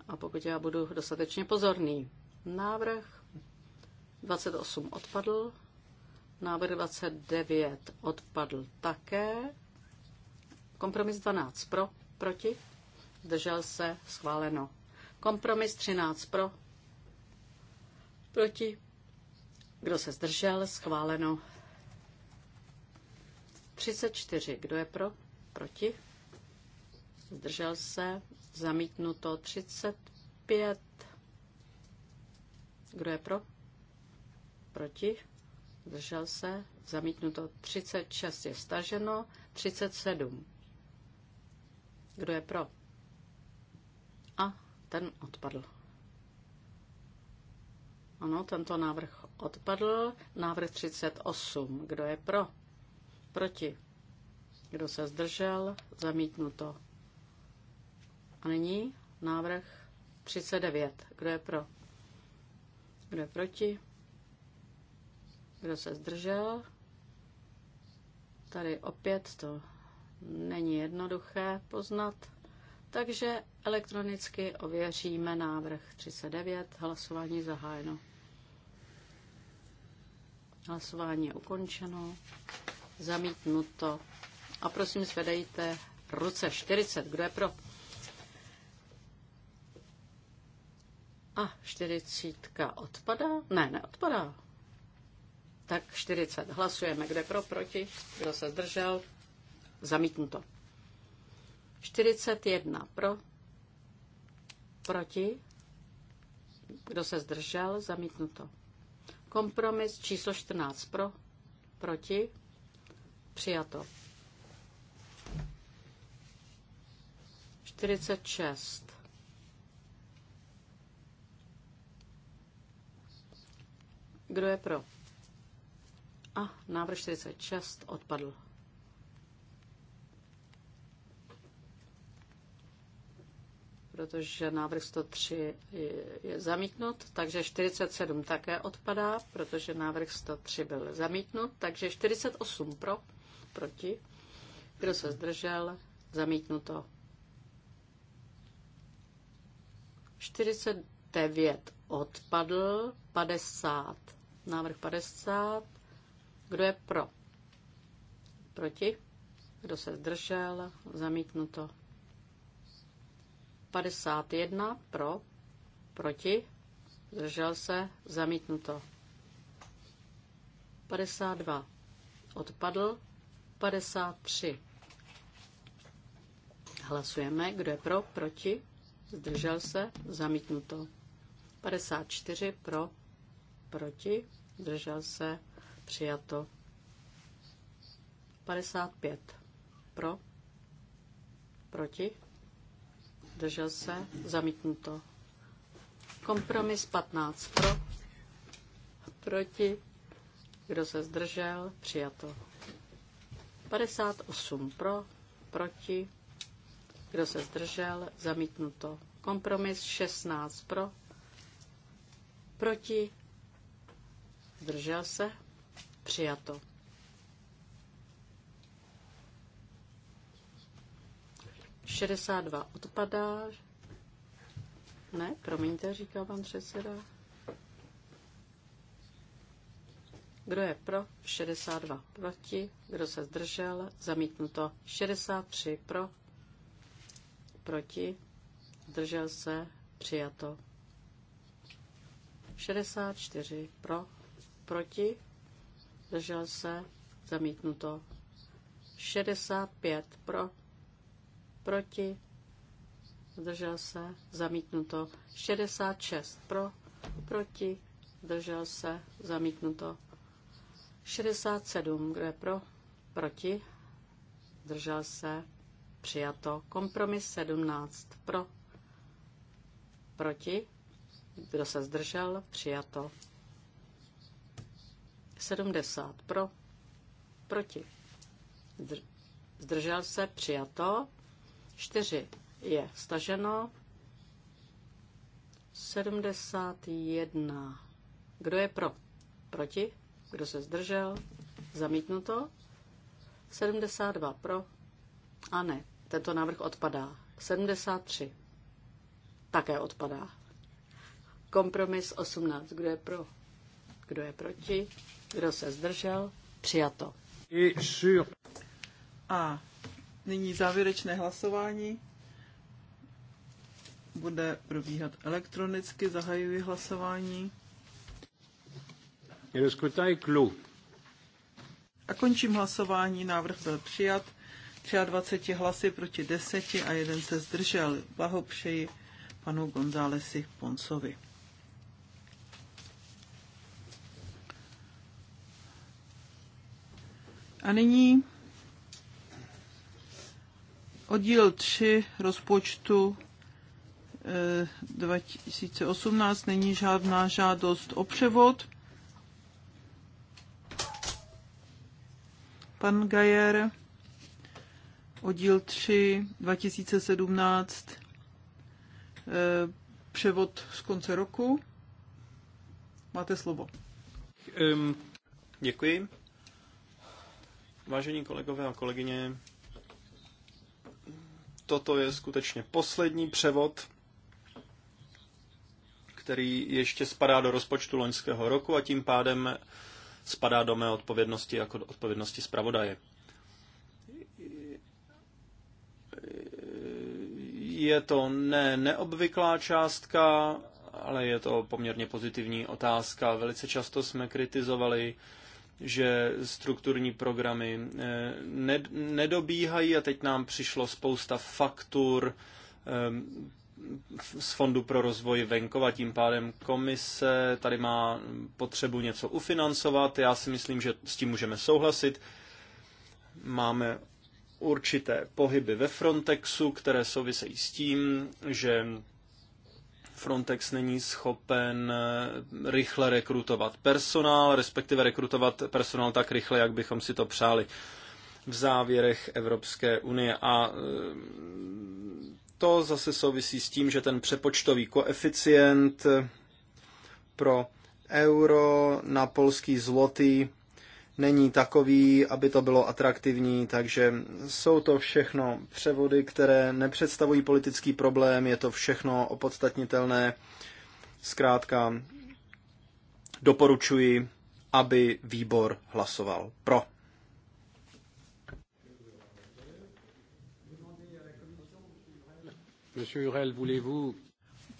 [SPEAKER 1] A pokud já budu dostatečně pozorný. Návrh 28 odpadl, návrh 29 odpadl také, kompromis 12 pro, proti, držel se, schváleno. Kompromis 13 pro, Proti? Kdo se zdržel? Schváleno. 34. Kdo je pro? Proti? Zdržel se? Zamítnuto. 35. Kdo je pro? Proti? Zdržel se? Zamítnuto. 36 je staženo. 37. Kdo je pro? A ten odpadl. Ano, tento návrh odpadl. Návrh 38. Kdo je pro? Proti? Kdo se zdržel? Zamítnuto. A nyní návrh 39. Kdo je pro? Kdo je proti? Kdo se zdržel? Tady opět to není jednoduché poznat. Takže elektronicky ověříme návrh 39. Hlasování zahájeno. Hlasování je ukončeno. Zamítnuto. A prosím, zvedejte ruce 40. Kdo je pro? A 40 odpadá? Ne, neodpadá. Tak 40. Hlasujeme. Kdo je pro, proti? Kdo se zdržel? Zamítnuto. 41 pro, proti? Kdo se zdržel? Zamítnuto. Kompromis číslo 14 pro, proti, přijato. 46. Kdo je pro? A, návrh 46 odpadl. protože návrh 103 je zamítnut, takže 47 také odpadá, protože návrh 103 byl zamítnut, takže 48 pro, proti. Kdo se zdržel? Zamítnuto. 49 odpadl, 50. Návrh 50. Kdo je pro? Proti? Kdo se zdržel? Zamítnuto. 51 pro, proti, zdržel se, zamítnuto. 52 odpadl, 53. Hlasujeme, kdo je pro, proti, zdržel se, zamítnuto. 54 pro, proti, zdržel se, přijato. 55 pro, proti, zdržel se, zamítnuto. Kompromis 15 pro, proti, kdo se zdržel, přijato. 58 pro, proti, kdo se zdržel, zamítnuto. Kompromis 16 pro, proti, zdržel se, přijato. 62 odpadá. Ne, promiňte, říká pan předseda. Kdo je pro? 62 proti. Kdo se zdržel? Zamítnuto. 63 pro. Proti. Zdržel se. Přijato. 64 pro. Proti. Zdržel se. Zamítnuto. 65 pro proti, zdržel se, zamítnuto. 66 pro, proti, zdržel se, zamítnuto. 67, kdo je pro, proti, zdržel se, přijato. Kompromis 17 pro, proti, kdo se zdržel, přijato. 70 pro, proti. Zdržel se, přijato. 4 je staženo. 71. Kdo je pro? Proti? Kdo se zdržel? Zamítnuto. 72 pro. A ne, tento návrh odpadá. 73 také odpadá. Kompromis 18. Kdo je pro? Kdo je proti? Kdo se zdržel?
[SPEAKER 3] Přijato. A Nyní závěrečné hlasování. Bude probíhat elektronicky. Zahajuji hlasování. A končím hlasování. Návrh byl přijat. 23 hlasy proti 10 a jeden se zdržel. Blahopřeji panu Gonzálesi Ponsovi. A nyní Oddíl 3 rozpočtu 2018 eh, není žádná žádost o převod. Pan Gajer, oddíl 3 2017, eh, převod z konce roku. Máte slovo.
[SPEAKER 2] Ehm, děkuji. Vážení kolegové a kolegyně, Toto je skutečně poslední převod, který ještě spadá do rozpočtu loňského roku a tím pádem spadá do mé odpovědnosti jako do odpovědnosti zpravodaje. Je to ne neobvyklá částka, ale je to poměrně pozitivní otázka. Velice často jsme kritizovali že strukturní programy eh, nedobíhají a teď nám přišlo spousta faktur eh, z Fondu pro rozvoj venkova, tím pádem komise tady má potřebu něco ufinancovat. Já si myslím, že s tím můžeme souhlasit. Máme určité pohyby ve Frontexu, které souvisejí s tím, že Frontex není schopen eh, rychle rekrutovat personál, respektive rekrutovat personál tak rychle, jak bychom si to přáli v závěrech Evropské unie. A eh, to zase souvisí s tím, že ten přepočtový koeficient eh, pro euro na polský zloty není takový, aby to bylo atraktivní, takže jsou to všechno převody, které nepředstavují politický problém, je to všechno opodstatnitelné. Zkrátka doporučuji, aby výbor hlasoval pro.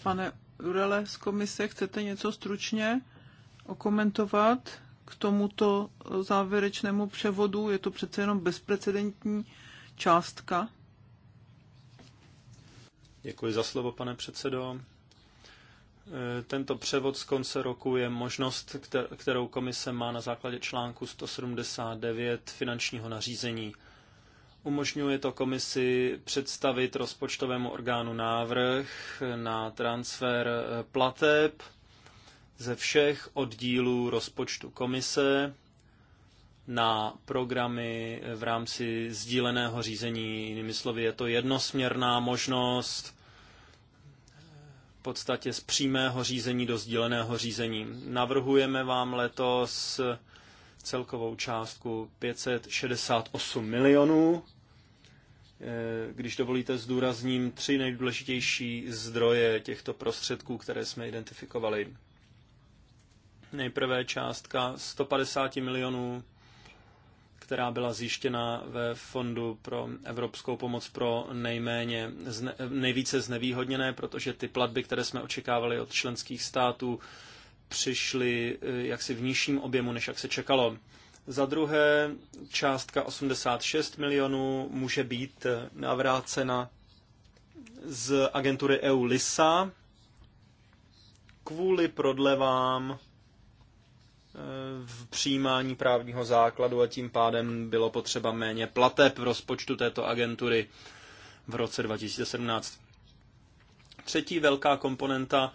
[SPEAKER 3] Pane Urele z komise, chcete něco stručně okomentovat? k tomuto závěrečnému převodu. Je to přece jenom bezprecedentní částka.
[SPEAKER 2] Děkuji za slovo, pane předsedo. E, tento převod z konce roku je možnost, kterou komise má na základě článku 179 finančního nařízení. Umožňuje to komisi představit rozpočtovému orgánu návrh na transfer e, plateb ze všech oddílů rozpočtu komise na programy v rámci sdíleného řízení. Jinými slovy, je to jednosměrná možnost v podstatě z přímého řízení do sdíleného řízení. Navrhujeme vám letos celkovou částku 568 milionů. Když dovolíte, zdůrazním tři nejdůležitější zdroje těchto prostředků, které jsme identifikovali. Nejprve částka 150 milionů, která byla zjištěna ve Fondu pro evropskou pomoc pro nejméně, nejvíce znevýhodněné, protože ty platby, které jsme očekávali od členských států, přišly eh, jaksi v nižším objemu, než jak se čekalo. Za druhé, částka 86 milionů může být eh, navrácena z agentury EU LISA kvůli prodlevám v přijímání právního základu a tím pádem bylo potřeba méně plateb v rozpočtu této agentury v roce 2017. Třetí velká komponenta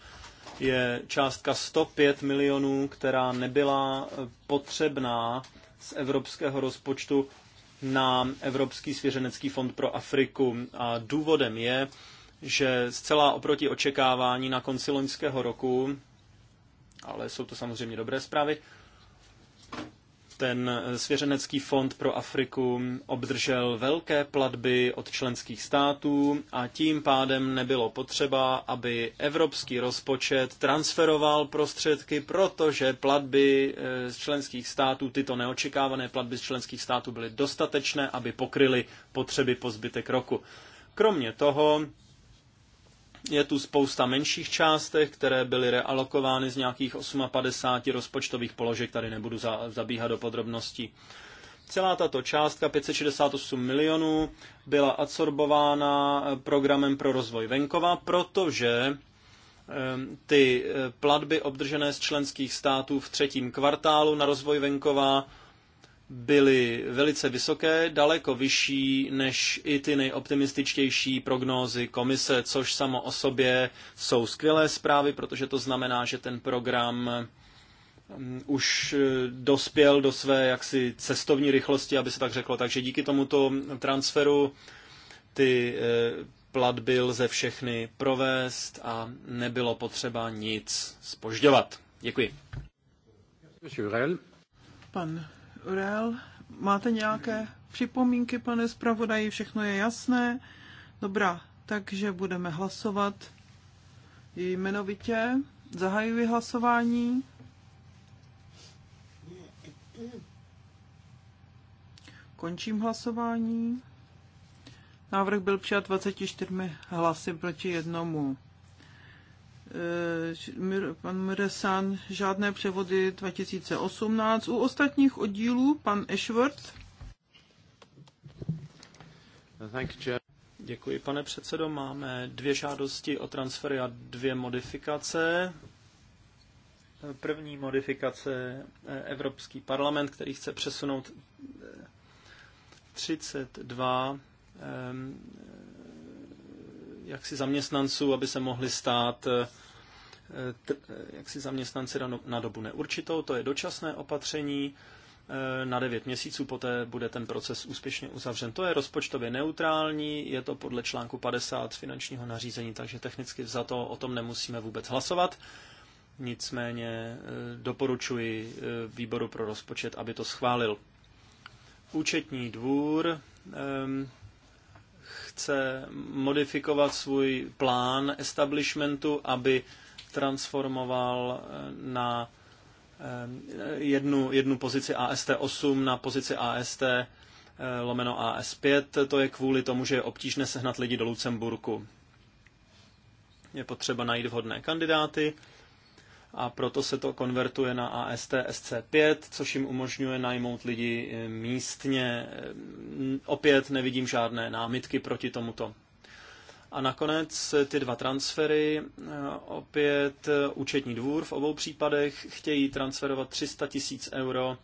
[SPEAKER 2] je částka 105 milionů, která nebyla potřebná z evropského rozpočtu na Evropský svěřenecký fond pro Afriku. A důvodem je, že zcela oproti očekávání na konci loňského roku ale jsou to samozřejmě dobré zprávy. Ten svěřenecký fond pro Afriku obdržel velké platby od členských států a tím pádem nebylo potřeba, aby evropský rozpočet transferoval prostředky, protože platby eh, z členských států, tyto neočekávané platby z členských států byly dostatečné, aby pokryly potřeby po zbytek roku. Kromě toho je tu spousta menších částek, které byly realokovány z nějakých 58 rozpočtových položek, tady nebudu za, zabíhat do podrobností. Celá tato částka 568 milionů byla absorbována programem pro rozvoj venkova, protože ehm, ty eh, platby obdržené z členských států v třetím kvartálu na rozvoj venkova byly velice vysoké, daleko vyšší než i ty nejoptimističtější prognózy komise, což samo o sobě jsou skvělé zprávy, protože to znamená, že ten program mm, už eh, dospěl do své jaksi cestovní rychlosti, aby se tak řeklo. Takže díky tomuto transferu ty eh, platby lze všechny provést a nebylo potřeba nic spožďovat. Děkuji.
[SPEAKER 3] Pan Rel, máte nějaké připomínky, pane zpravodaji? Všechno je jasné? Dobrá, takže budeme hlasovat jmenovitě. Zahajuji hlasování. Končím hlasování. Návrh byl přijat 24 hlasy proti jednomu. Eh, pan Mresan žádné převody 2018. U ostatních oddílů pan Ashworth.
[SPEAKER 2] Děkuji, pane předsedo. Máme dvě žádosti o transfery a dvě modifikace. První modifikace eh, Evropský parlament, který chce přesunout 32 eh, jaksi zaměstnanců, aby se mohli stát eh, eh, jaksi zaměstnanci no-, na dobu neurčitou. To je dočasné opatření. Eh, na 9 měsíců poté bude ten proces úspěšně uzavřen. To je rozpočtově neutrální, je to podle článku 50 finančního nařízení, takže technicky za to o tom nemusíme vůbec hlasovat. Nicméně doporučuji výboru pro rozpočet, aby to schválil. Účetní dvůr ehm, chce modifikovat svůj plán establishmentu, aby transformoval eh, na eh, jednu, jednu pozici AST8 na pozici AST eh, lomeno AS5. To je kvůli tomu, že je obtížné sehnat lidi do Lucemburku. Je potřeba najít vhodné kandidáty a proto se to konvertuje na AST SC5, což jim umožňuje najmout lidi eh, místně. Eh, opět nevidím žádné námitky proti tomuto. A nakonec eh, ty dva transfery, opět účetní dvůr v obou případech chtějí transferovat 300 tisíc euro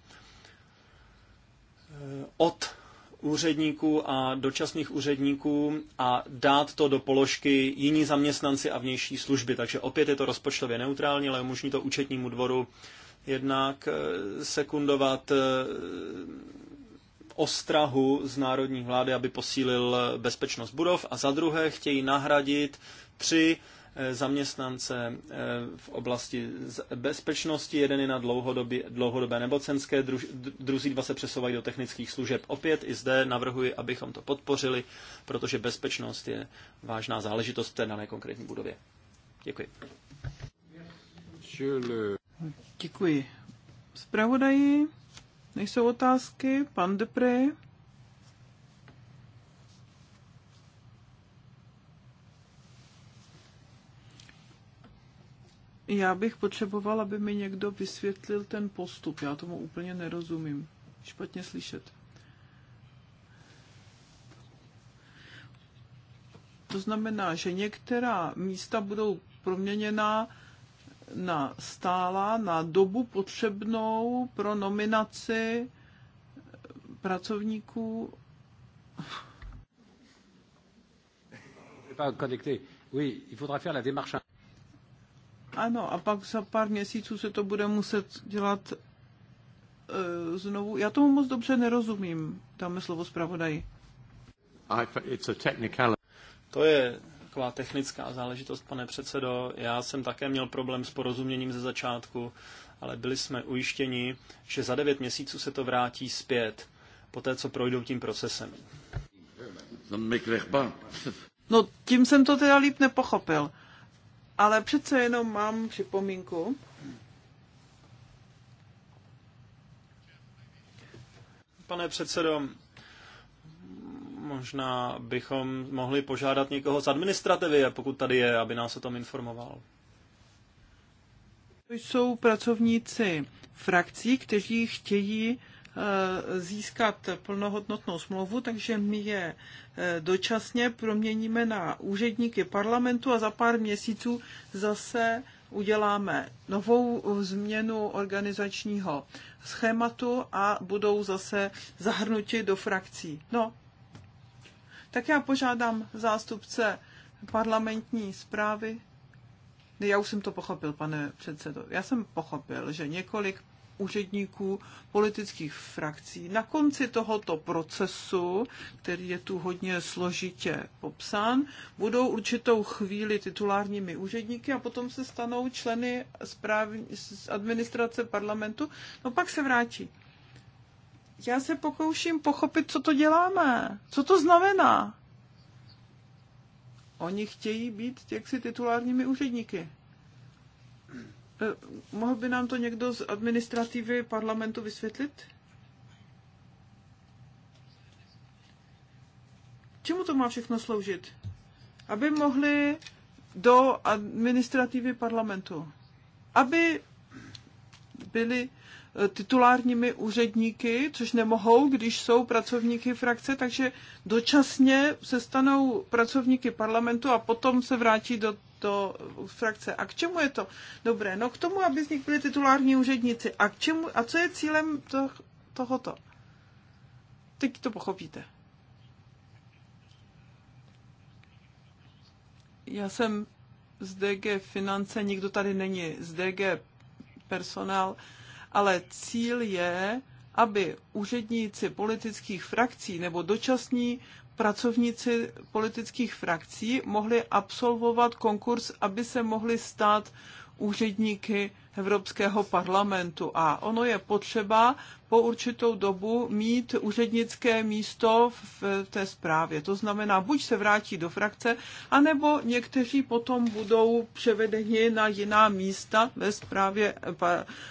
[SPEAKER 2] od úředníků a dočasných úředníků a dát to do položky jiní zaměstnanci a vnější služby. Takže opět je to rozpočtově neutrální, ale umožní to účetnímu dvoru jednak eh, sekundovat eh, ostrahu z národní vlády, aby posílil bezpečnost budov a za druhé chtějí nahradit tři Eh, zaměstnance eh, v oblasti bezpečnosti, jeden je na dlouhodobě, dlouhodobé nemocenské, druzí dva se přesouvají do technických služeb. Opět i zde navrhuji, abychom to podpořili, protože bezpečnost je vážná záležitost v té dané konkrétní budově. Děkuji.
[SPEAKER 3] Děkuji. Zpravodaji, nejsou otázky. Pan Depre. Já bych potřeboval, aby mi někdo vysvětlil ten postup. Já tomu úplně nerozumím. Špatně slyšet. To znamená, že některá místa budou proměněná na stála, na dobu potřebnou pro nominaci pracovníků.
[SPEAKER 4] Oui, il faudra faire la démarche
[SPEAKER 3] ano, a pak za pár měsíců se to bude muset dělat e, znovu. Já tomu moc dobře nerozumím, tam je slovo zpravodaji.
[SPEAKER 2] To je taková technická záležitost, pane předsedo. Já jsem také měl problém s porozuměním ze začátku, ale byli jsme ujištěni, že za devět měsíců se to vrátí zpět, po té, co projdou tím procesem.
[SPEAKER 3] No tím jsem to teda líp nepochopil ale přece jenom mám připomínku.
[SPEAKER 2] Pane předsedo, možná bychom mohli požádat někoho z administrativy, pokud tady je, aby nás o tom informoval.
[SPEAKER 3] To jsou pracovníci frakcí, kteří chtějí Eh, získat plnohodnotnou smlouvu, takže my je eh, dočasně proměníme na úředníky parlamentu a za pár měsíců zase uděláme novou změnu organizačního schématu a budou zase zahrnuti do frakcí. No, tak já požádám zástupce parlamentní zprávy. Já už jsem to pochopil, pane předsedo. Já jsem pochopil, že několik úředníků politických frakcí. Na konci tohoto procesu, který je tu hodně složitě popsán, budou určitou chvíli titulárními úředníky a potom se stanou členy správní, administrace parlamentu, no pak se vrátí. Já se pokouším pochopit, co to děláme, co to znamená. Oni chtějí být těksi titulárními úředníky. Eh, mohl by nám to někdo z administrativy parlamentu vysvětlit? Čemu to má všechno sloužit? Aby mohli do administrativy parlamentu. Aby byli eh, titulárními úředníky, což nemohou, když jsou pracovníky frakce, takže dočasně se stanou pracovníky parlamentu a potom se vrátí do to frakce. A k čemu je to dobré? No k tomu, aby z nich byli titulární úředníci. A, k čemu, a co je cílem to, tohoto? Teď to pochopíte. Já jsem z DG finance, nikdo tady není z DG personál, ale cíl je, aby úředníci politických frakcí nebo dočasní pracovníci politických frakcí mohli absolvovat konkurs, aby se mohli stát úředníky Evropského parlamentu. A ono je potřeba po určitou dobu mít úřednické místo v té zprávě. To znamená, buď se vrátí do frakce, anebo někteří potom budou převedeni na jiná místa ve zprávě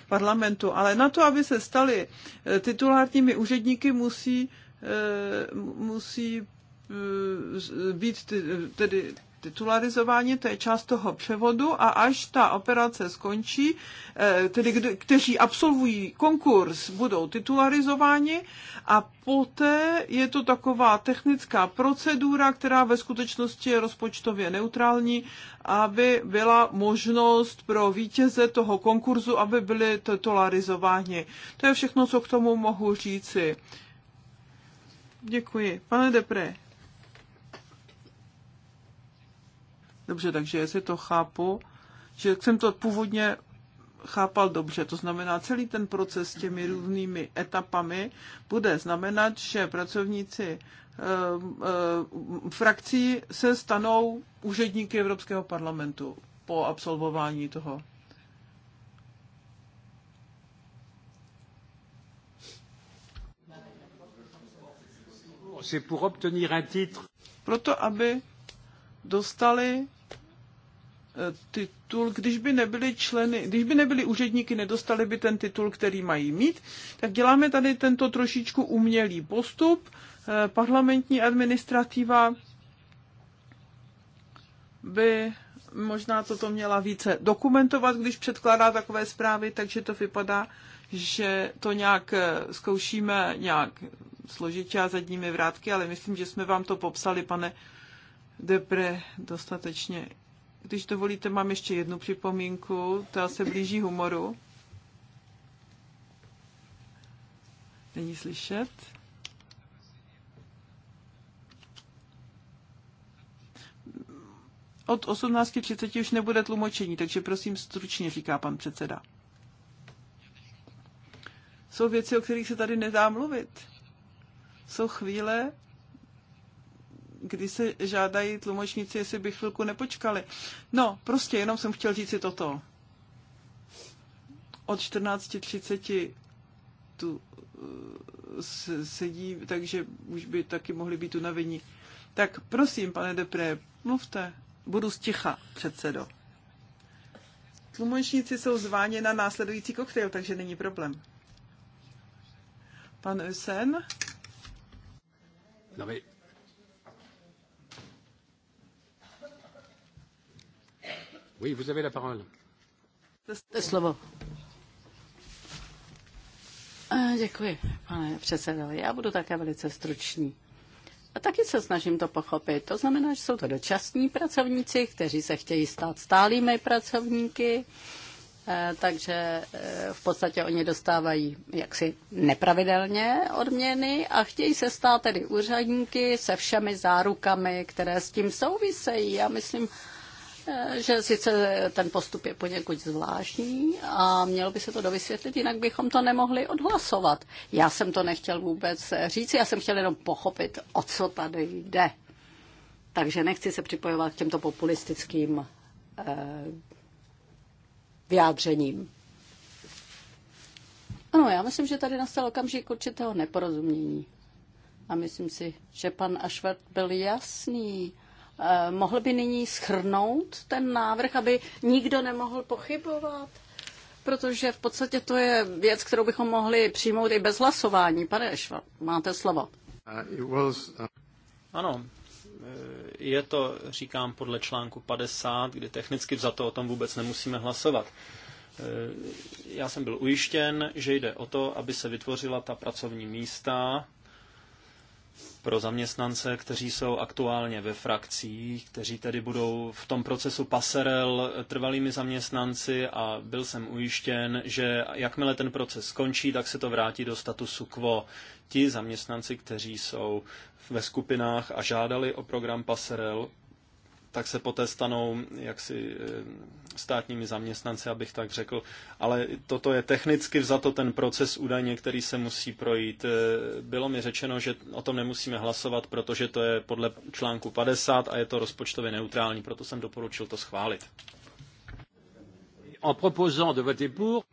[SPEAKER 3] parlamentu. Ale na to, aby se stali eh, titulárními úředníky, musí Eh, musí eh, být tedy titularizování, to je část toho převodu a až ta operace skončí, eh, tedy kteří absolvují konkurs, budou titularizováni a poté je to taková technická procedura, která ve skutečnosti je rozpočtově neutrální, aby byla možnost pro vítěze toho konkurzu, aby byli titularizováni. To je všechno, co k tomu mohu říci. Děkuji. Pane Depre. Dobře, takže jestli to chápu, že jsem to původně chápal dobře. To znamená, celý ten proces s těmi různými etapami bude znamenat, že pracovníci ehm, ehm, frakcí se stanou úředníky Evropského parlamentu po absolvování toho Proto, aby dostali eh, titul, když by nebyli členy, když by nebyli úředníky, nedostali by ten titul, který mají mít, tak děláme tady tento trošičku umělý postup. Eh, parlamentní administrativa by možná toto měla více dokumentovat, když předkládá takové zprávy, takže to vypadá, že to nějak eh, zkoušíme nějak složitě a zadními vrátky, ale myslím, že jsme vám to popsali, pane Depre, dostatečně. Když dovolíte, mám ještě jednu připomínku, ta se blíží humoru. Není slyšet. Od 18.30 už nebude tlumočení, takže prosím stručně, říká pan předseda. Jsou věci, o kterých se tady nedá mluvit jsou chvíle, kdy se žádají tlumočníci, jestli by chvilku nepočkali. No, prostě jenom jsem chtěl říct si toto. Od 14.30 tu uh, sedí, takže už by taky mohli být unavení. Tak prosím, pane Depré, mluvte. Budu sticha, předsedo. Tlumočníci jsou zváně na následující koktejl, takže není problém. Pan Ösen.
[SPEAKER 4] Non mais... Oui, vous avez la parole.
[SPEAKER 1] Slovo. Děkuji, pane předsedo. Já budu také velice stručný. A taky se snažím to pochopit. To znamená, že jsou to dočasní pracovníci, kteří se chtějí stát stálými pracovníky. Eh, takže eh, v podstatě oni dostávají jaksi nepravidelně odměny a chtějí se stát tedy úřadníky se všemi zárukami, které s tím souvisejí. Já myslím, eh, že sice ten postup je poněkud zvláštní a mělo by se to dovysvětlit, jinak bychom to nemohli odhlasovat. Já jsem to nechtěl vůbec říct, já jsem chtěl jenom pochopit, o co tady jde. Takže nechci se připojovat k těmto populistickým eh, vyjádřením. Ano, já myslím, že tady nastal okamžik určitého neporozumění. A myslím si, že pan Ašvert byl jasný. Eh, mohl by nyní schrnout ten návrh, aby nikdo nemohl pochybovat? Protože v podstatě to je věc, kterou bychom mohli přijmout i bez hlasování. Pane Ašvert, máte slovo.
[SPEAKER 2] Uh, was, uh... Ano, Eh, je to, říkám, podle článku 50, kdy technicky za to o tom vůbec nemusíme hlasovat. Eh, já jsem byl ujištěn, že jde o to, aby se vytvořila ta pracovní místa, pro zaměstnance, kteří jsou aktuálně ve frakcích, kteří tedy budou v tom procesu paserel trvalými zaměstnanci a byl jsem ujištěn, že jakmile ten proces skončí, tak se to vrátí do statusu quo. Ti zaměstnanci, kteří jsou ve skupinách a žádali o program paserel, tak se poté stanou jaksi eh, státními zaměstnanci, abych tak řekl. Ale toto je technicky vzato ten proces údajně, který se musí projít. Eh, bylo mi řečeno, že o tom nemusíme hlasovat, protože to je podle článku 50 a je to rozpočtově neutrální, proto jsem doporučil to schválit.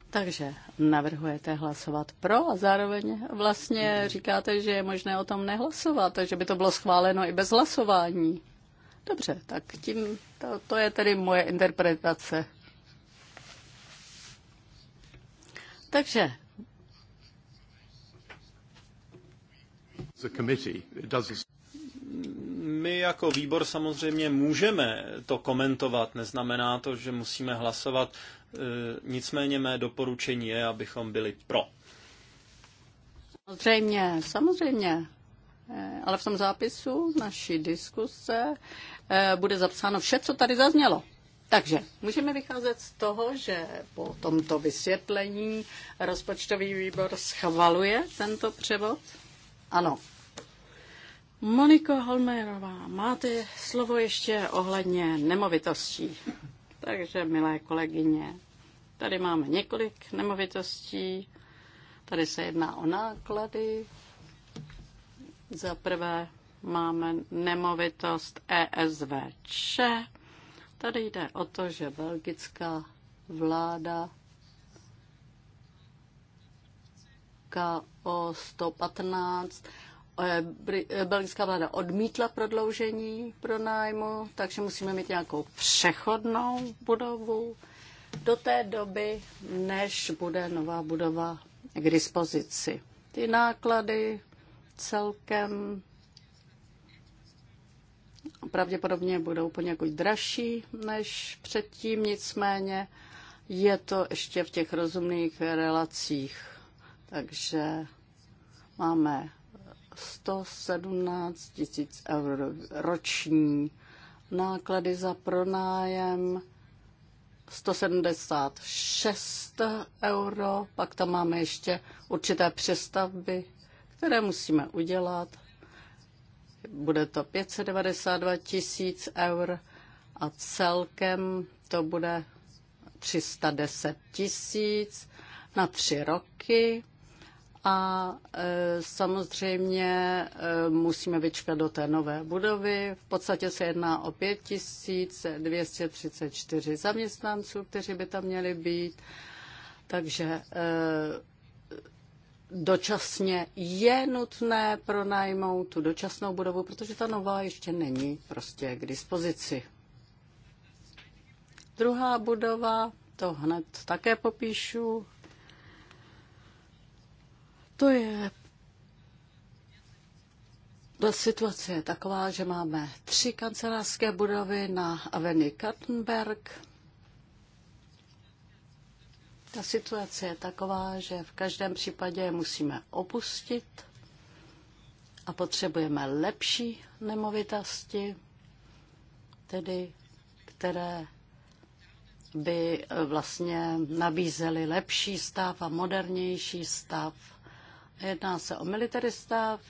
[SPEAKER 1] Takže navrhujete hlasovat pro a zároveň vlastně říkáte, že je možné o tom nehlasovat, takže by to bylo schváleno i bez hlasování. Dobře, tak tím to, to je tedy moje interpretace.
[SPEAKER 2] Takže my jako výbor samozřejmě můžeme to komentovat, neznamená to, že musíme hlasovat. E, nicméně mé doporučení je, abychom byli pro.
[SPEAKER 1] Samozřejmě, samozřejmě. E, ale v tom zápisu naší diskuse Eh, bude zapsáno vše, co tady zaznělo. Takže můžeme vycházet z toho, že po tomto vysvětlení rozpočtový výbor schvaluje tento převod? Ano. Moniko Holmérová, máte slovo ještě ohledně nemovitostí. Takže, milé kolegyně, tady máme několik nemovitostí. Tady se jedná o náklady. Za prvé máme nemovitost ESVČ. Tady jde o to, že belgická vláda KO 115 eh, eh, belgická vláda odmítla prodloužení pronájmu, takže musíme mít nějakou přechodnou budovu do té doby, než bude nová budova k dispozici. Ty náklady celkem pravděpodobně budou poněkud dražší než předtím, nicméně je to ještě v těch rozumných relacích. Takže máme 117 tisíc eur roční náklady za pronájem, 176 euro, pak tam máme ještě určité přestavby, které musíme udělat bude to 592 tisíc eur a celkem to bude 310 tisíc na tři roky a e, samozřejmě e, musíme vyčkat do té nové budovy. V podstatě se jedná o 5234 zaměstnanců, kteří by tam měli být. Takže e, dočasně je nutné pronajmout tu dočasnou budovu, protože ta nová ještě není prostě k dispozici. Druhá budova, to hned také popíšu, to je ta situace je taková, že máme tři kancelářské budovy na Aveny Kattenberg, ta situace je taková, že v každém případě musíme opustit a potřebujeme lepší nemovitosti, tedy které by eh, vlastně nabízely lepší stav a modernější stav. Jedná se o military stav,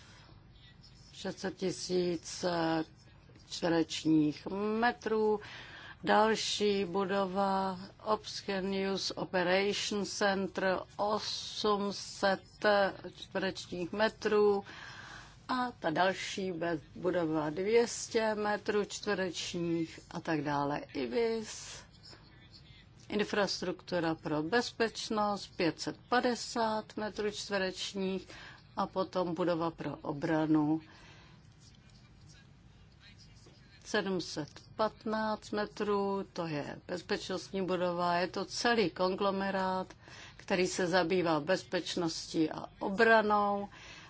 [SPEAKER 1] 600 tisíc eh, čtverečních metrů, Další budova Obscure News Operation Center 800 čtverečních metrů a ta další budova 200 metrů čtverečních a tak dále. IBIS, infrastruktura pro bezpečnost 550 metrů čtverečních a potom budova pro obranu 715 metrů, to je bezpečnostní budova, je to celý konglomerát, který se zabývá bezpečností a obranou.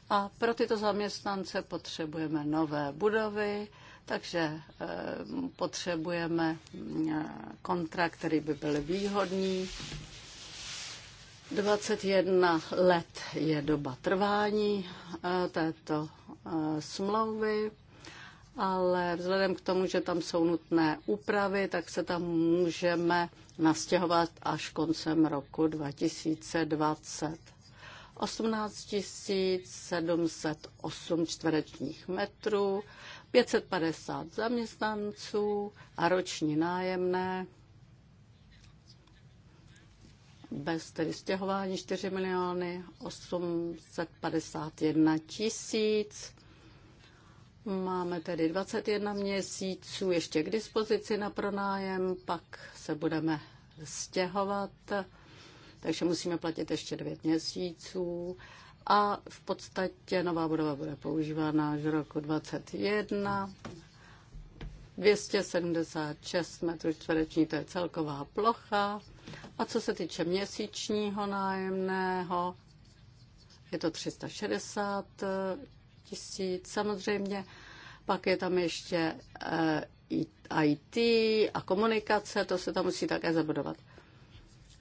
[SPEAKER 1] A pro tyto zaměstnance potřebujeme nové budovy, takže eh, potřebujeme eh, kontrakt, který by byl výhodný. 21 let je doba trvání eh, této smlouvy ale vzhledem k tomu, že tam jsou nutné úpravy, tak se tam můžeme nastěhovat až koncem roku 2020. 18 708 čtverečních metrů, 550 zaměstnanců a roční nájemné bez tedy stěhování 4 miliony 851 tisíc Máme tedy 21 měsíců ještě k dispozici na pronájem, pak se budeme stěhovat, takže musíme platit ještě 9 měsíců. A v podstatě nová budova bude používána až v roku 2021. 276 metrů čtvereční, to je celková plocha. A co se týče měsíčního nájemného, je to 360 tisíc. Samozřejmě pak je tam ještě eh, IT a komunikace, to se tam musí také zabudovat.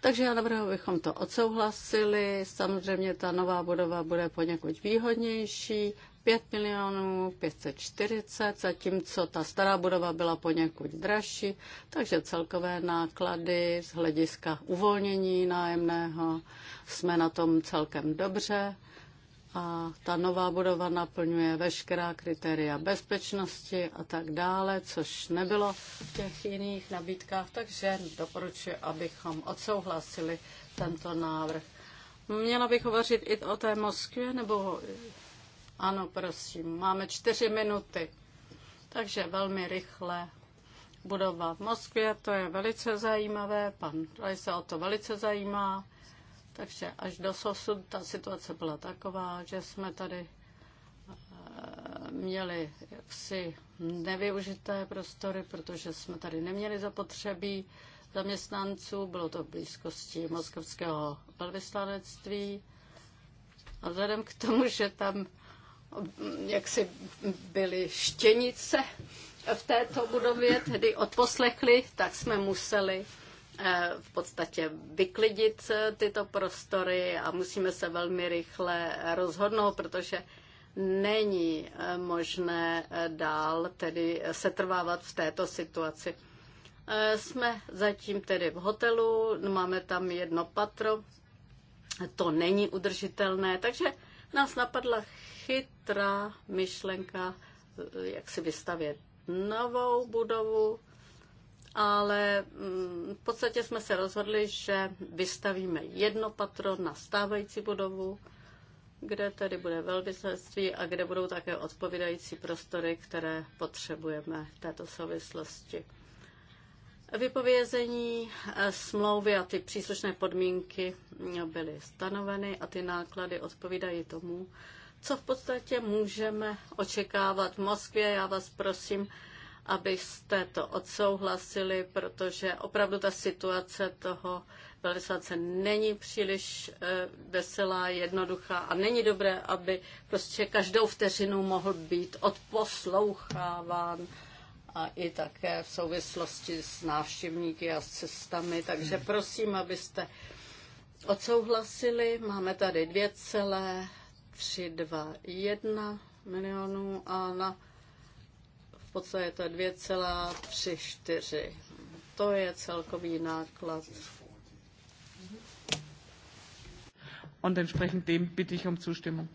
[SPEAKER 1] Takže já navrhu, abychom to odsouhlasili. Samozřejmě ta nová budova bude poněkud výhodnější, 5 milionů 540, zatímco ta stará budova byla poněkud dražší, takže celkové náklady z hlediska uvolnění nájemného jsme na tom celkem dobře a ta nová budova naplňuje veškerá kritéria bezpečnosti a tak dále, což nebylo v těch jiných nabídkách, takže doporučuji, abychom odsouhlasili tento návrh. Měla bych hovořit i o té Moskvě, nebo ano, prosím, máme čtyři minuty, takže velmi rychle. Budova v Moskvě, to je velice zajímavé, pan Raj se o to velice zajímá. Takže až do SOSu ta situace byla taková, že jsme tady eh, měli jaksi nevyužité prostory, protože jsme tady neměli zapotřebí zaměstnanců, bylo to v blízkosti moskovského velvyslanectví. A vzhledem k tomu, že tam mm, jaksi byly štěnice v této budově, tedy odposlechli, tak jsme museli Eh, v podstatě vyklidit eh, tyto prostory a musíme se velmi rychle rozhodnout, protože není eh, možné dál tedy setrvávat v této situaci. Jsme zatím tedy v hotelu, máme tam jedno patro, to není udržitelné, takže nás napadla chytrá myšlenka, jak si vystavět novou budovu, ale mm, v podstatě jsme se rozhodli, že vystavíme jedno patro na stávající budovu, kde tedy bude velvyslectví a kde budou také odpovídající prostory, které potřebujeme v této souvislosti. Vypovězení eh, smlouvy a ty příslušné podmínky mm, byly stanoveny a ty náklady odpovídají tomu, co v podstatě můžeme očekávat v Moskvě. Já vás prosím, abyste to odsouhlasili, protože opravdu ta situace toho velvyslance není příliš eh, veselá, jednoduchá a není dobré, aby prostě každou vteřinu mohl být odposloucháván a i také v souvislosti s návštěvníky a s cestami. Takže hmm. prosím, abyste odsouhlasili. Máme tady 2,321 milionů a na podstatě to je 2,34. To je celkový náklad.
[SPEAKER 3] Und entsprechend dem bitte ich um Zustimmung.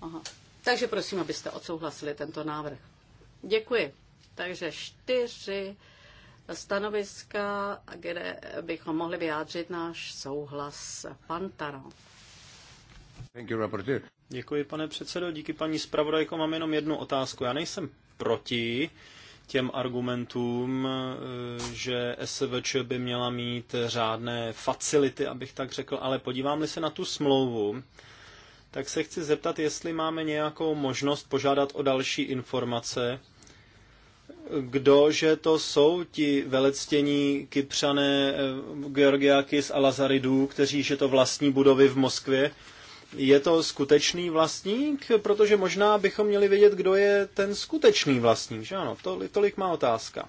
[SPEAKER 1] Aha. Takže prosím, abyste odsouhlasili tento návrh. Děkuji. Takže čtyři stanoviska, kde bychom mohli vyjádřit náš souhlas. Pan Taro.
[SPEAKER 2] Děkuji, pane předsedo. Díky paní zpravodajko. Mám jenom jednu otázku. Já nejsem proti těm argumentům, e, že SVČ by měla mít řádné facility, abych tak řekl, ale podívám-li se na tu smlouvu, tak se chci zeptat, jestli máme nějakou možnost požádat o další informace, kdo, že to jsou ti velectění kypřané e, Georgiakis a Lazaridů, kteří že to vlastní budovy v Moskvě, je to skutečný vlastník? Protože možná bychom měli vědět, kdo je ten skutečný vlastník, že ano? to, tolik má otázka.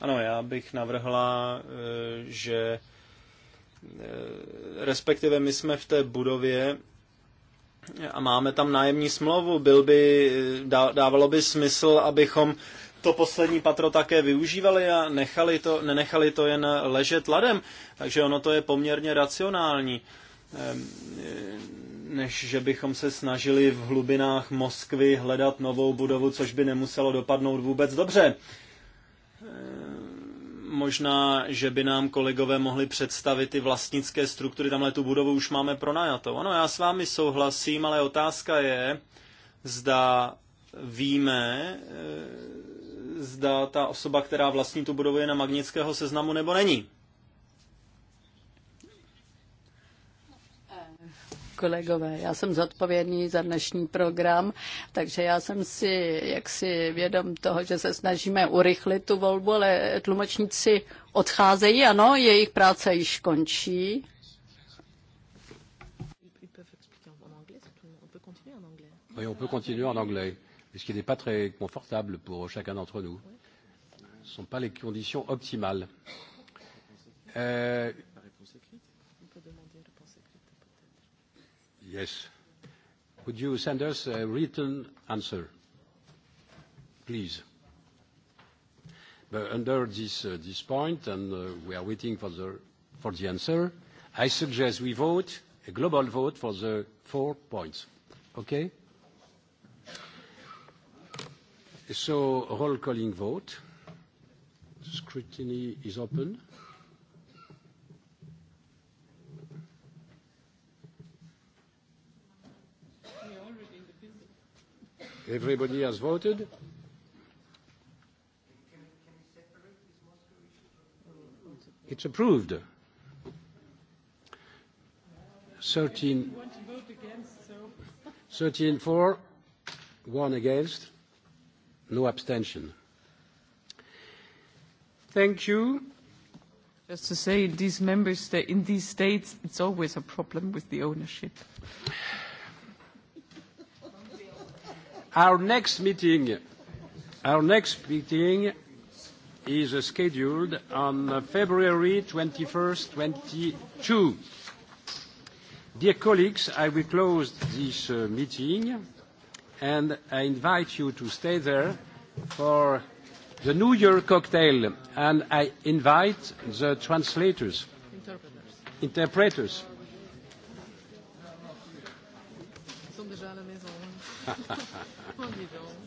[SPEAKER 2] Ano, já bych navrhla, eh, že eh, respektive my jsme v té budově a máme tam nájemní smlouvu, byl by, eh, dávalo by smysl, abychom to poslední patro také využívali a nechali to, nenechali to jen ležet ladem. Takže ono to je poměrně racionální, ehm, než že bychom se snažili v hlubinách Moskvy hledat novou budovu, což by nemuselo dopadnout vůbec dobře ehm, možná, že by nám kolegové mohli představit ty vlastnické struktury. Tamhle tu budovu už máme pronajatou. Ano, já s vámi souhlasím, ale otázka je, zda víme, ehm, zda ta osoba, která vlastní tu budovu, je na magnického seznamu nebo není.
[SPEAKER 1] kolegové. Já jsem zodpovědný za dnešní program, takže já jsem si jaksi vědom toho, že se snažíme urychlit tu volbu, ale tlumočníci odcházejí, ano, jejich práce již končí.
[SPEAKER 3] Oui, on peut continuer en
[SPEAKER 4] anglais ce qui n'est pas très confortable pour chacun d'entre nous. Ce ne sont pas les conditions optimales. Euh, yes. Would you send us a written answer, please? But under this, uh, this point, and uh, we are waiting for the, for the answer, I suggest we vote, a global vote for the four points. Okay? So roll calling vote. The scrutiny is open. Everybody has voted? It's approved. 13, 13 for, 1 against. No abstention.
[SPEAKER 3] Thank you. Just to say, in these member states, in these states, it's always a problem with the ownership.
[SPEAKER 4] Our next meeting, our next meeting is scheduled on February 21st, 2022. Dear colleagues, I will close this uh, meeting and I invite you to stay there for the New Year cocktail, and I invite the translators, interpreters. interpreters.
[SPEAKER 1] Ils sont déjà à la maison. [LAUGHS] [LAUGHS]